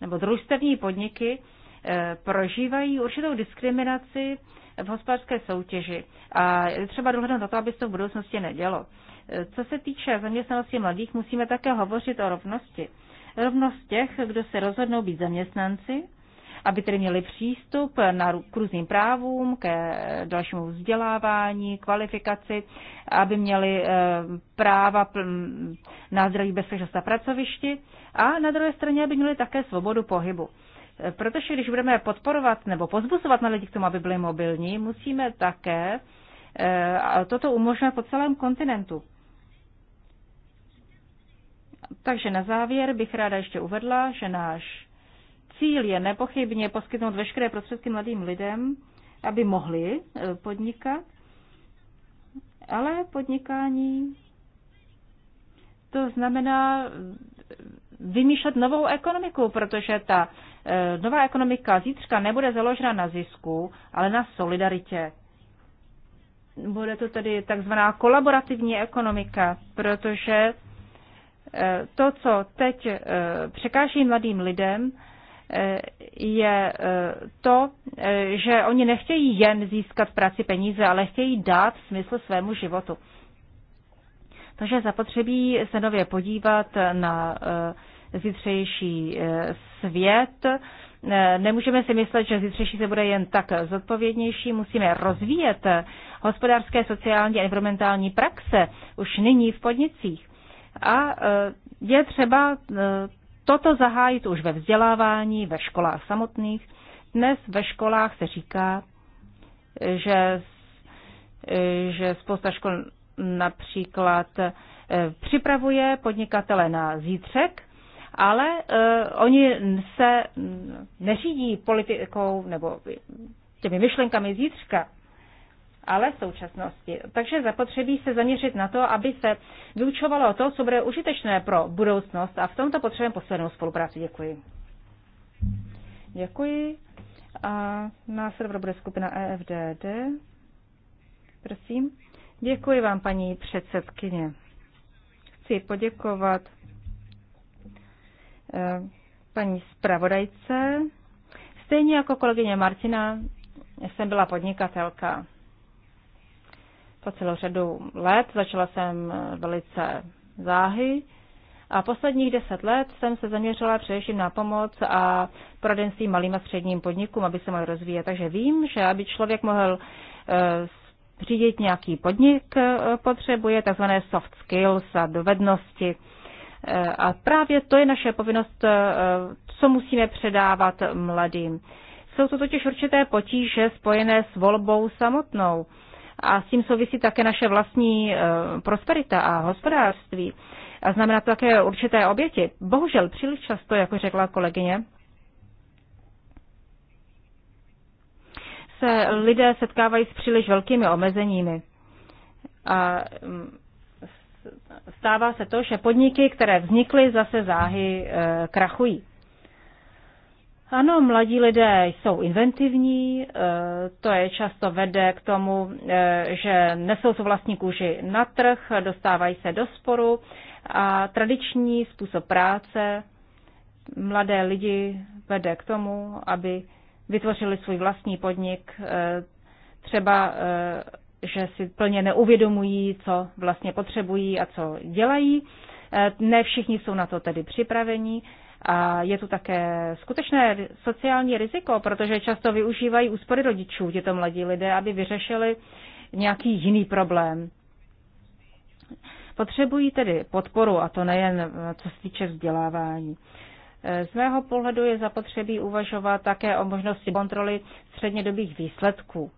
nebo družstevní podniky eh, prožívají určitou diskriminaci v hospodářské soutěži. A je třeba dohlednout na to, aby se to v budoucnosti nedělo. Eh, co se týče zaměstnanosti mladých, musíme také hovořit o rovnosti. Rovnost těch, kdo se rozhodnou být zaměstnanci aby tedy měli přístup na, k různým právům, ke dalšímu vzdělávání, kvalifikaci, aby měli eh, práva na zdraví bezpečnost a pracovišti a na druhé straně, aby měli také svobodu pohybu. Eh, protože když budeme podporovat nebo pozbuzovat na lidi k tomu, aby byli mobilní, musíme také eh, toto umožňovat po celém kontinentu. Takže na závěr bych ráda ještě uvedla, že náš Cíl je nepochybně poskytnout veškeré prostředky mladým lidem, aby mohli e, podnikat, ale podnikání to znamená e, vymýšlet novou ekonomiku, protože ta e, nová ekonomika zítřka nebude založena na zisku, ale na solidaritě. Bude to tedy takzvaná kolaborativní ekonomika, protože to, co teď překáží mladým lidem, je eh, to, eh, že oni nechtějí jen získat práci peníze, ale chtějí dát smysl svému životu. Takže zapotřebí se nově podívat na eh, zítřejší svět. Nemůžeme si myslet, že zítřejší se bude jen tak zodpovědnější. Musíme rozvíjet hospodářské, sociální a environmentální praxe už nyní v podnicích. A je třeba toto zahájit už ve vzdělávání, ve školách samotných. Dnes ve školách se říká, že, že spousta škol například eh, připravuje podnikatele na zítřek, ale uh, oni se neřídí politikou nebo těmi myšlenkami zítřka ale v současnosti. Takže zapotřebí se zaměřit na to, aby se vyučovalo to, co bude užitečné pro budoucnost a v tomto potřebujeme poslednou spolupráci. Děkuji. Děkuji. A server bude skupina EFDD. Prosím. Děkuji vám, paní předsedkyně. Chci poděkovat eh, paní zpravodajce. Stejně jako kolegyně Martina jsem byla podnikatelka po celou řadu let. Začala jsem velice záhy. A posledních deset let jsem se zaměřila především na pomoc a poradenství malým a středním podnikům, aby se mohl rozvíjet. Takže vím, že aby člověk mohl eh, řídit nějaký podnik, eh, potřebuje tzv. soft skills a dovednosti. Eh, a právě to je naše povinnost, co musíme předávat mladým. Jsou to totiž určité potíže spojené s volbou samotnou a s tím souvisí také naše vlastní eh, prosperita a hospodářství. A znamená to také určité oběti. Bohužel příliš často, jako řekla kolegyně, se lidé setkávají s příliš velkými omezeními. A mm, stává se to, že podniky, které vznikly, zase záhy eh, krachují. Ano, mladí lidé jsou inventivní, eh, to je často vede k tomu, eh, že nesou svou vlastní kůži na trh, dostávají se do sporu a tradiční způsob práce mladé lidi vede k tomu, aby vytvořili svůj vlastní podnik, eh, třeba že si plně neuvědomují, co vlastně potřebují a co dělají. Ne všichni jsou na to tedy připraveni a je tu také skutečné sociální riziko, protože často využívají úspory rodičů těto mladí lidé, aby vyřešili nějaký jiný problém. Potřebují tedy podporu, a to nejen co se týče vzdělávání. Z mého pohledu je zapotřebí uvažovat také o možnosti kontroly střednědobých výsledků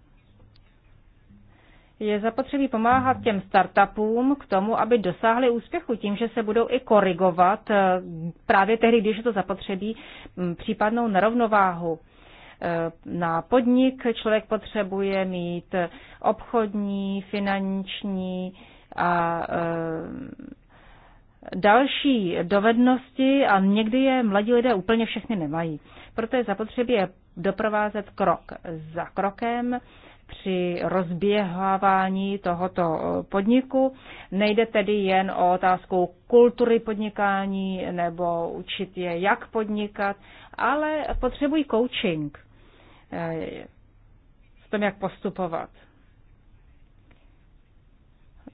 je zapotřebí pomáhat těm startupům k tomu, aby dosáhly úspěchu tím, že se budou i korigovat eh, právě tehdy, když je to zapotřebí mm, případnou nerovnováhu. Eh, na podnik člověk potřebuje mít obchodní, finanční a eh, další dovednosti a někdy je mladí lidé úplně všechny nemají. Proto je zapotřebí je doprovázet krok za krokem, při rozběhávání tohoto eh, podniku. Nejde tedy jen o otázku kultury podnikání nebo učit je, jak podnikat, ale potřebují coaching eh, v tom, jak postupovat.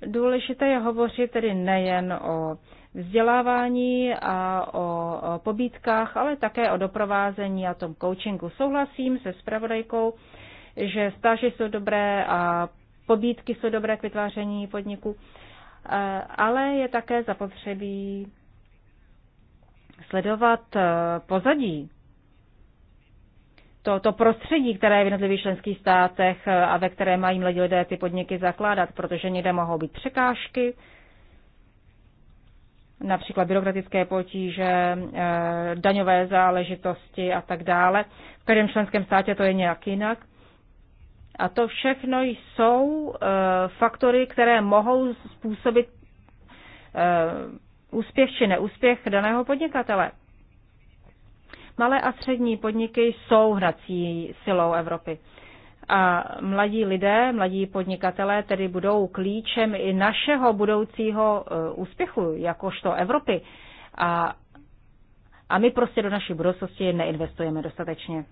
Důležité je hovořit tedy nejen o vzdělávání a o pobítkách, ale také o doprovázení a tom coachingu. Souhlasím se spravodajkou, že stáže jsou dobré a pobídky jsou dobré k vytváření podniku, eh, ale je také zapotřebí sledovat eh, pozadí to, to prostředí, které je v jednotlivých členských státech eh, a ve které mají mladí lidé ty podniky zakládat, protože někde mohou být překážky, například byrokratické potíže, daňové záležitosti a tak dále. V každém členském státě to je nějak jinak. A to všechno jsou eh, faktory, které mohou způsobit eh, úspěch či neúspěch daného podnikatele. Malé a střední podniky jsou hrací silou Evropy. A mladí lidé, mladí podnikatelé tedy budou klíčem i našeho budoucího eh, úspěchu, jakožto Evropy. A, a my prostě do naší budoucnosti neinvestujeme dostatečně.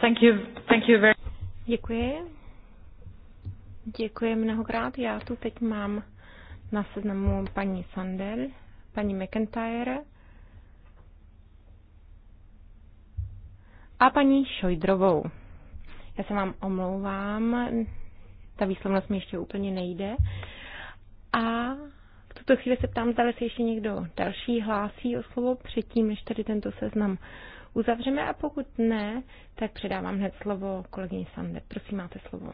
Thank you, thank you very... Děkuji. Děkuji mnohokrát. Já tu teď mám na seznamu paní Sandel, paní McIntyre a paní Šojdrovou. Já se vám omlouvám, ta výslovnost mi ještě úplně nejde. A v tuto chvíli se ptám, zda se ještě někdo další hlásí o slovo předtím, než tady tento seznam uzavřeme a pokud ne, tak předávám hned slovo kolegyni Sande. Prosím, máte slovo.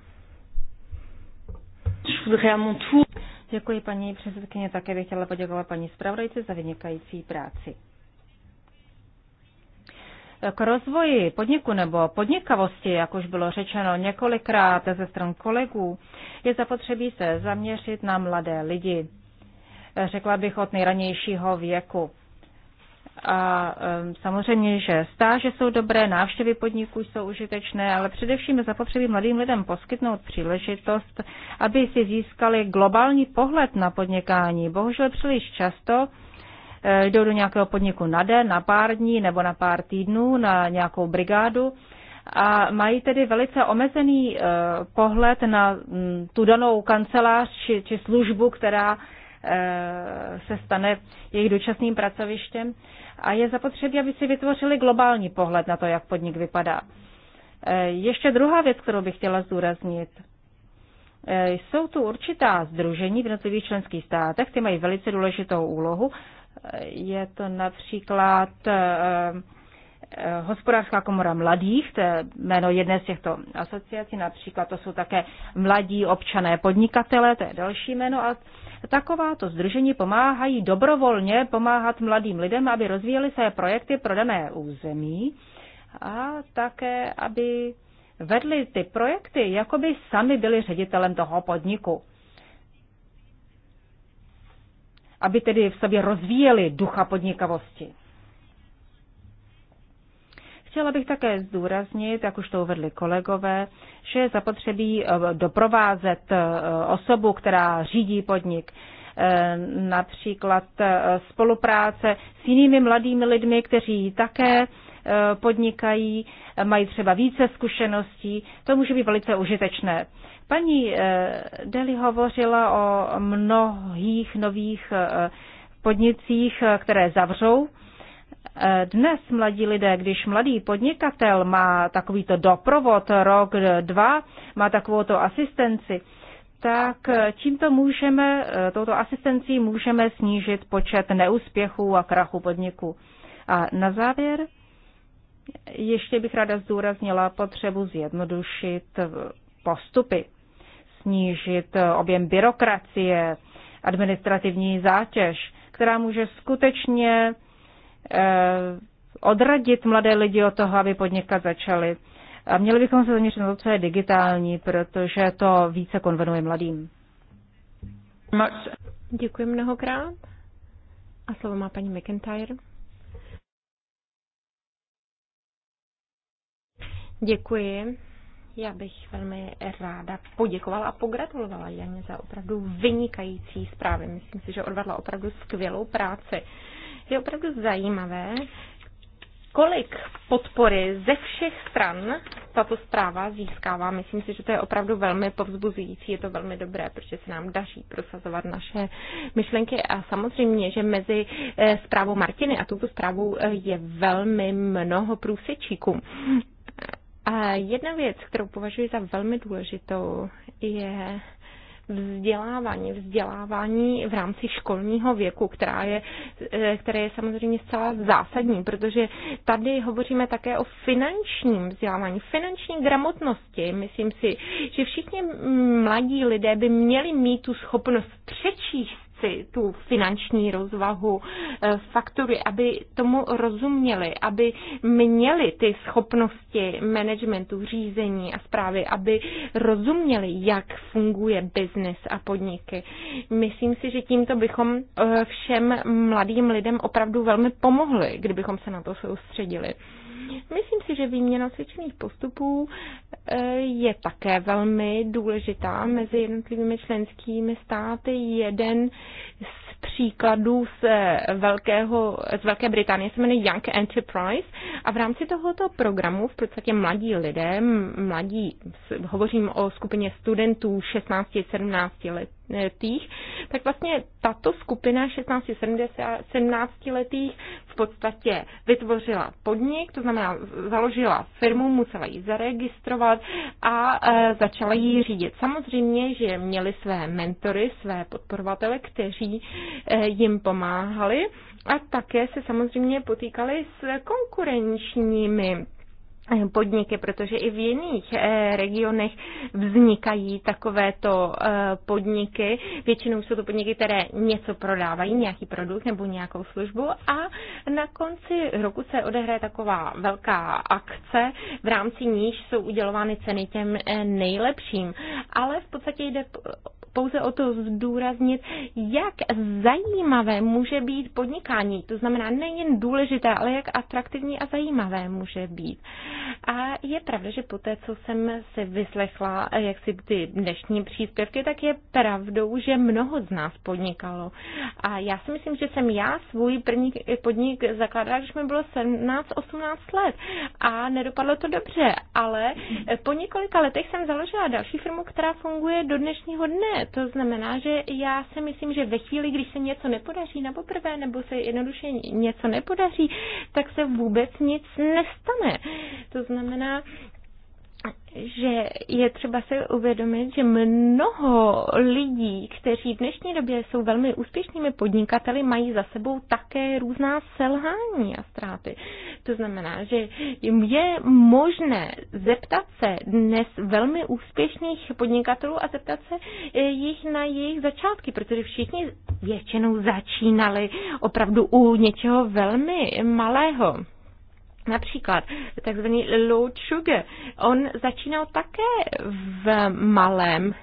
Děkuji paní předsedkyně, také bych chtěla poděkovat paní zpravodajce za vynikající práci. K rozvoji podniku nebo podnikavosti, jak už bylo řečeno několikrát ze stran kolegů, je zapotřebí se zaměřit na mladé lidi. Řekla bych od nejranějšího věku. A samozřejmě, že stáže jsou dobré, návštěvy podniků jsou užitečné, ale především je zapotřebí mladým lidem poskytnout příležitost, aby si získali globální pohled na podnikání. Bohužel příliš často e, jdou do nějakého podniku na den, na pár dní nebo na pár týdnů, na nějakou brigádu a mají tedy velice omezený e, pohled na tu danou kancelář či, či službu, která se stane jejich dočasným pracovištěm. A je zapotřebí, aby si vytvořili globální pohled na to, jak podnik vypadá. E, ještě druhá věc, kterou bych chtěla zdůraznit. E, jsou tu určitá združení v jednotlivých členských státech, ty mají velice důležitou úlohu. E, je to například hospodářská komora mladých, to je jméno jedné z těchto asociací, například to jsou také mladí občané podnikatele, to je další jméno, a Takováto združení pomáhají dobrovolně pomáhat mladým lidem, aby rozvíjeli své projekty pro dané území a také, aby vedli ty projekty, jako by sami byli ředitelem toho podniku. Aby tedy v sobě rozvíjeli ducha podnikavosti. Chtěla bych také zdůraznit, jak už to uvedli kolegové, že je zapotřebí eh, doprovázet eh, osobu, která řídí podnik eh, například spolupráce s jinými mladými lidmi, kteří také podnikají, mají třeba více zkušeností. To může být velice užitečné. Paní Deli hovořila o mnohých nových podnicích, které zavřou Eh, dnes mladí lidé, když mladý podnikatel má takovýto doprovod rok, dva, má takovouto asistenci, tak tímto eh, můžeme, eh, touto asistencí můžeme snížit počet neúspěchů a krachu podniku. A na závěr ještě bych ráda zdůraznila potřebu zjednodušit postupy, snížit objem byrokracie, administrativní zátěž, která může skutečně Eh, odradit mladé lidi od toho, aby podnikat začali. A měli bychom se zaměřit na to, co je digitální, protože to více konvenuje mladým. Děkuji mnohokrát. A slovo má paní McIntyre. Děkuji. Já bych velmi ráda poděkovala a pogratulovala Janě za opravdu vynikající zprávy. Myslím si, že odvedla opravdu skvělou práci je opravdu zajímavé, kolik podpory ze všech stran tato zpráva získává. Myslím si, že to je opravdu velmi povzbuzující, je to velmi dobré, protože se nám daří prosazovat naše myšlenky a samozřejmě, že mezi eh, zprávou Martiny a tuto zprávou eh, je velmi mnoho průsečíků. A jedna věc, kterou považuji za velmi důležitou, je vzdělávání, vzdělávání v rámci školního věku, která je, eh, které je samozřejmě zcela zásadní, protože tady hovoříme také o finančním vzdělávání, finanční gramotnosti. Myslím si, že všichni mladí lidé by měli mít tu schopnost přečíst si tu finanční rozvahu, eh, faktury, aby tomu rozuměli, aby měli ty schopnosti managementu, řízení a zprávy, aby rozuměli, jak funguje biznis a podniky. Myslím si, že tímto bychom eh, všem mladým lidem opravdu velmi pomohli, kdybychom se na to soustředili. Myslím si, že výměna cvičených postupů eh, je také velmi důležitá mezi jednotlivými členskými státy. Jeden z příkladů z, eh, velkého, z Velké Británie se jmenuje Young Enterprise a v rámci tohoto programu v podstatě mladí lidé, mladí, hovořím o skupině studentů 16-17 let, letých, tak vlastně tato skupina 16-17-letých v podstatě vytvořila podnik, to znamená založila firmu, musela ji zaregistrovat a e, začala ji řídit. Samozřejmě, že měli své mentory, své podporovatele, kteří e, jim pomáhali a také se samozřejmě potýkali s konkurenčními podniky, protože i v jiných eh, regionech vznikají takovéto eh, podniky. Většinou jsou to podniky, které něco prodávají, nějaký produkt nebo nějakou službu a na konci roku se odehraje taková velká akce, v rámci níž jsou udělovány ceny těm eh, nejlepším. Ale v podstatě jde pouze o to zdůraznit, jak zajímavé může být podnikání. To znamená nejen důležité, ale jak atraktivní a zajímavé může být. A je pravda, že po té, co jsem si vyslechla jak si ty dnešní příspěvky, tak je pravdou, že mnoho z nás podnikalo. A já si myslím, že jsem já svůj první podnik zakládala, když mi bylo 17-18 let. A nedopadlo to dobře, ale po několika letech jsem založila další firmu, která funguje do dnešního dne. To znamená, že já si myslím, že ve chvíli, když se něco nepodaří na poprvé, nebo se jednoduše něco nepodaří, tak se vůbec nic nestane. To znamená, že je třeba se uvědomit, že mnoho lidí, kteří v dnešní době jsou velmi úspěšnými podnikateli, mají za sebou také různá selhání a ztráty. To znamená, že je možné zeptat se dnes velmi úspěšných podnikatelů a zeptat se eh, jich na jejich začátky, protože všichni většinou začínali opravdu u něčeho velmi malého. Například takzvaný low sugar. On začínal také v malém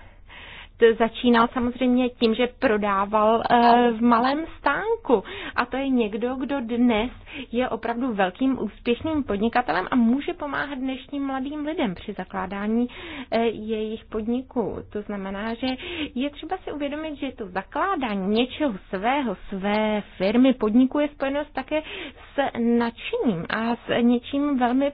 začínal samozřejmě tím, že prodával eh, v malém stánku. A to je někdo, kdo dnes je opravdu velkým úspěšným podnikatelem a může pomáhat dnešním mladým lidem při zakládání eh, jejich podniků. To znamená, že je třeba si uvědomit, že to zakládání něčeho svého, své firmy, podniku je spojeno s také s nadšením a s něčím velmi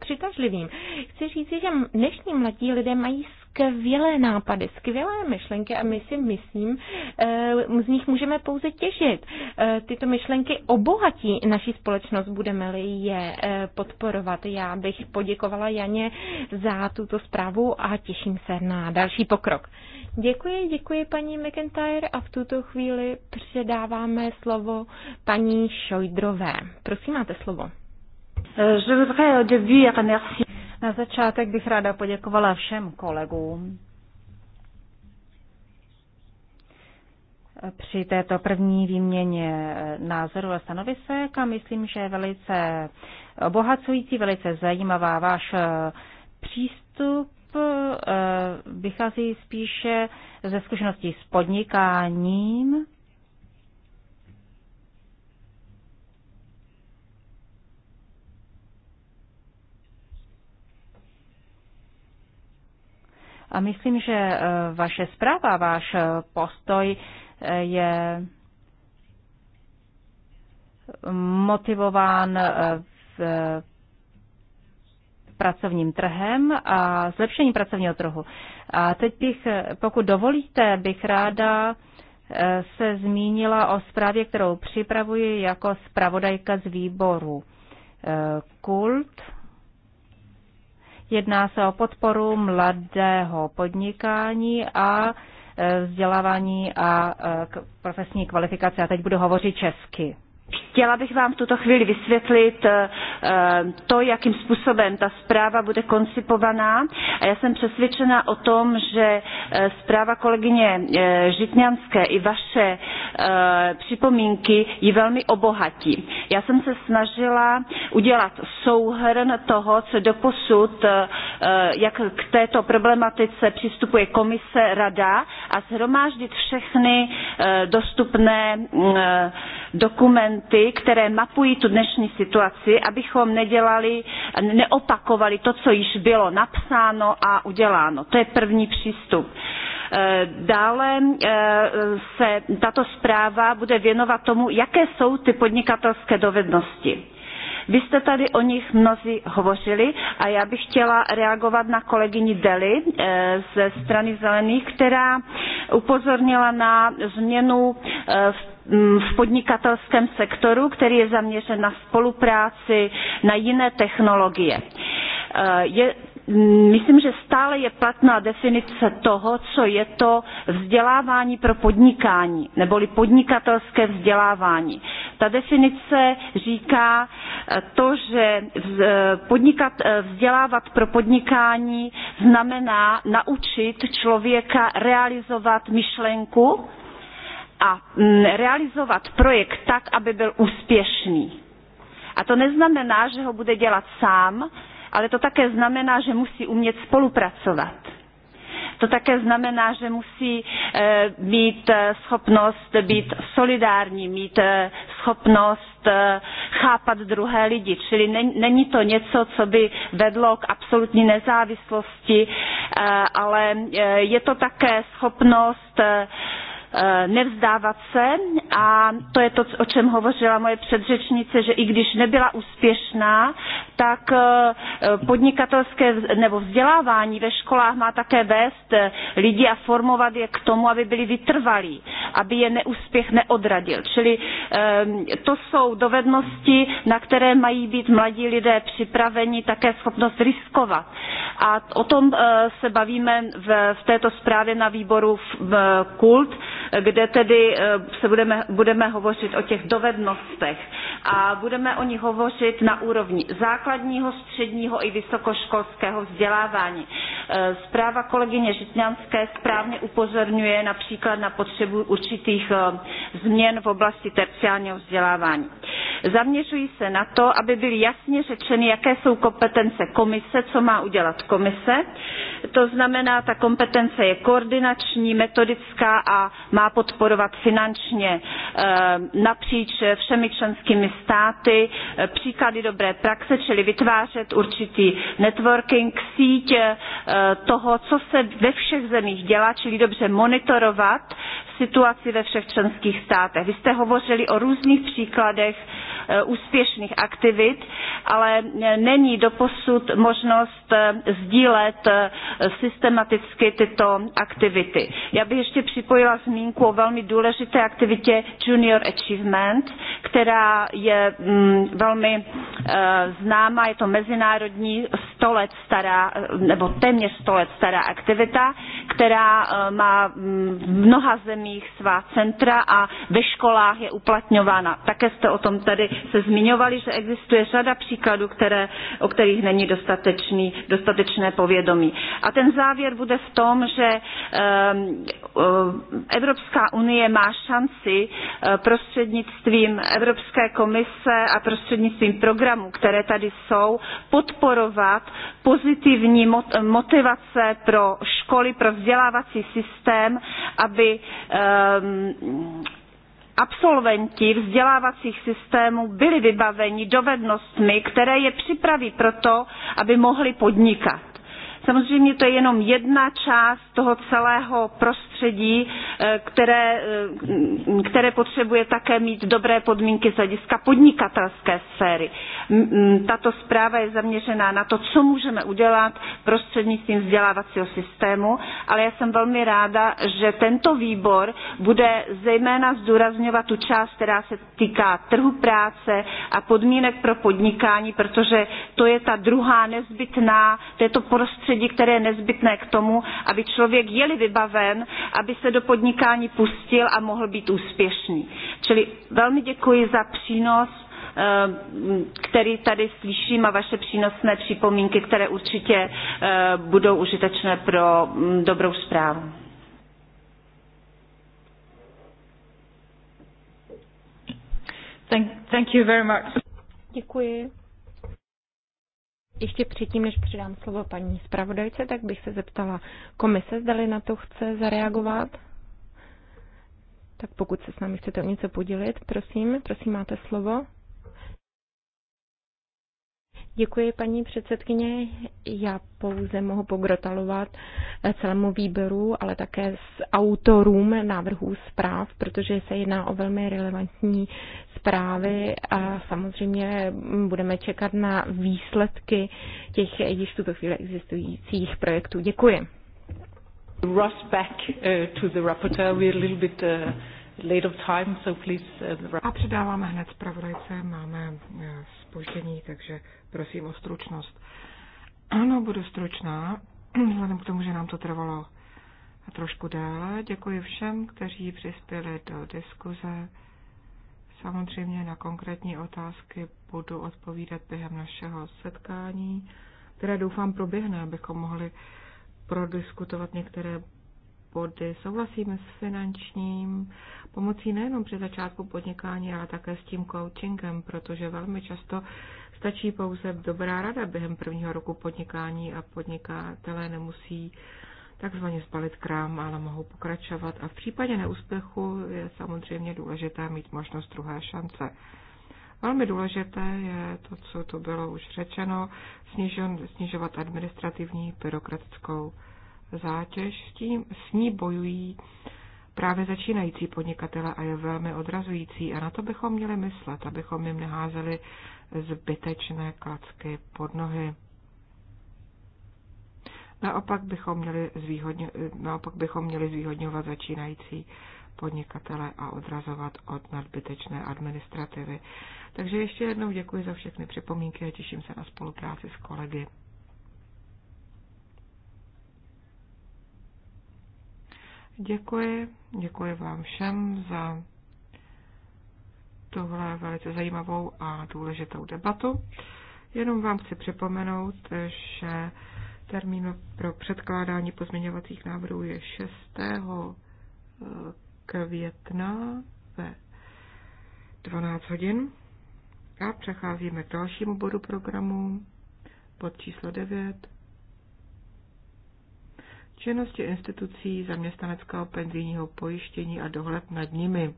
přitažlivým. Chci říct, že dnešní mladí lidé mají skvělé nápady, skvělé myšlenky a my si myslím, eh, z nich můžeme pouze těžit. Eh, tyto myšlenky obohatí naší společnost, budeme-li je eh, podporovat. Já bych poděkovala Janě za tuto zprávu a těším se na další pokrok. Děkuji, děkuji paní McIntyre a v tuto chvíli předáváme slovo paní Šojdrové. Prosím, máte slovo. Je voudrais au euh, début remercier na začátek bych ráda poděkovala všem kolegům při této první výměně názorů a stanovisek a myslím, že je velice obohacující, velice zajímavá váš eh, přístup eh, vychází spíše ze zkušeností s podnikáním A myslím, že e, vaše zpráva, váš e, postoj e, je motivován v pracovním trhem a zlepšení pracovního trhu. A teď bych, pokud dovolíte, bych ráda se zmínila o zprávě, kterou připravuji jako zpravodajka z výboru Kult Jedná se o podporu mladého podnikání a e, vzdělávání a e, profesní kvalifikace. A teď budu hovořit česky. Chtěla bych vám v tuto chvíli vysvětlit eh, eh, to, jakým způsobem ta zpráva bude koncipovaná. A já jsem přesvědčena o tom, že eh, zpráva kolegyně Žitňanské i vaše připomínky ji velmi obohatí. Já jsem se snažila udělat souhrn toho, co doposud, jak k této problematice přistupuje komise, rada a zhromáždit všechny dostupné mm, dokumenty dokumenty, které mapují tu dnešní situaci, abychom nedělali, neopakovali to, co již bylo napsáno a uděláno. To je první přístup. Eh, dále eh, se tato zpráva bude věnovat tomu, jaké jsou ty podnikatelské dovednosti. Vy jste tady o nich mnozí hovořili a já bych chtěla reagovat na kolegyni Deli eh, ze strany Zelených, která upozornila na změnu v Mm, v podnikatelském sektoru, který je zaměřen na spolupráci, na jiné technologie. Eh, je, mm, myslím, že stále je platná definice toho, co je to vzdělávání pro podnikání, neboli podnikatelské vzdělávání. Ta definice říká eh, to, že eh, podnikat, vzdělávat pro podnikání znamená naučit člověka realizovat myšlenku, a mm, realizovat projekt tak, aby byl úspěšný. A to neznamená, že ho bude dělat sám, ale to také znamená, že musí umět spolupracovat. To také znamená, že musí e, mít eh, schopnost být solidární, mít e, schopnost e, chápat druhé lidi. Čili ne, není to něco, co by vedlo k absolutní nezávislosti, e, ale e, je to také schopnost e, Eh, nevzdávat se a to je to, o čem hovořila moje předřečnice, že i když nebyla úspěšná, tak eh, podnikatelské nebo vzdělávání ve školách má také vést eh, lidi a formovat je k tomu, aby byli vytrvalí, aby je neúspěch neodradil. Čili ehm, to jsou dovednosti, na které mají být mladí lidé připraveni, také schopnost riskovat. A o tom se bavíme v, této zprávě na výboru v kult kde tedy eh, se budeme, budeme hovořit o těch dovednostech a budeme o nich hovořit na úrovni základního, středního i vysokoškolského vzdělávání. Eh, zpráva kolegyně Žitňanské správně upozorňuje například na potřebu určitých eh, změn v oblasti terciálního vzdělávání. Zaměřují se na to, aby byly jasně řečeny, jaké jsou kompetence komise, co má udělat komise. To znamená, ta kompetence je koordinační, metodická a má podporovat finančně eh, napříč všemi členskými státy eh, příklady dobré praxe, čili vytvářet určitý networking, síť eh, toho, co se ve všech zemích dělá, čili dobře monitorovat situaci ve všech členských státech. Vy jste hovořili o různých příkladech e, úspěšných aktivit, ale není doposud možnost e, sdílet e, systematicky tyto aktivity. Já bych ještě připojila zmínku o velmi důležité aktivitě Junior Achievement, která je mm, velmi známá, je to mezinárodní 100 let stará, nebo téměř 100 let stará aktivita, která má mm, v mnoha zemích zemích svá centra a ve školách je uplatňována. Také jste o tom tady se zmiňovali, že existuje řada příkladů, které, o kterých není dostatečný, dostatečné povědomí. A ten závěr bude v tom, že ehm, e, Evropská unie má šanci e, prostřednictvím Evropské komise a prostřednictvím programů, které tady jsou, podporovat pozitivní motivace pro školy, pro vzdělávací systém, aby ehm, absolventi vzdělávacích systémů byli vybaveni dovednostmi, které je připraví pro to, aby mohli podnikat Samozřejmě to je jenom jedna část toho celého prostředí, eh, které, eh, které potřebuje také mít dobré podmínky z hlediska podnikatelské sféry. Tato zpráva je zaměřená na to, co můžeme udělat prostřednictvím vzdělávacího systému, ale já jsem velmi ráda, že tento výbor bude zejména zdůrazňovat tu část, která se týká trhu práce a podmínek pro podnikání, protože to je ta druhá nezbytná, to je to prostředí, prostředí, které je nezbytné k tomu, aby člověk jeli vybaven, aby se do podnikání pustil a mohl být úspěšný. Čili velmi děkuji za přínos eh, který tady slyším a vaše přínosné připomínky, které určitě eh, budou užitečné pro mm, dobrou zprávu. Thank, thank you very much. Děkuji. Ještě předtím, než předám slovo paní zpravodajce, tak bych se zeptala komise, zdali na to chce zareagovat. Tak pokud se s námi chcete o něco podělit, prosím, prosím, máte slovo. Děkuji, paní předsedkyně. Já pouze mohu pogratulovat eh, celému výboru, ale také s autorům návrhů zpráv, protože se jedná o velmi relevantní zprávy a samozřejmě budeme čekat na výsledky těch již tuto chvíli existujících projektů. Děkuji. Rush back uh, to the rapporteur. We're a little bit uh, late of time, so please... Uh, A předáváme hned zpravodajce, máme spoždění, eh, takže prosím o stručnost. Ano, budu stručná, vzhledem k tomu, že nám to trvalo trošku déle. Děkuji všem, kteří přispěli do diskuze. Samozřejmě na konkrétní otázky budu odpovídat během našeho setkání, které doufám proběhne, abychom mohli prodiskutovat některé body. Souhlasíme s finančním pomocí nejenom při začátku podnikání, ale také s tím coachingem, protože velmi často stačí pouze dobrá rada během prvního roku podnikání a podnikatelé nemusí takzvaně spalit krám, ale mohou pokračovat. A v případě neúspěchu je samozřejmě důležité mít možnost druhé šance. Velmi důležité je to, co tu bylo už řečeno, snižovat administrativní byrokratickou zátěž. S, tím, s ní bojují právě začínající podnikatele a je velmi odrazující a na to bychom měli myslet, abychom jim neházeli zbytečné klacky pod nohy. Naopak bychom měli, zvýhodňo- naopak bychom měli zvýhodňovat začínající podnikatele a odrazovat od nadbytečné administrativy. Takže ještě jednou děkuji za všechny připomínky a těším se na spolupráci s kolegy. Děkuji, děkuji vám všem za tohle velice zajímavou a důležitou debatu. Jenom vám chci připomenout, že termín pro předkládání pozměňovacích návrhů je 6. Eh, května ve 12 hodin. A přecházíme k dalšímu bodu programu, pod číslo 9 činnosti institucí zaměstnaneckého penzijního pojištění a dohled nad nimi.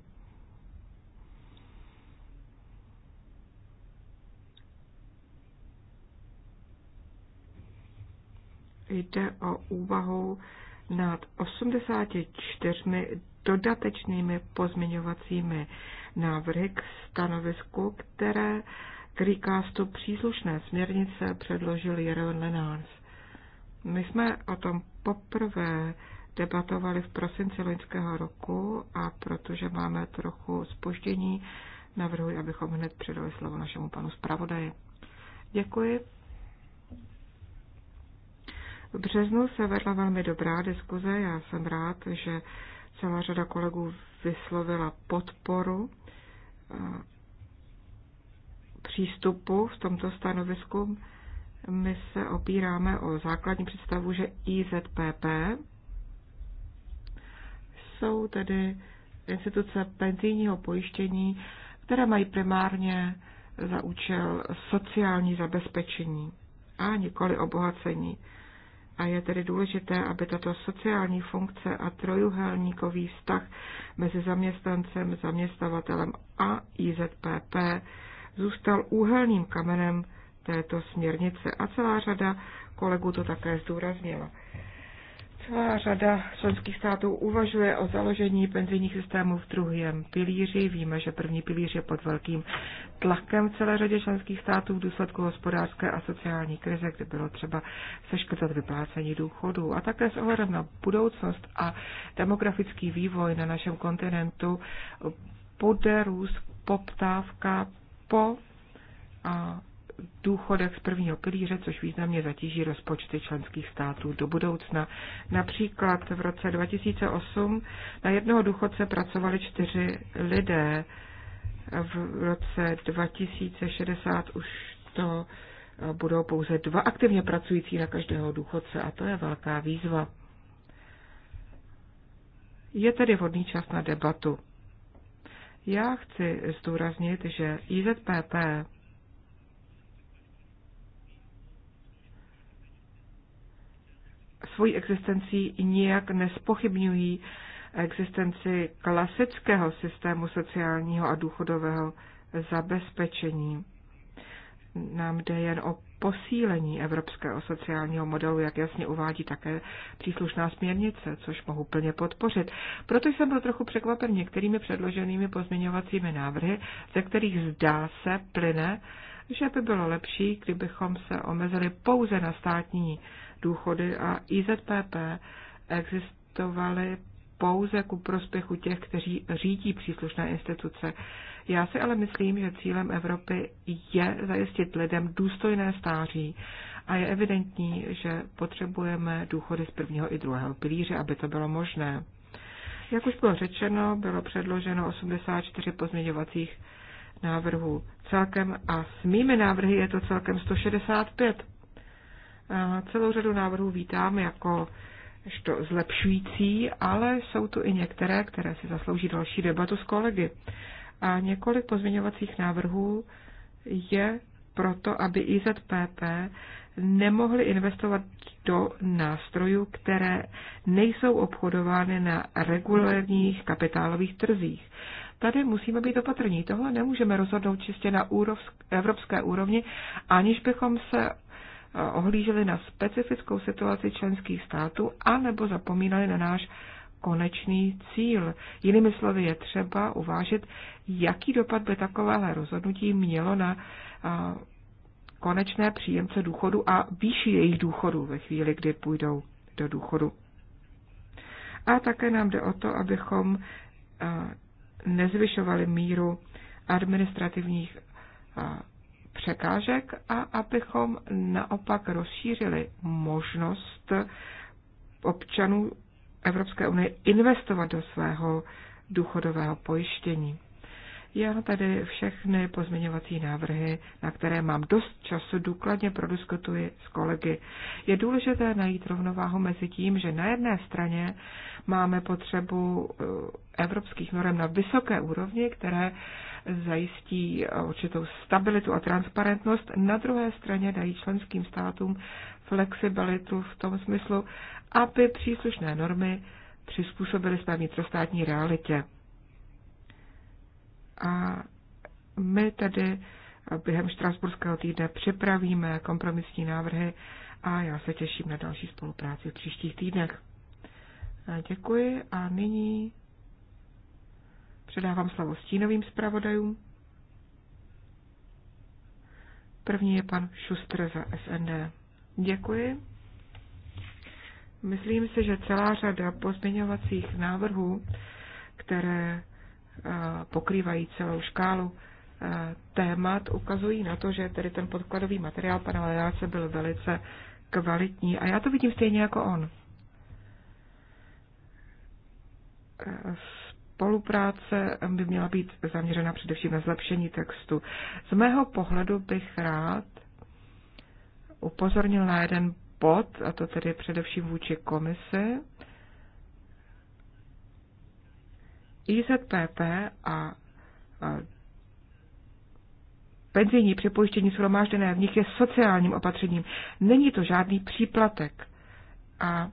Jde o úvahu nad 84 dodatečnými pozměňovacími návrhy k stanovisku, které k příslušné směrnice předložil Jeroen Lenars. My jsme o tom poprvé debatovali v prosinci loňského roku a protože máme trochu spoždění, navrhuji, abychom hned předali slovo našemu panu zpravodaji. Děkuji. V březnu se vedla velmi dobrá diskuze. Já jsem rád, že celá řada kolegů vyslovila podporu eh, přístupu v tomto stanovisku my se opíráme o základní představu, že IZPP jsou tedy instituce penzijního pojištění, které mají primárně za účel sociální zabezpečení a nikoli obohacení. A je tedy důležité, aby tato sociální funkce a trojuhelníkový vztah mezi zaměstnancem, zaměstnavatelem a IZPP zůstal úhelným kamenem této směrnice. A celá řada kolegů to také zdůraznila. Celá řada členských států uvažuje o založení penzijních systémů v druhém pilíři. Víme, že první pilíř je pod velkým tlakem v celé řadě členských států v důsledku hospodářské a sociální krize, kde bylo třeba seškrtat vyplácení důchodů. A také s ohledem na budoucnost a demografický vývoj na našem kontinentu bude růst poptávka po a důchodech z prvního pilíře, což významně zatíží rozpočty členských států do budoucna. Například v roce 2008 na jednoho důchodce pracovali čtyři lidé, v roce 2060 už to eh, budou pouze dva aktivně pracující na každého důchodce a to je velká výzva. Je tedy vhodný čas na debatu. Já chci zdůraznit, že IZPP svojí existencí nijak nespochybňují existenci klasického systému sociálního a důchodového zabezpečení. Nám jde jen o posílení evropského sociálního modelu, jak jasně uvádí také příslušná směrnice, což mohu plně podpořit. Proto jsem byl trochu překvapen některými předloženými pozměňovacími návrhy, ze kterých zdá se plyne, že by bylo lepší, kdybychom se omezili pouze na státní důchody a IZPP existovaly pouze ku prospěchu těch, kteří řídí příslušné instituce. Já si ale myslím, že cílem Evropy je zajistit lidem důstojné stáří a je evidentní, že potřebujeme důchody z prvního i druhého pilíře, aby to bylo možné. Jak už bylo řečeno, bylo předloženo 84 pozměňovacích návrhů celkem a s mými návrhy je to celkem 165. Celou řadu návrhů vítám jako to zlepšující, ale jsou tu i některé, které si zaslouží další debatu s kolegy. A několik pozměňovacích návrhů je proto, aby IZPP nemohli investovat do nástrojů, které nejsou obchodovány na regulárních kapitálových trzích. Tady musíme být opatrní. Tohle nemůžeme rozhodnout čistě na evropské úrovni, aniž bychom se ohlíželi na specifickou situaci členských států a nebo zapomínali na náš konečný cíl. Jinými slovy je třeba uvážit, jaký dopad by takovéhle rozhodnutí mělo na konečné příjemce důchodu a výši jejich důchodu ve chvíli, kdy půjdou do důchodu. A také nám jde o to, abychom nezvyšovali míru administrativních překážek a abychom naopak rozšířili možnost občanů Evropské unie investovat do svého důchodového pojištění. Já tady všechny pozměňovací návrhy, na které mám dost času, důkladně prodiskutuji s kolegy. Je důležité najít rovnováhu mezi tím, že na jedné straně máme potřebu eh, evropských norm na vysoké úrovni, které zajistí určitou stabilitu a transparentnost, na druhé straně dají členským státům flexibilitu v tom smyslu, aby příslušné normy přizpůsobily své vnitrostátní realitě. A my tedy během Štrasburského týdne připravíme kompromisní návrhy a já se těším na další spolupráci v příštích týdnech. Děkuji a nyní Předávám slovo stínovým zpravodajům. První je pan Šustr za SND. Děkuji. Myslím si, že celá řada pozměňovacích návrhů, které eh, pokrývají celou škálu eh, témat, ukazují na to, že tedy ten podkladový materiál pana Ledáce byl velice kvalitní. A já to vidím stejně jako on. Eh, spolupráce by měla být zaměřena především na zlepšení textu. Z mého pohledu bych rád upozornil na jeden bod, a to tedy především vůči komisi. IZPP a penzijní připojištění shromážděné v nich je sociálním opatřením. Není to žádný příplatek. A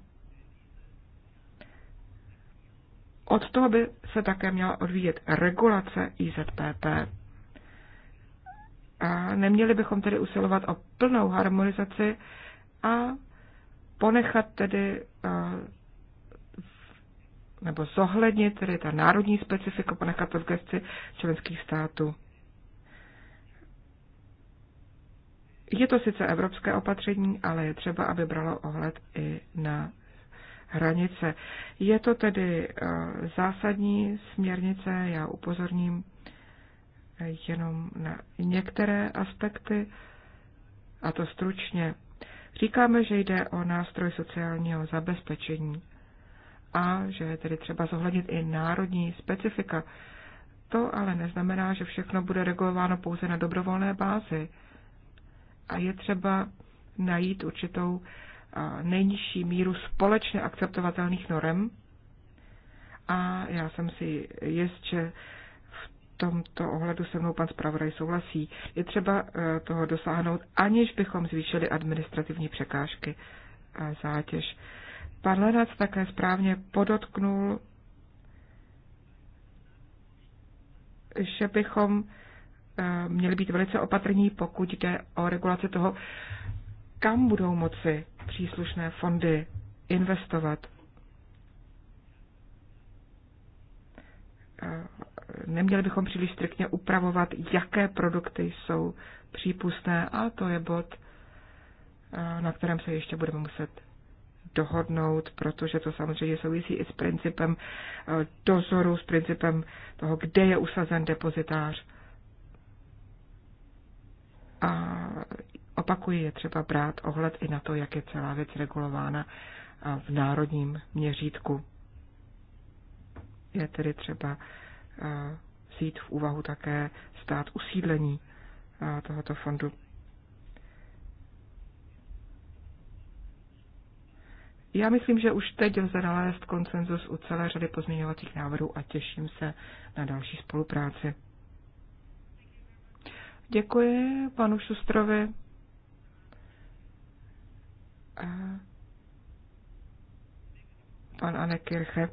Od toho by se také měla odvíjet regulace IZPP. A neměli bychom tedy usilovat o plnou harmonizaci a ponechat tedy nebo zohlednit tedy ta národní specifika, ponechat to v gesti členských států. Je to sice evropské opatření, ale je třeba, aby bralo ohled i na hranice. Je to tedy eh, zásadní směrnice, já upozorním eh, jenom na některé aspekty, a to stručně. Říkáme, že jde o nástroj sociálního zabezpečení a že je tedy třeba zohlednit i národní specifika. To ale neznamená, že všechno bude regulováno pouze na dobrovolné bázi a je třeba najít určitou nejnižší míru společně akceptovatelných norem. A já jsem si jist, že v tomto ohledu se mnou pan zpravodaj souhlasí. Je třeba eh, toho dosáhnout, aniž bychom zvýšili administrativní překážky a zátěž. Pan Lenac také správně podotknul, že bychom eh, měli být velice opatrní, pokud jde o regulaci toho, kam budou moci příslušné fondy investovat. Neměli bychom příliš striktně upravovat, jaké produkty jsou přípustné, a to je bod, na kterém se ještě budeme muset dohodnout, protože to samozřejmě souvisí i s principem e, dozoru, s principem toho, kde je usazen depozitář. A Opakuji, je třeba brát ohled i na to, jak je celá věc regulována v národním měřítku. Je tedy třeba vzít v úvahu také stát usídlení tohoto fondu. Já myslím, že už teď lze nalézt koncenzus u celé řady pozměňovacích návrhů a těším se na další spolupráci. Děkuji panu Šustrovi a pan Anne Kirche.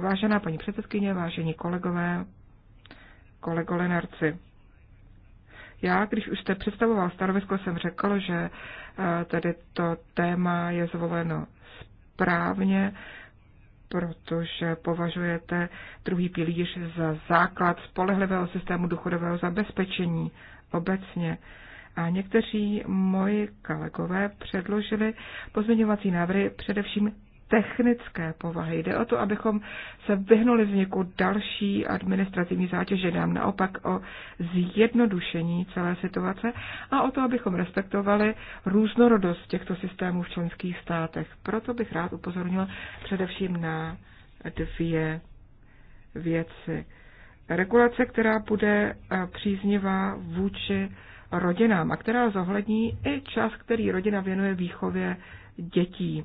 Vážená paní předsedkyně, vážení kolegové, kolego Lenarci. Já, když už jste představoval stanovisko, jsem řekl, že eh, tedy to téma je zvoleno správně, protože považujete druhý pilíř za základ spolehlivého systému důchodového zabezpečení obecně a někteří moji kolegové předložili pozměňovací návrhy především technické povahy. Jde o to, abychom se vyhnuli vzniku další administrativní zátěže, nám naopak o zjednodušení celé situace a o to, abychom respektovali různorodost těchto systémů v členských státech. Proto bych rád upozornil především na dvě věci. Regulace, která bude příznivá vůči rodinám a která zohlední i čas, který rodina věnuje výchově dětí.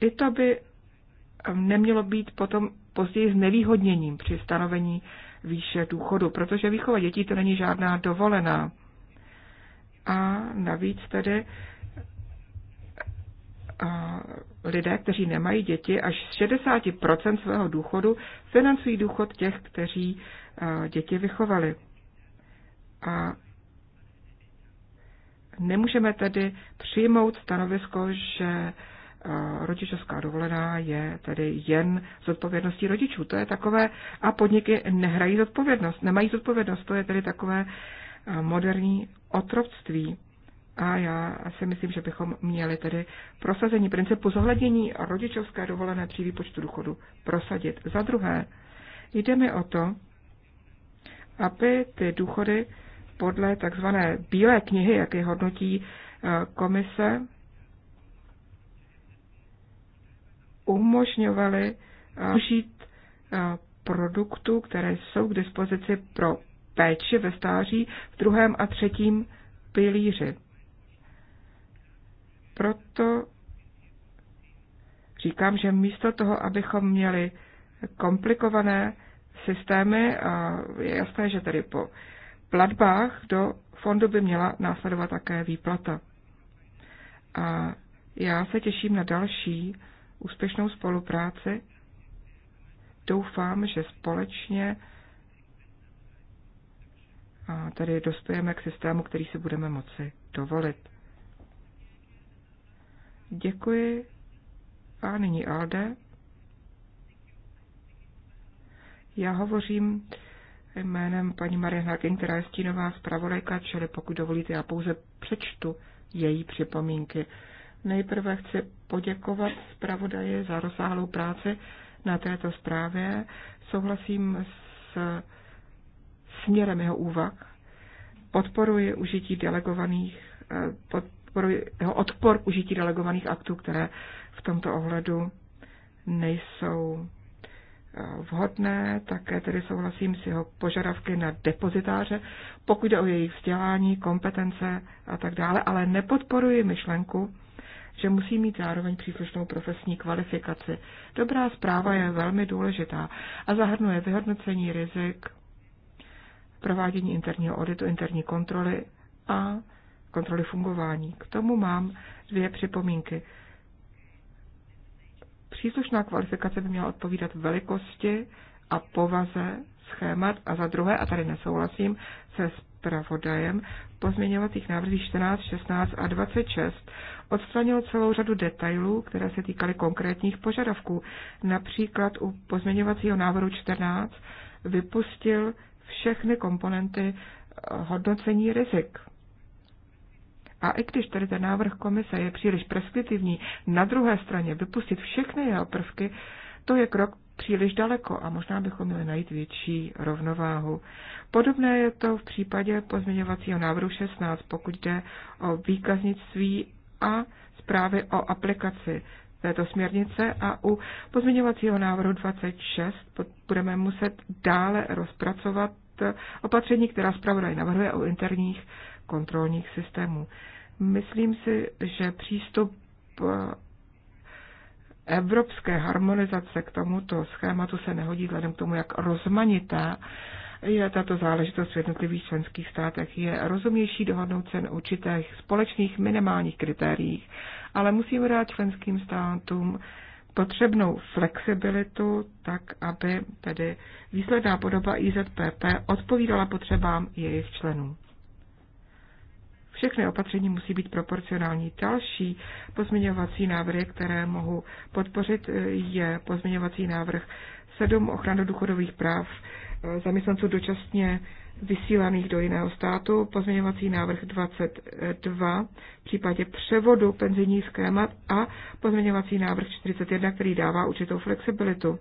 I to by eh, nemělo být potom později s nevýhodněním při stanovení výše důchodu, protože výchova dětí to není žádná dovolená. A navíc tedy eh, lidé, kteří nemají děti, až z 60% svého důchodu financují důchod těch, kteří eh, děti vychovali. A nemůžeme tedy přijmout stanovisko, že eh, rodičovská dovolená je tedy jen zodpovědností rodičů. To je takové, a podniky nehrají zodpovědnost, nemají zodpovědnost, to je tedy takové eh, moderní otroctví. A já si myslím, že bychom měli tedy prosazení principu zohlednění rodičovské dovolené při výpočtu důchodu prosadit. Za druhé, jde mi o to, aby ty důchody podle takzvané bílé knihy, jak je hodnotí eh, komise, umožňovaly eh, užít eh, produktů, které jsou k dispozici pro péči ve stáří v druhém a třetím pilíři proto říkám, že místo toho, abychom měli komplikované systémy, a je jasné, že tedy po platbách do fondu by měla následovat také výplata. A já se těším na další úspěšnou spolupráci. Doufám, že společně a tady dospějeme k systému, který si budeme moci dovolit. Děkuji. A nyní Alde. Já hovořím jménem paní Marie Hagen, která je stínová zpravodajka, čili pokud dovolíte, já pouze přečtu její připomínky. Nejprve chci poděkovat zpravodaji za rozsáhlou práci na této zprávě. Souhlasím s směrem jeho úvah. Podporuji užití delegovaných, eh, pod, odpor, jeho odpor k užití delegovaných aktů, které v tomto ohledu nejsou eh, vhodné, také tedy souhlasím s jeho požadavky na depozitáře, pokud jde o jejich vzdělání, kompetence a tak dále, ale nepodporuji myšlenku, že musí mít zároveň příslušnou profesní kvalifikaci. Dobrá zpráva je velmi důležitá a zahrnuje vyhodnocení rizik, provádění interního auditu, interní kontroly a kontroly fungování. K tomu mám dvě připomínky. Příslušná kvalifikace by měla odpovídat velikosti a povaze schémat a za druhé, a tady nesouhlasím se zpravodajem, pozměňovacích návrhů 14, 16 a 26 odstranil celou řadu detailů, které se týkaly konkrétních požadavků. Například u pozměňovacího návrhu 14 vypustil všechny komponenty hodnocení rizik. A i když tady ten návrh komise je příliš preskriptivní, na druhé straně vypustit všechny jeho prvky, to je krok příliš daleko a možná bychom měli najít větší rovnováhu. Podobné je to v případě pozměňovacího návrhu 16, pokud jde o výkaznictví a zprávy o aplikaci této směrnice a u pozměňovacího návrhu 26 budeme muset dále rozpracovat opatření, která zpravodaj navrhuje o interních kontrolních systémů. Myslím si, že přístup eh, evropské harmonizace k tomuto schématu se nehodí vzhledem k tomu, jak rozmanitá je tato záležitost v jednotlivých členských státech. Je rozumnější dohodnout se na určitých společných minimálních kritériích, ale musíme dát členským státům potřebnou flexibilitu, tak aby tedy výsledná podoba IZPP odpovídala potřebám jejich členů. Všechny opatření musí být proporcionální. Další pozměňovací návrhy, které mohu podpořit, eh, je pozměňovací návrh 7 ochranu důchodových práv eh, zaměstnanců dočasně vysílaných do jiného státu, pozměňovací návrh 22 v případě převodu penzijních schémat a pozměňovací návrh 41, který dává určitou flexibilitu.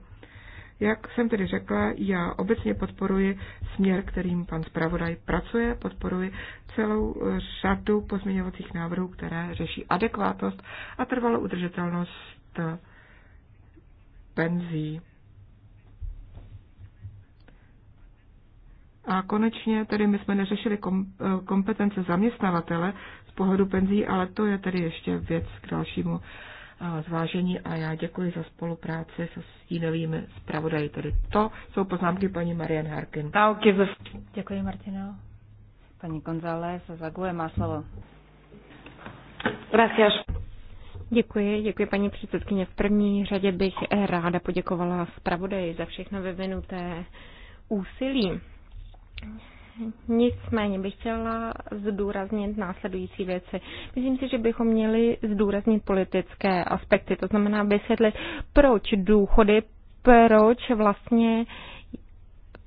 Jak jsem tedy řekla, já obecně podporuji směr, kterým pan zpravodaj pracuje, podporuji celou řadu pozměňovacích návrhů, které řeší adekvátnost a trvalou udržitelnost penzí. A konečně tedy my jsme neřešili eh, kompetence zaměstnavatele z pohledu penzí, ale to je tedy ještě věc k dalšímu zvážení a já děkuji za spolupráci se stínovými zpravodaji. Tedy to jsou poznámky paní Marian Harkin. Děkuji, Martino. Paní González Zaguje má slovo. Gracias. Děkuji, děkuji paní předsedkyně. V první řadě bych ráda poděkovala zpravodaji za všechno vyvinuté úsilí. Nicméně bych chtěla zdůraznit následující věci. Myslím si, že bychom měli zdůraznit politické aspekty, to znamená vysvětlit, proč důchody, proč vlastně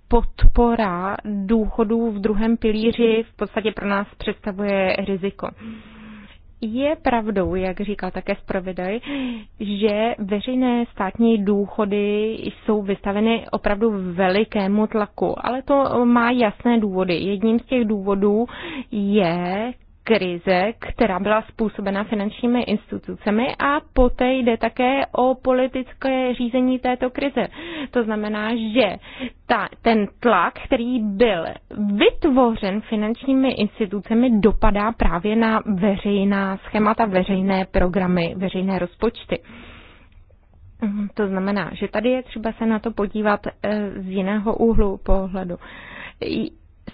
podpora důchodů v druhém pilíři v podstatě pro nás představuje riziko. Hmm. Je pravdou, jak říká také zpravodaj, že veřejné státní důchody jsou vystaveny opravdu velikému tlaku, ale to má jasné důvody. Jedním z těch důvodů je krize, která byla způsobena finančními institucemi a poté jde také o politické řízení této krize. To znamená, že ta, ten tlak, který byl vytvořen finančními institucemi, dopadá právě na veřejná schémata, veřejné programy, veřejné rozpočty. Mhm, to znamená, že tady je třeba se na to podívat eh, z jiného úhlu pohledu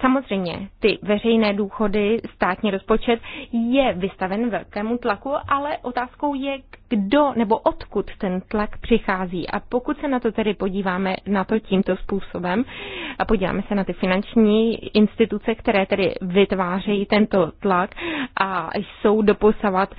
Samozřejmě, ty veřejné důchody, státní rozpočet je vystaven velkému tlaku, ale otázkou je, kdo nebo odkud ten tlak přichází. A pokud se na to tedy podíváme na to tímto způsobem a podíváme se na ty finanční instituce, které tedy vytvářejí tento tlak a jsou doposavat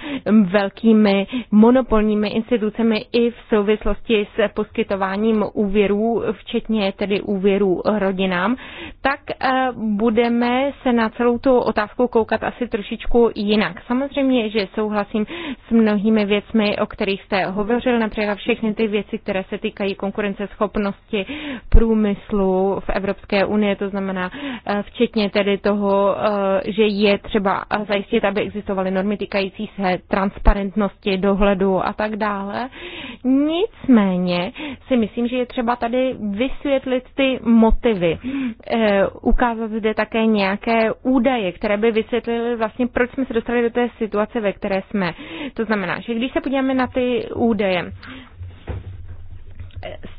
velkými monopolními institucemi i v souvislosti s poskytováním úvěrů, včetně tedy úvěrů rodinám, tak eh, budeme se na celou tu otázku koukat asi trošičku jinak. Samozřejmě, že souhlasím s mnohými věcmi, o kterých jste hovořil, například všechny ty věci, které se týkají konkurenceschopnosti průmyslu v Evropské unii, to znamená eh, včetně tedy toho, eh, že je třeba zajistit, aby existovaly normy týkající se transparentnosti, dohledu a tak dále. Nicméně si myslím, že je třeba tady vysvětlit ty motivy, eh, ukázat zde také nějaké údaje, které by vysvětlily vlastně, proč jsme se dostali do té situace, ve které jsme. To znamená, že když se podíváme podíváme na ty údaje,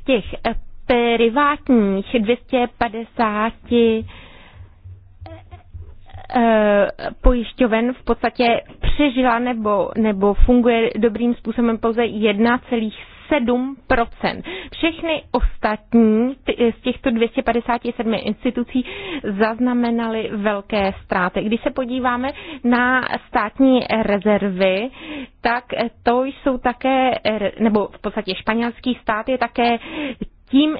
z těch eh, privátních 250 eh, pojišťoven v podstatě přežila nebo, nebo funguje dobrým způsobem pouze 7%. Všechny ostatní z těchto 257 institucí zaznamenaly velké ztráty. Když se podíváme na státní rezervy, tak to jsou také, nebo v podstatě španělský stát je také tím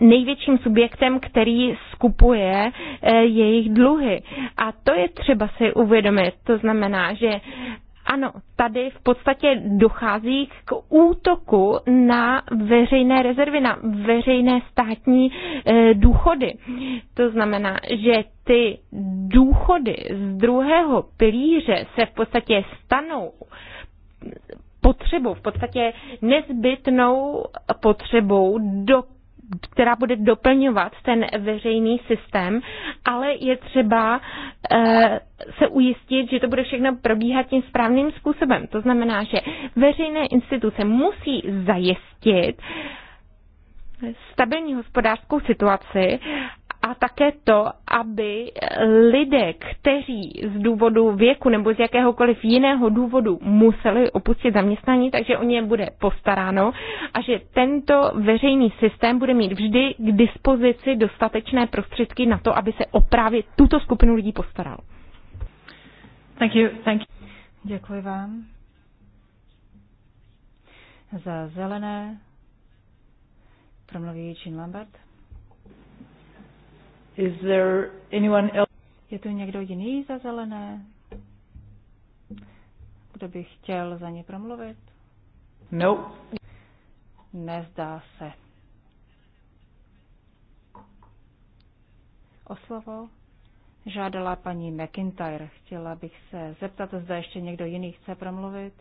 největším subjektem, který skupuje eh, jejich dluhy. A to je třeba si uvědomit. To znamená, že ano, tady v podstatě dochází k útoku na veřejné rezervy, na veřejné státní eh, důchody. To znamená, že ty důchody z druhého pilíře se v podstatě stanou potřebou, v podstatě nezbytnou potřebou, do která bude doplňovat ten veřejný systém, ale je třeba eh, se ujistit, že to bude všechno probíhat tím správným způsobem. To znamená, že veřejné instituce musí zajistit, stabilní hospodářskou situaci a také to, aby lidé, kteří z důvodu věku nebo z jakéhokoliv jiného důvodu museli opustit zaměstnání, takže o ně bude postaráno a že tento veřejný systém bude mít vždy k dispozici dostatečné prostředky na to, aby se o právě tuto skupinu lidí postaral. Thank you, thank you. Děkuji vám. Za zelené promluví Jean Lambert. Is there anyone else? Je tu někdo jiný za zelené? Kdo by chtěl za ně promluvit? No. Nezdá se. O slovo žádala paní McIntyre. Chtěla bych se zeptat, zda ještě někdo jiný chce promluvit,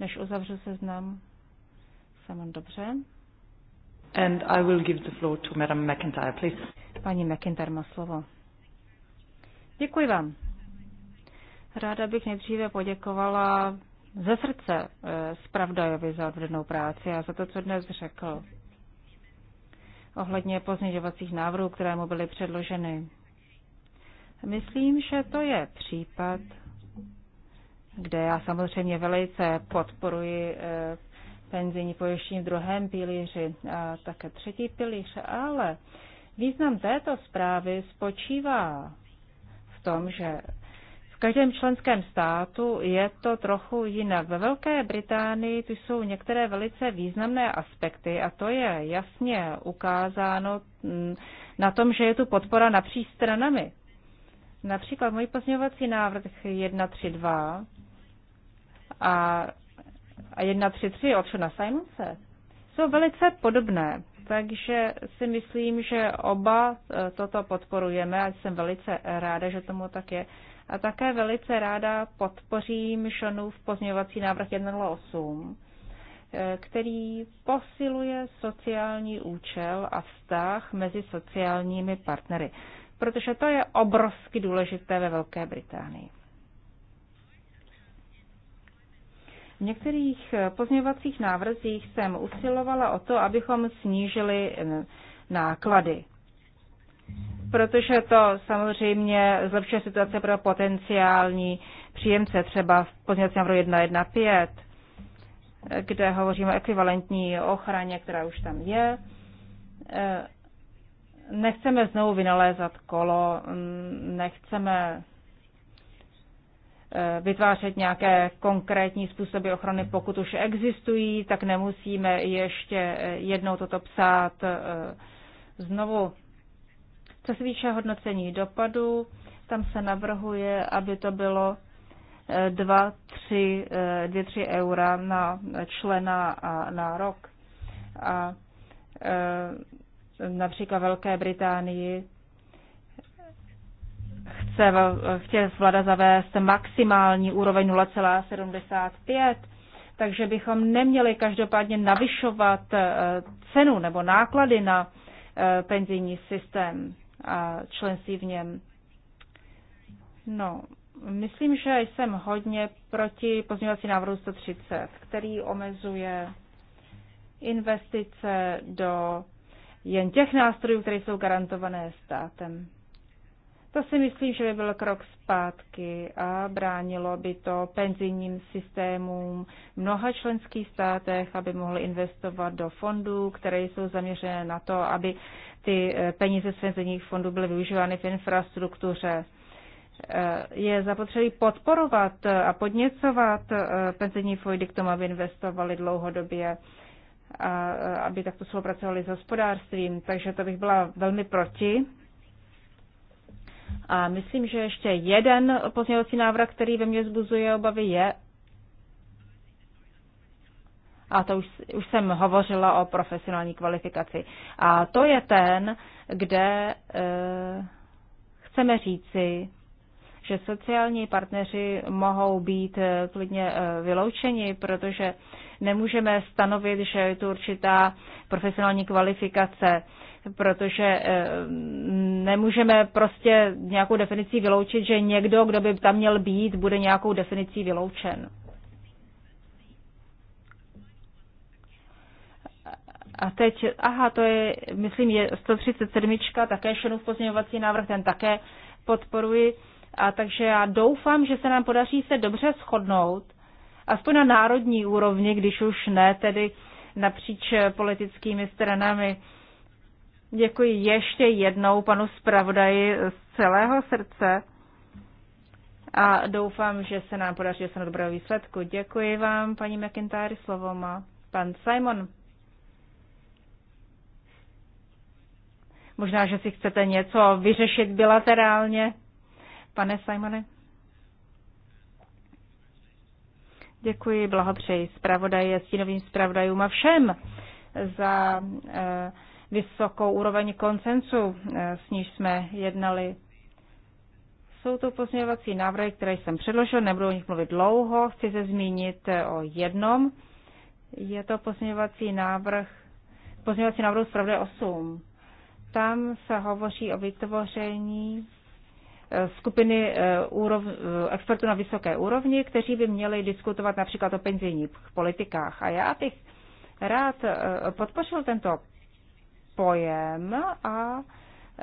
než uzavřu seznam. Jsem dobře. And I will give the floor to Madam McIntyre, please paní McIntyre má slovo. Děkuji vám. Ráda bych nejdříve poděkovala ze srdce eh, zpravdajovi za odvednou práci a za to, co dnes řekl ohledně pozměňovacích návrhů, které mu byly předloženy. Myslím, že to je případ, kde já samozřejmě velice podporuji eh, penzijní pojištění v druhém pilíři a také třetí pilíře, ale Význam této zprávy spočívá v tom, že v každém členském státu je to trochu jinak. Ve Velké Británii tu jsou některé velice významné aspekty a to je jasně ukázáno mm, na tom, že je tu podpora napříč stranami. Například můj pozměňovací návrh 132 a, 133 od Shona Simonse jsou velice podobné. Takže si myslím, že oba e, toto podporujeme a jsem velice ráda, že tomu tak je. A také velice ráda podpořím Šonův pozměňovací návrh 108, e, který posiluje sociální účel a vztah mezi sociálními partnery, protože to je obrovsky důležité ve Velké Británii. V některých eh, pozměňovacích návrzích jsem usilovala o to, abychom snížili eh, náklady. Protože to samozřejmě zlepšuje situace pro potenciální příjemce, třeba v pozměňovacím návrhu 1.1.5, kde hovoříme o ekvivalentní ochraně, která už tam je. Eh, nechceme znovu vynalézat kolo, mm, nechceme Eh, vytvářet nějaké konkrétní způsoby ochrany, pokud už existují, tak nemusíme ještě eh, jednou toto psát eh, znovu. Co se týče hodnocení dopadu, tam se navrhuje, aby to bylo 2-3 eura na člena a na rok. A například Velké Británii se chtěl vláda zavést maximální úroveň 0,75, takže bychom neměli každopádně navyšovat eh, cenu nebo náklady na eh, penzijní systém a členství v něm. No, myslím, že jsem hodně proti pozměňovací návrhu 130, který omezuje investice do jen těch nástrojů, které jsou garantované státem. To si myslím, že by byl krok zpátky a bránilo by to penzijním systémům v mnoha členských státech, aby mohli investovat do fondů, které jsou zaměřené na to, aby ty eh, peníze z penzijních fondů byly využívány v infrastruktuře. Eh, je zapotřebí podporovat a podněcovat eh, penzijní fondy k tomu, aby investovali dlouhodobě a aby takto spolupracovali s hospodářstvím. Takže to bych byla velmi proti a myslím, že ještě jeden pozměňovací návrh, který ve mně zbuzuje obavy, je, a to už, už jsem hovořila o profesionální kvalifikaci. A to je ten, kde e, chceme říci, že sociální partneři mohou být eh, klidně eh, vyloučeni, protože nemůžeme stanovit, že je tu určitá profesionální kvalifikace protože eh, nemůžeme prostě nějakou definicí vyloučit, že někdo, kdo by tam měl být, bude nějakou definicí vyloučen. A teď, aha, to je, myslím, je 137, také šenův pozměňovací návrh, ten také podporuji. A takže já doufám, že se nám podaří se dobře shodnout, aspoň na národní úrovni, když už ne, tedy napříč politickými stranami, Děkuji ještě jednou panu zpravodaji z celého srdce a doufám, že se nám podaří na dobrého výsledku. Děkuji vám, paní McIntyre, slovo má pan Simon. Možná, že si chcete něco vyřešit bilaterálně, pane Simone. Děkuji, blahopřeji zpravodaji, stínovým zpravodajům a všem za eh, vysokou úroveň koncensu, eh, s níž jsme jednali. Jsou to pozměňovací návrhy, které jsem předložil, nebudu o nich mluvit dlouho, chci se zmínit eh, o jednom. Je to pozměňovací návrh, pozměňovací návrh zpravde 8. Tam se hovoří o vytvoření eh, skupiny úrov, expertů na vysoké úrovni, kteří by měli diskutovat například o penzijních politikách. A já bych rád podpořil tento pojem a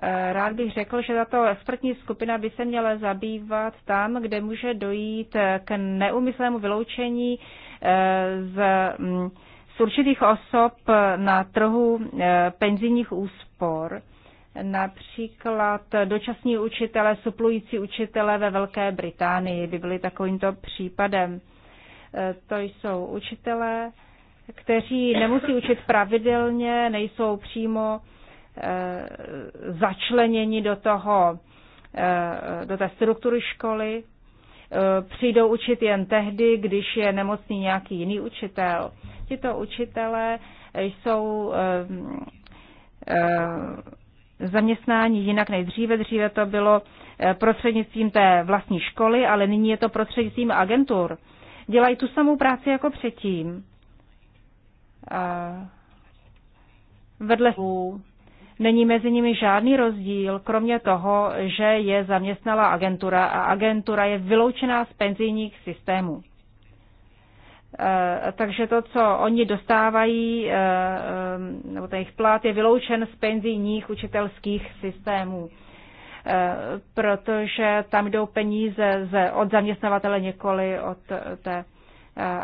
e, rád bych řekl, že tato expertní skupina by se měla zabývat tam, kde může dojít e, k neumyslému vyloučení e, z, z určitých osob na trhu penzijních úspor například dočasní učitele, suplující učitele ve Velké Británii by byly takovýmto případem. To jsou učitelé, kteří nemusí učit pravidelně, nejsou přímo eh, začleněni do toho, eh, do té struktury školy, eh, přijdou učit jen tehdy, když je nemocný nějaký jiný učitel. Tito učitelé jsou zaměstnání jinak než dříve. Dříve to bylo prostřednictvím té vlastní školy, ale nyní je to prostřednictvím agentur. Dělají tu samou práci jako předtím a vedle není mezi nimi žádný rozdíl, kromě toho, že je zaměstnala agentura a agentura je vyloučená z penzijních systémů. E, takže to, co oni dostávají, e, e, nebo ten jejich plat, je vyloučen z penzijních učitelských systémů protože tam jdou peníze od zaměstnavatele, nikoli od té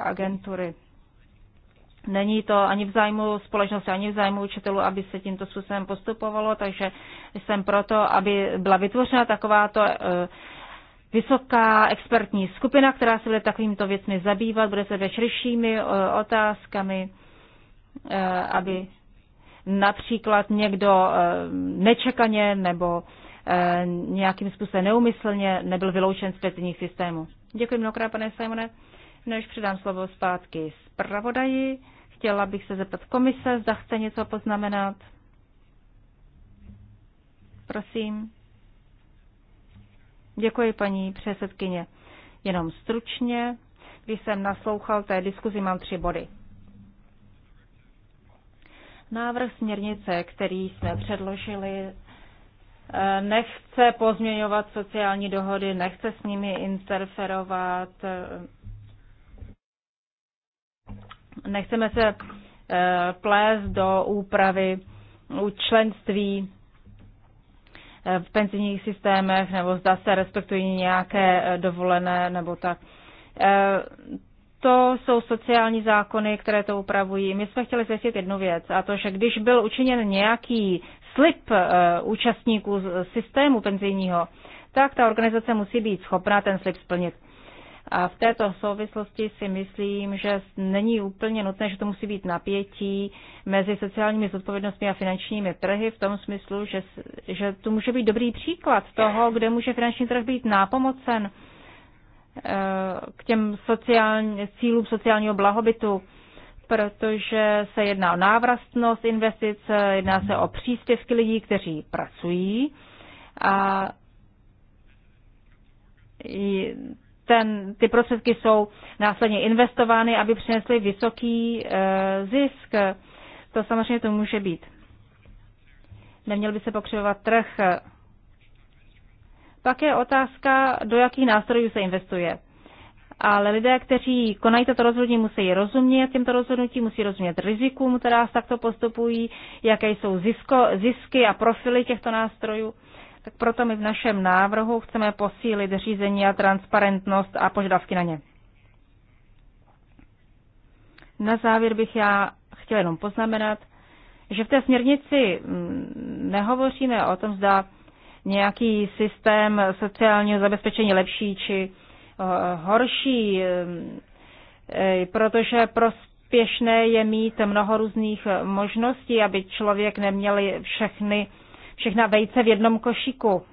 agentury. Není to ani v zájmu společnosti, ani v zájmu učitelů, aby se tímto způsobem postupovalo, takže jsem proto, aby byla vytvořena takováto eh, vysoká expertní skupina, která se bude takovýmto věcmi zabývat, bude se ve eh, otázkami, eh, aby například někdo nečekaně nebo nějakým způsobem neumyslně nebyl vyloučen z systému. systémů. Děkuji mnohokrát, pane Simone. Než předám slovo zpátky zpravodaji, chtěla bych se zeptat komise, zda chce něco poznamenat. Prosím. Děkuji, paní předsedkyně. Jenom stručně, když jsem naslouchal té diskuzi, mám tři body. Návrh směrnice, který jsme předložili, eh, nechce pozměňovat sociální dohody, nechce s nimi interferovat, eh, Nechceme se eh, plést do úpravy u členství eh, v penzijních systémech, nebo zda se respektují nějaké eh, dovolené, nebo tak. To jsou sociální zákony, které to upravují. My jsme chtěli zjistit jednu věc, a to, že když byl učiněn nějaký slib účastníků systému penzijního, tak ta organizace musí být schopná ten slib splnit. A v této souvislosti si myslím, že není úplně nutné, že to musí být napětí mezi sociálními zodpovědnostmi a finančními trhy v tom smyslu, že, že to může být dobrý příklad toho, kde může finanční trh být nápomocen eh, k těm sociální, cílům sociálního blahobytu, protože se jedná o návrastnost investic, jedná se o příspěvky lidí, kteří pracují a ten, ty prostředky jsou následně investovány, aby přinesly vysoký e, zisk. To samozřejmě to může být. Neměl by se pokřivovat trh. Pak je otázka, do jakých nástrojů se investuje. Ale lidé, kteří konají toto rozhodnutí, musí rozumět těmto rozhodnutím, musí rozumět rizikům, která takto postupují, jaké jsou zisko, zisky a profily těchto nástrojů. Tak proto my v našem návrhu chceme posílit řízení a transparentnost a požadavky na ně. Na závěr bych já chtěla jenom poznamenat, že v té směrnici mm, nehovoříme o tom, zda nějaký systém sociálního zabezpečení lepší či eh, horší, mm, eh, protože prospěšné je mít mnoho různých možností, aby člověk neměl všechny všechna vejce v jednom košíku.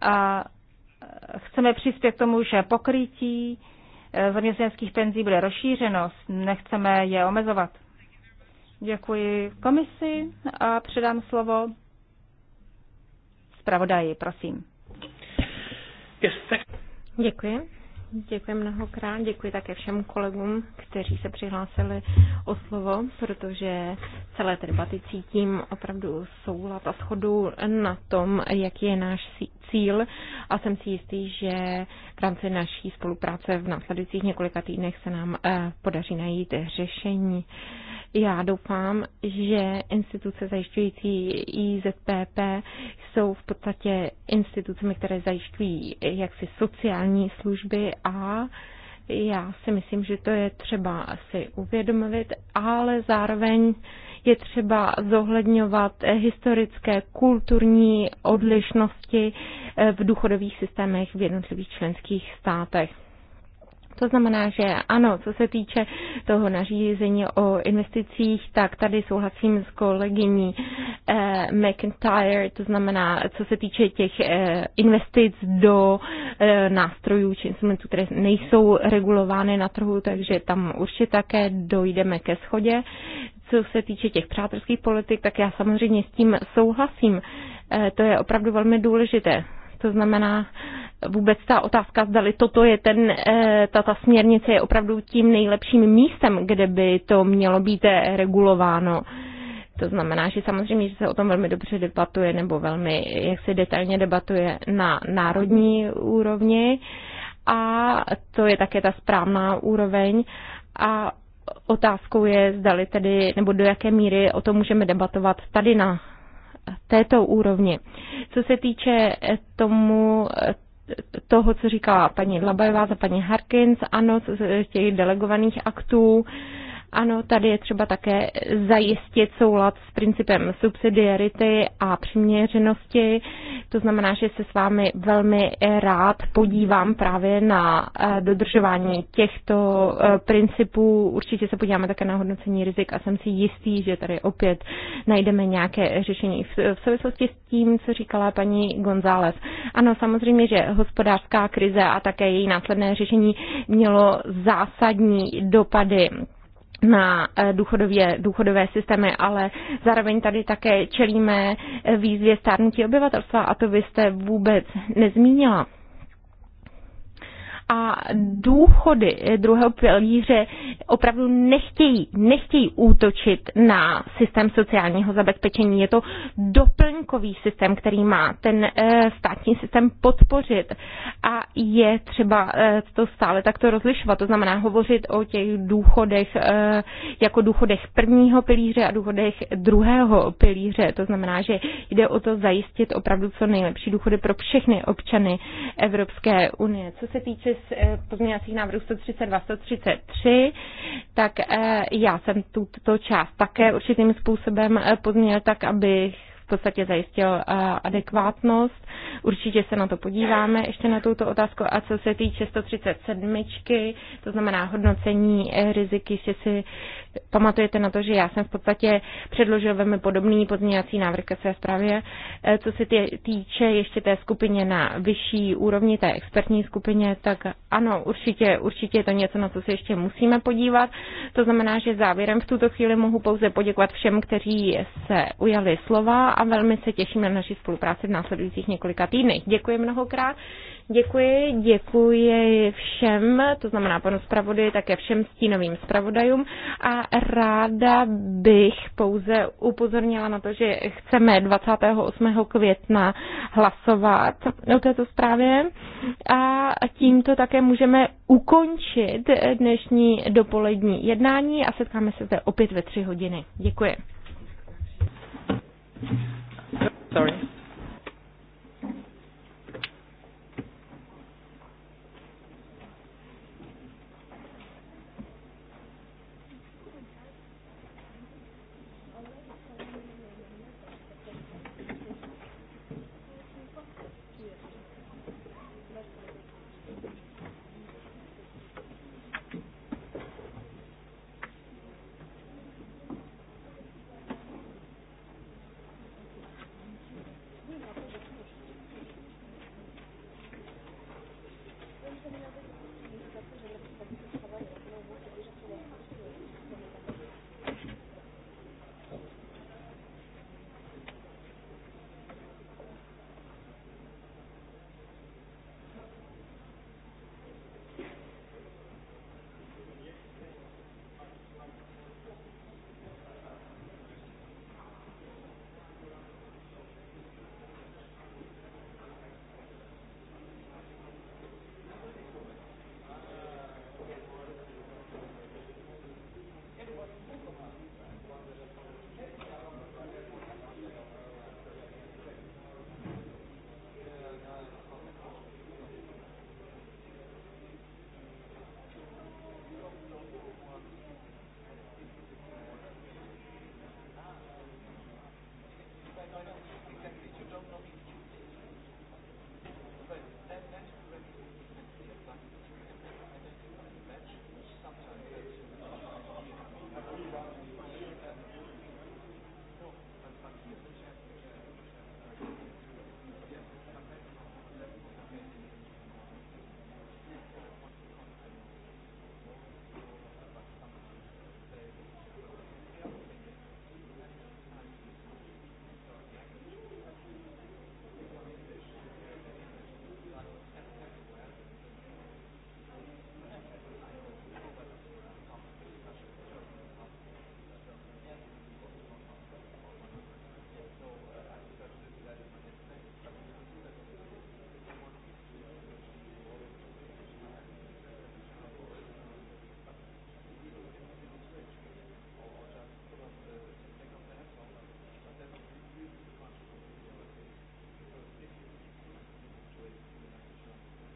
A chceme přispět k tomu, že pokrytí eh, zaměstnaneckých penzí bude rozšířeno, nechceme je omezovat. Děkuji komisi a předám slovo zpravodaji, prosím. Děkuji. Děkuji mnohokrát, děkuji také všem kolegům, kteří se přihlásili o slovo, protože celé té debaty cítím opravdu soulad a shodu na tom, jaký je náš cíl a jsem si jistý, že v rámci naší spolupráce v následujících několika týdnech se nám eh, podaří najít řešení. Já doufám, že instituce zajišťující IZPP jsou v podstatě institucemi, které zajišťují jaksi sociální služby a já si myslím, že to je třeba si uvědomit, ale zároveň je třeba zohledňovat eh, historické, kulturní odlišnosti eh, v důchodových systémech v jednotlivých členských státech. To znamená, že ano, co se týče toho nařízení o investicích, tak tady souhlasím s kolegyní eh, McIntyre, to znamená, co se týče těch eh, investic do eh, nástrojů či instrumentů, které nejsou regulovány na trhu, takže tam určitě také dojdeme ke Eh, co se týče těch přátelských politik, tak já samozřejmě s tím souhlasím. Eh, to je opravdu velmi důležité. To znamená vůbec ta otázka, zdali toto je ten, eh, ta, ta směrnice je opravdu tím nejlepším místem, kde by to mělo být eh, regulováno. To znamená, že samozřejmě, že se o tom velmi dobře debatuje nebo velmi, jak se detailně debatuje na národní úrovni a to je také ta správná úroveň a otázkou je, zdali tedy, nebo do jaké míry o tom můžeme debatovat tady na této úrovni. Co se týče tomu, toho, co říkala paní Labajová za paní Harkins, ano, z těch delegovaných aktů, ano, tady je třeba také zajistit soulad s principem subsidiarity a přiměřenosti. To znamená, že se s vámi velmi rád podívám právě na eh, dodržování těchto eh, principů. Určitě se podíváme také na hodnocení rizik a jsem si jistý, že tady opět najdeme nějaké řešení v souvislosti s tím, co říkala paní González. Ano, samozřejmě, že hospodářská krize a také její následné řešení mělo zásadní dopady na eh, důchodově, důchodové systémy, ale zároveň tady také čelíme eh, výzvě stárnutí obyvatelstva a to byste vůbec nezmínila a důchody druhého pilíře opravdu nechtějí, nechtějí útočit na systém sociálního zabezpečení. Je to doplňkový systém, který má ten eh, státní systém podpořit a je třeba eh, to stále takto rozlišovat. To znamená hovořit o těch důchodech eh, jako důchodech prvního pilíře a důchodech druhého pilíře. To znamená, že jde o to zajistit opravdu co nejlepší důchody pro všechny občany Evropské unie. Co se týče Eh, pozměňovacích návrhů 132, 133, tak eh, já jsem tuto část také určitým způsobem eh, pozměnil tak, abych v podstatě zajistil adekvátnost Určitě se na to podíváme ještě na tuto otázku. A co se týče 137, to znamená hodnocení eh, riziky, ještě si pamatujete na to, že já jsem v podstatě předložil velmi podobný pozměňovací návrh ke své zprávě. Eh, co se týče ještě té skupině na vyšší úrovni, té expertní skupině, tak ano, určitě, určitě je to něco, na co se ještě musíme podívat. To znamená, že závěrem v tuto chvíli mohu pouze poděkovat všem, kteří se ujali slova a velmi se těším na naši spolupráci v následujících několika několika týdny. Děkuji mnohokrát. Děkuji, děkuji všem, to znamená panu zpravodaji, také všem stínovým zpravodajům a ráda bych pouze upozornila na to, že chceme 28. května hlasovat o této zprávě a tímto také můžeme ukončit dnešní dopolední jednání a setkáme se zde opět ve tři hodiny. Děkuji. Sorry.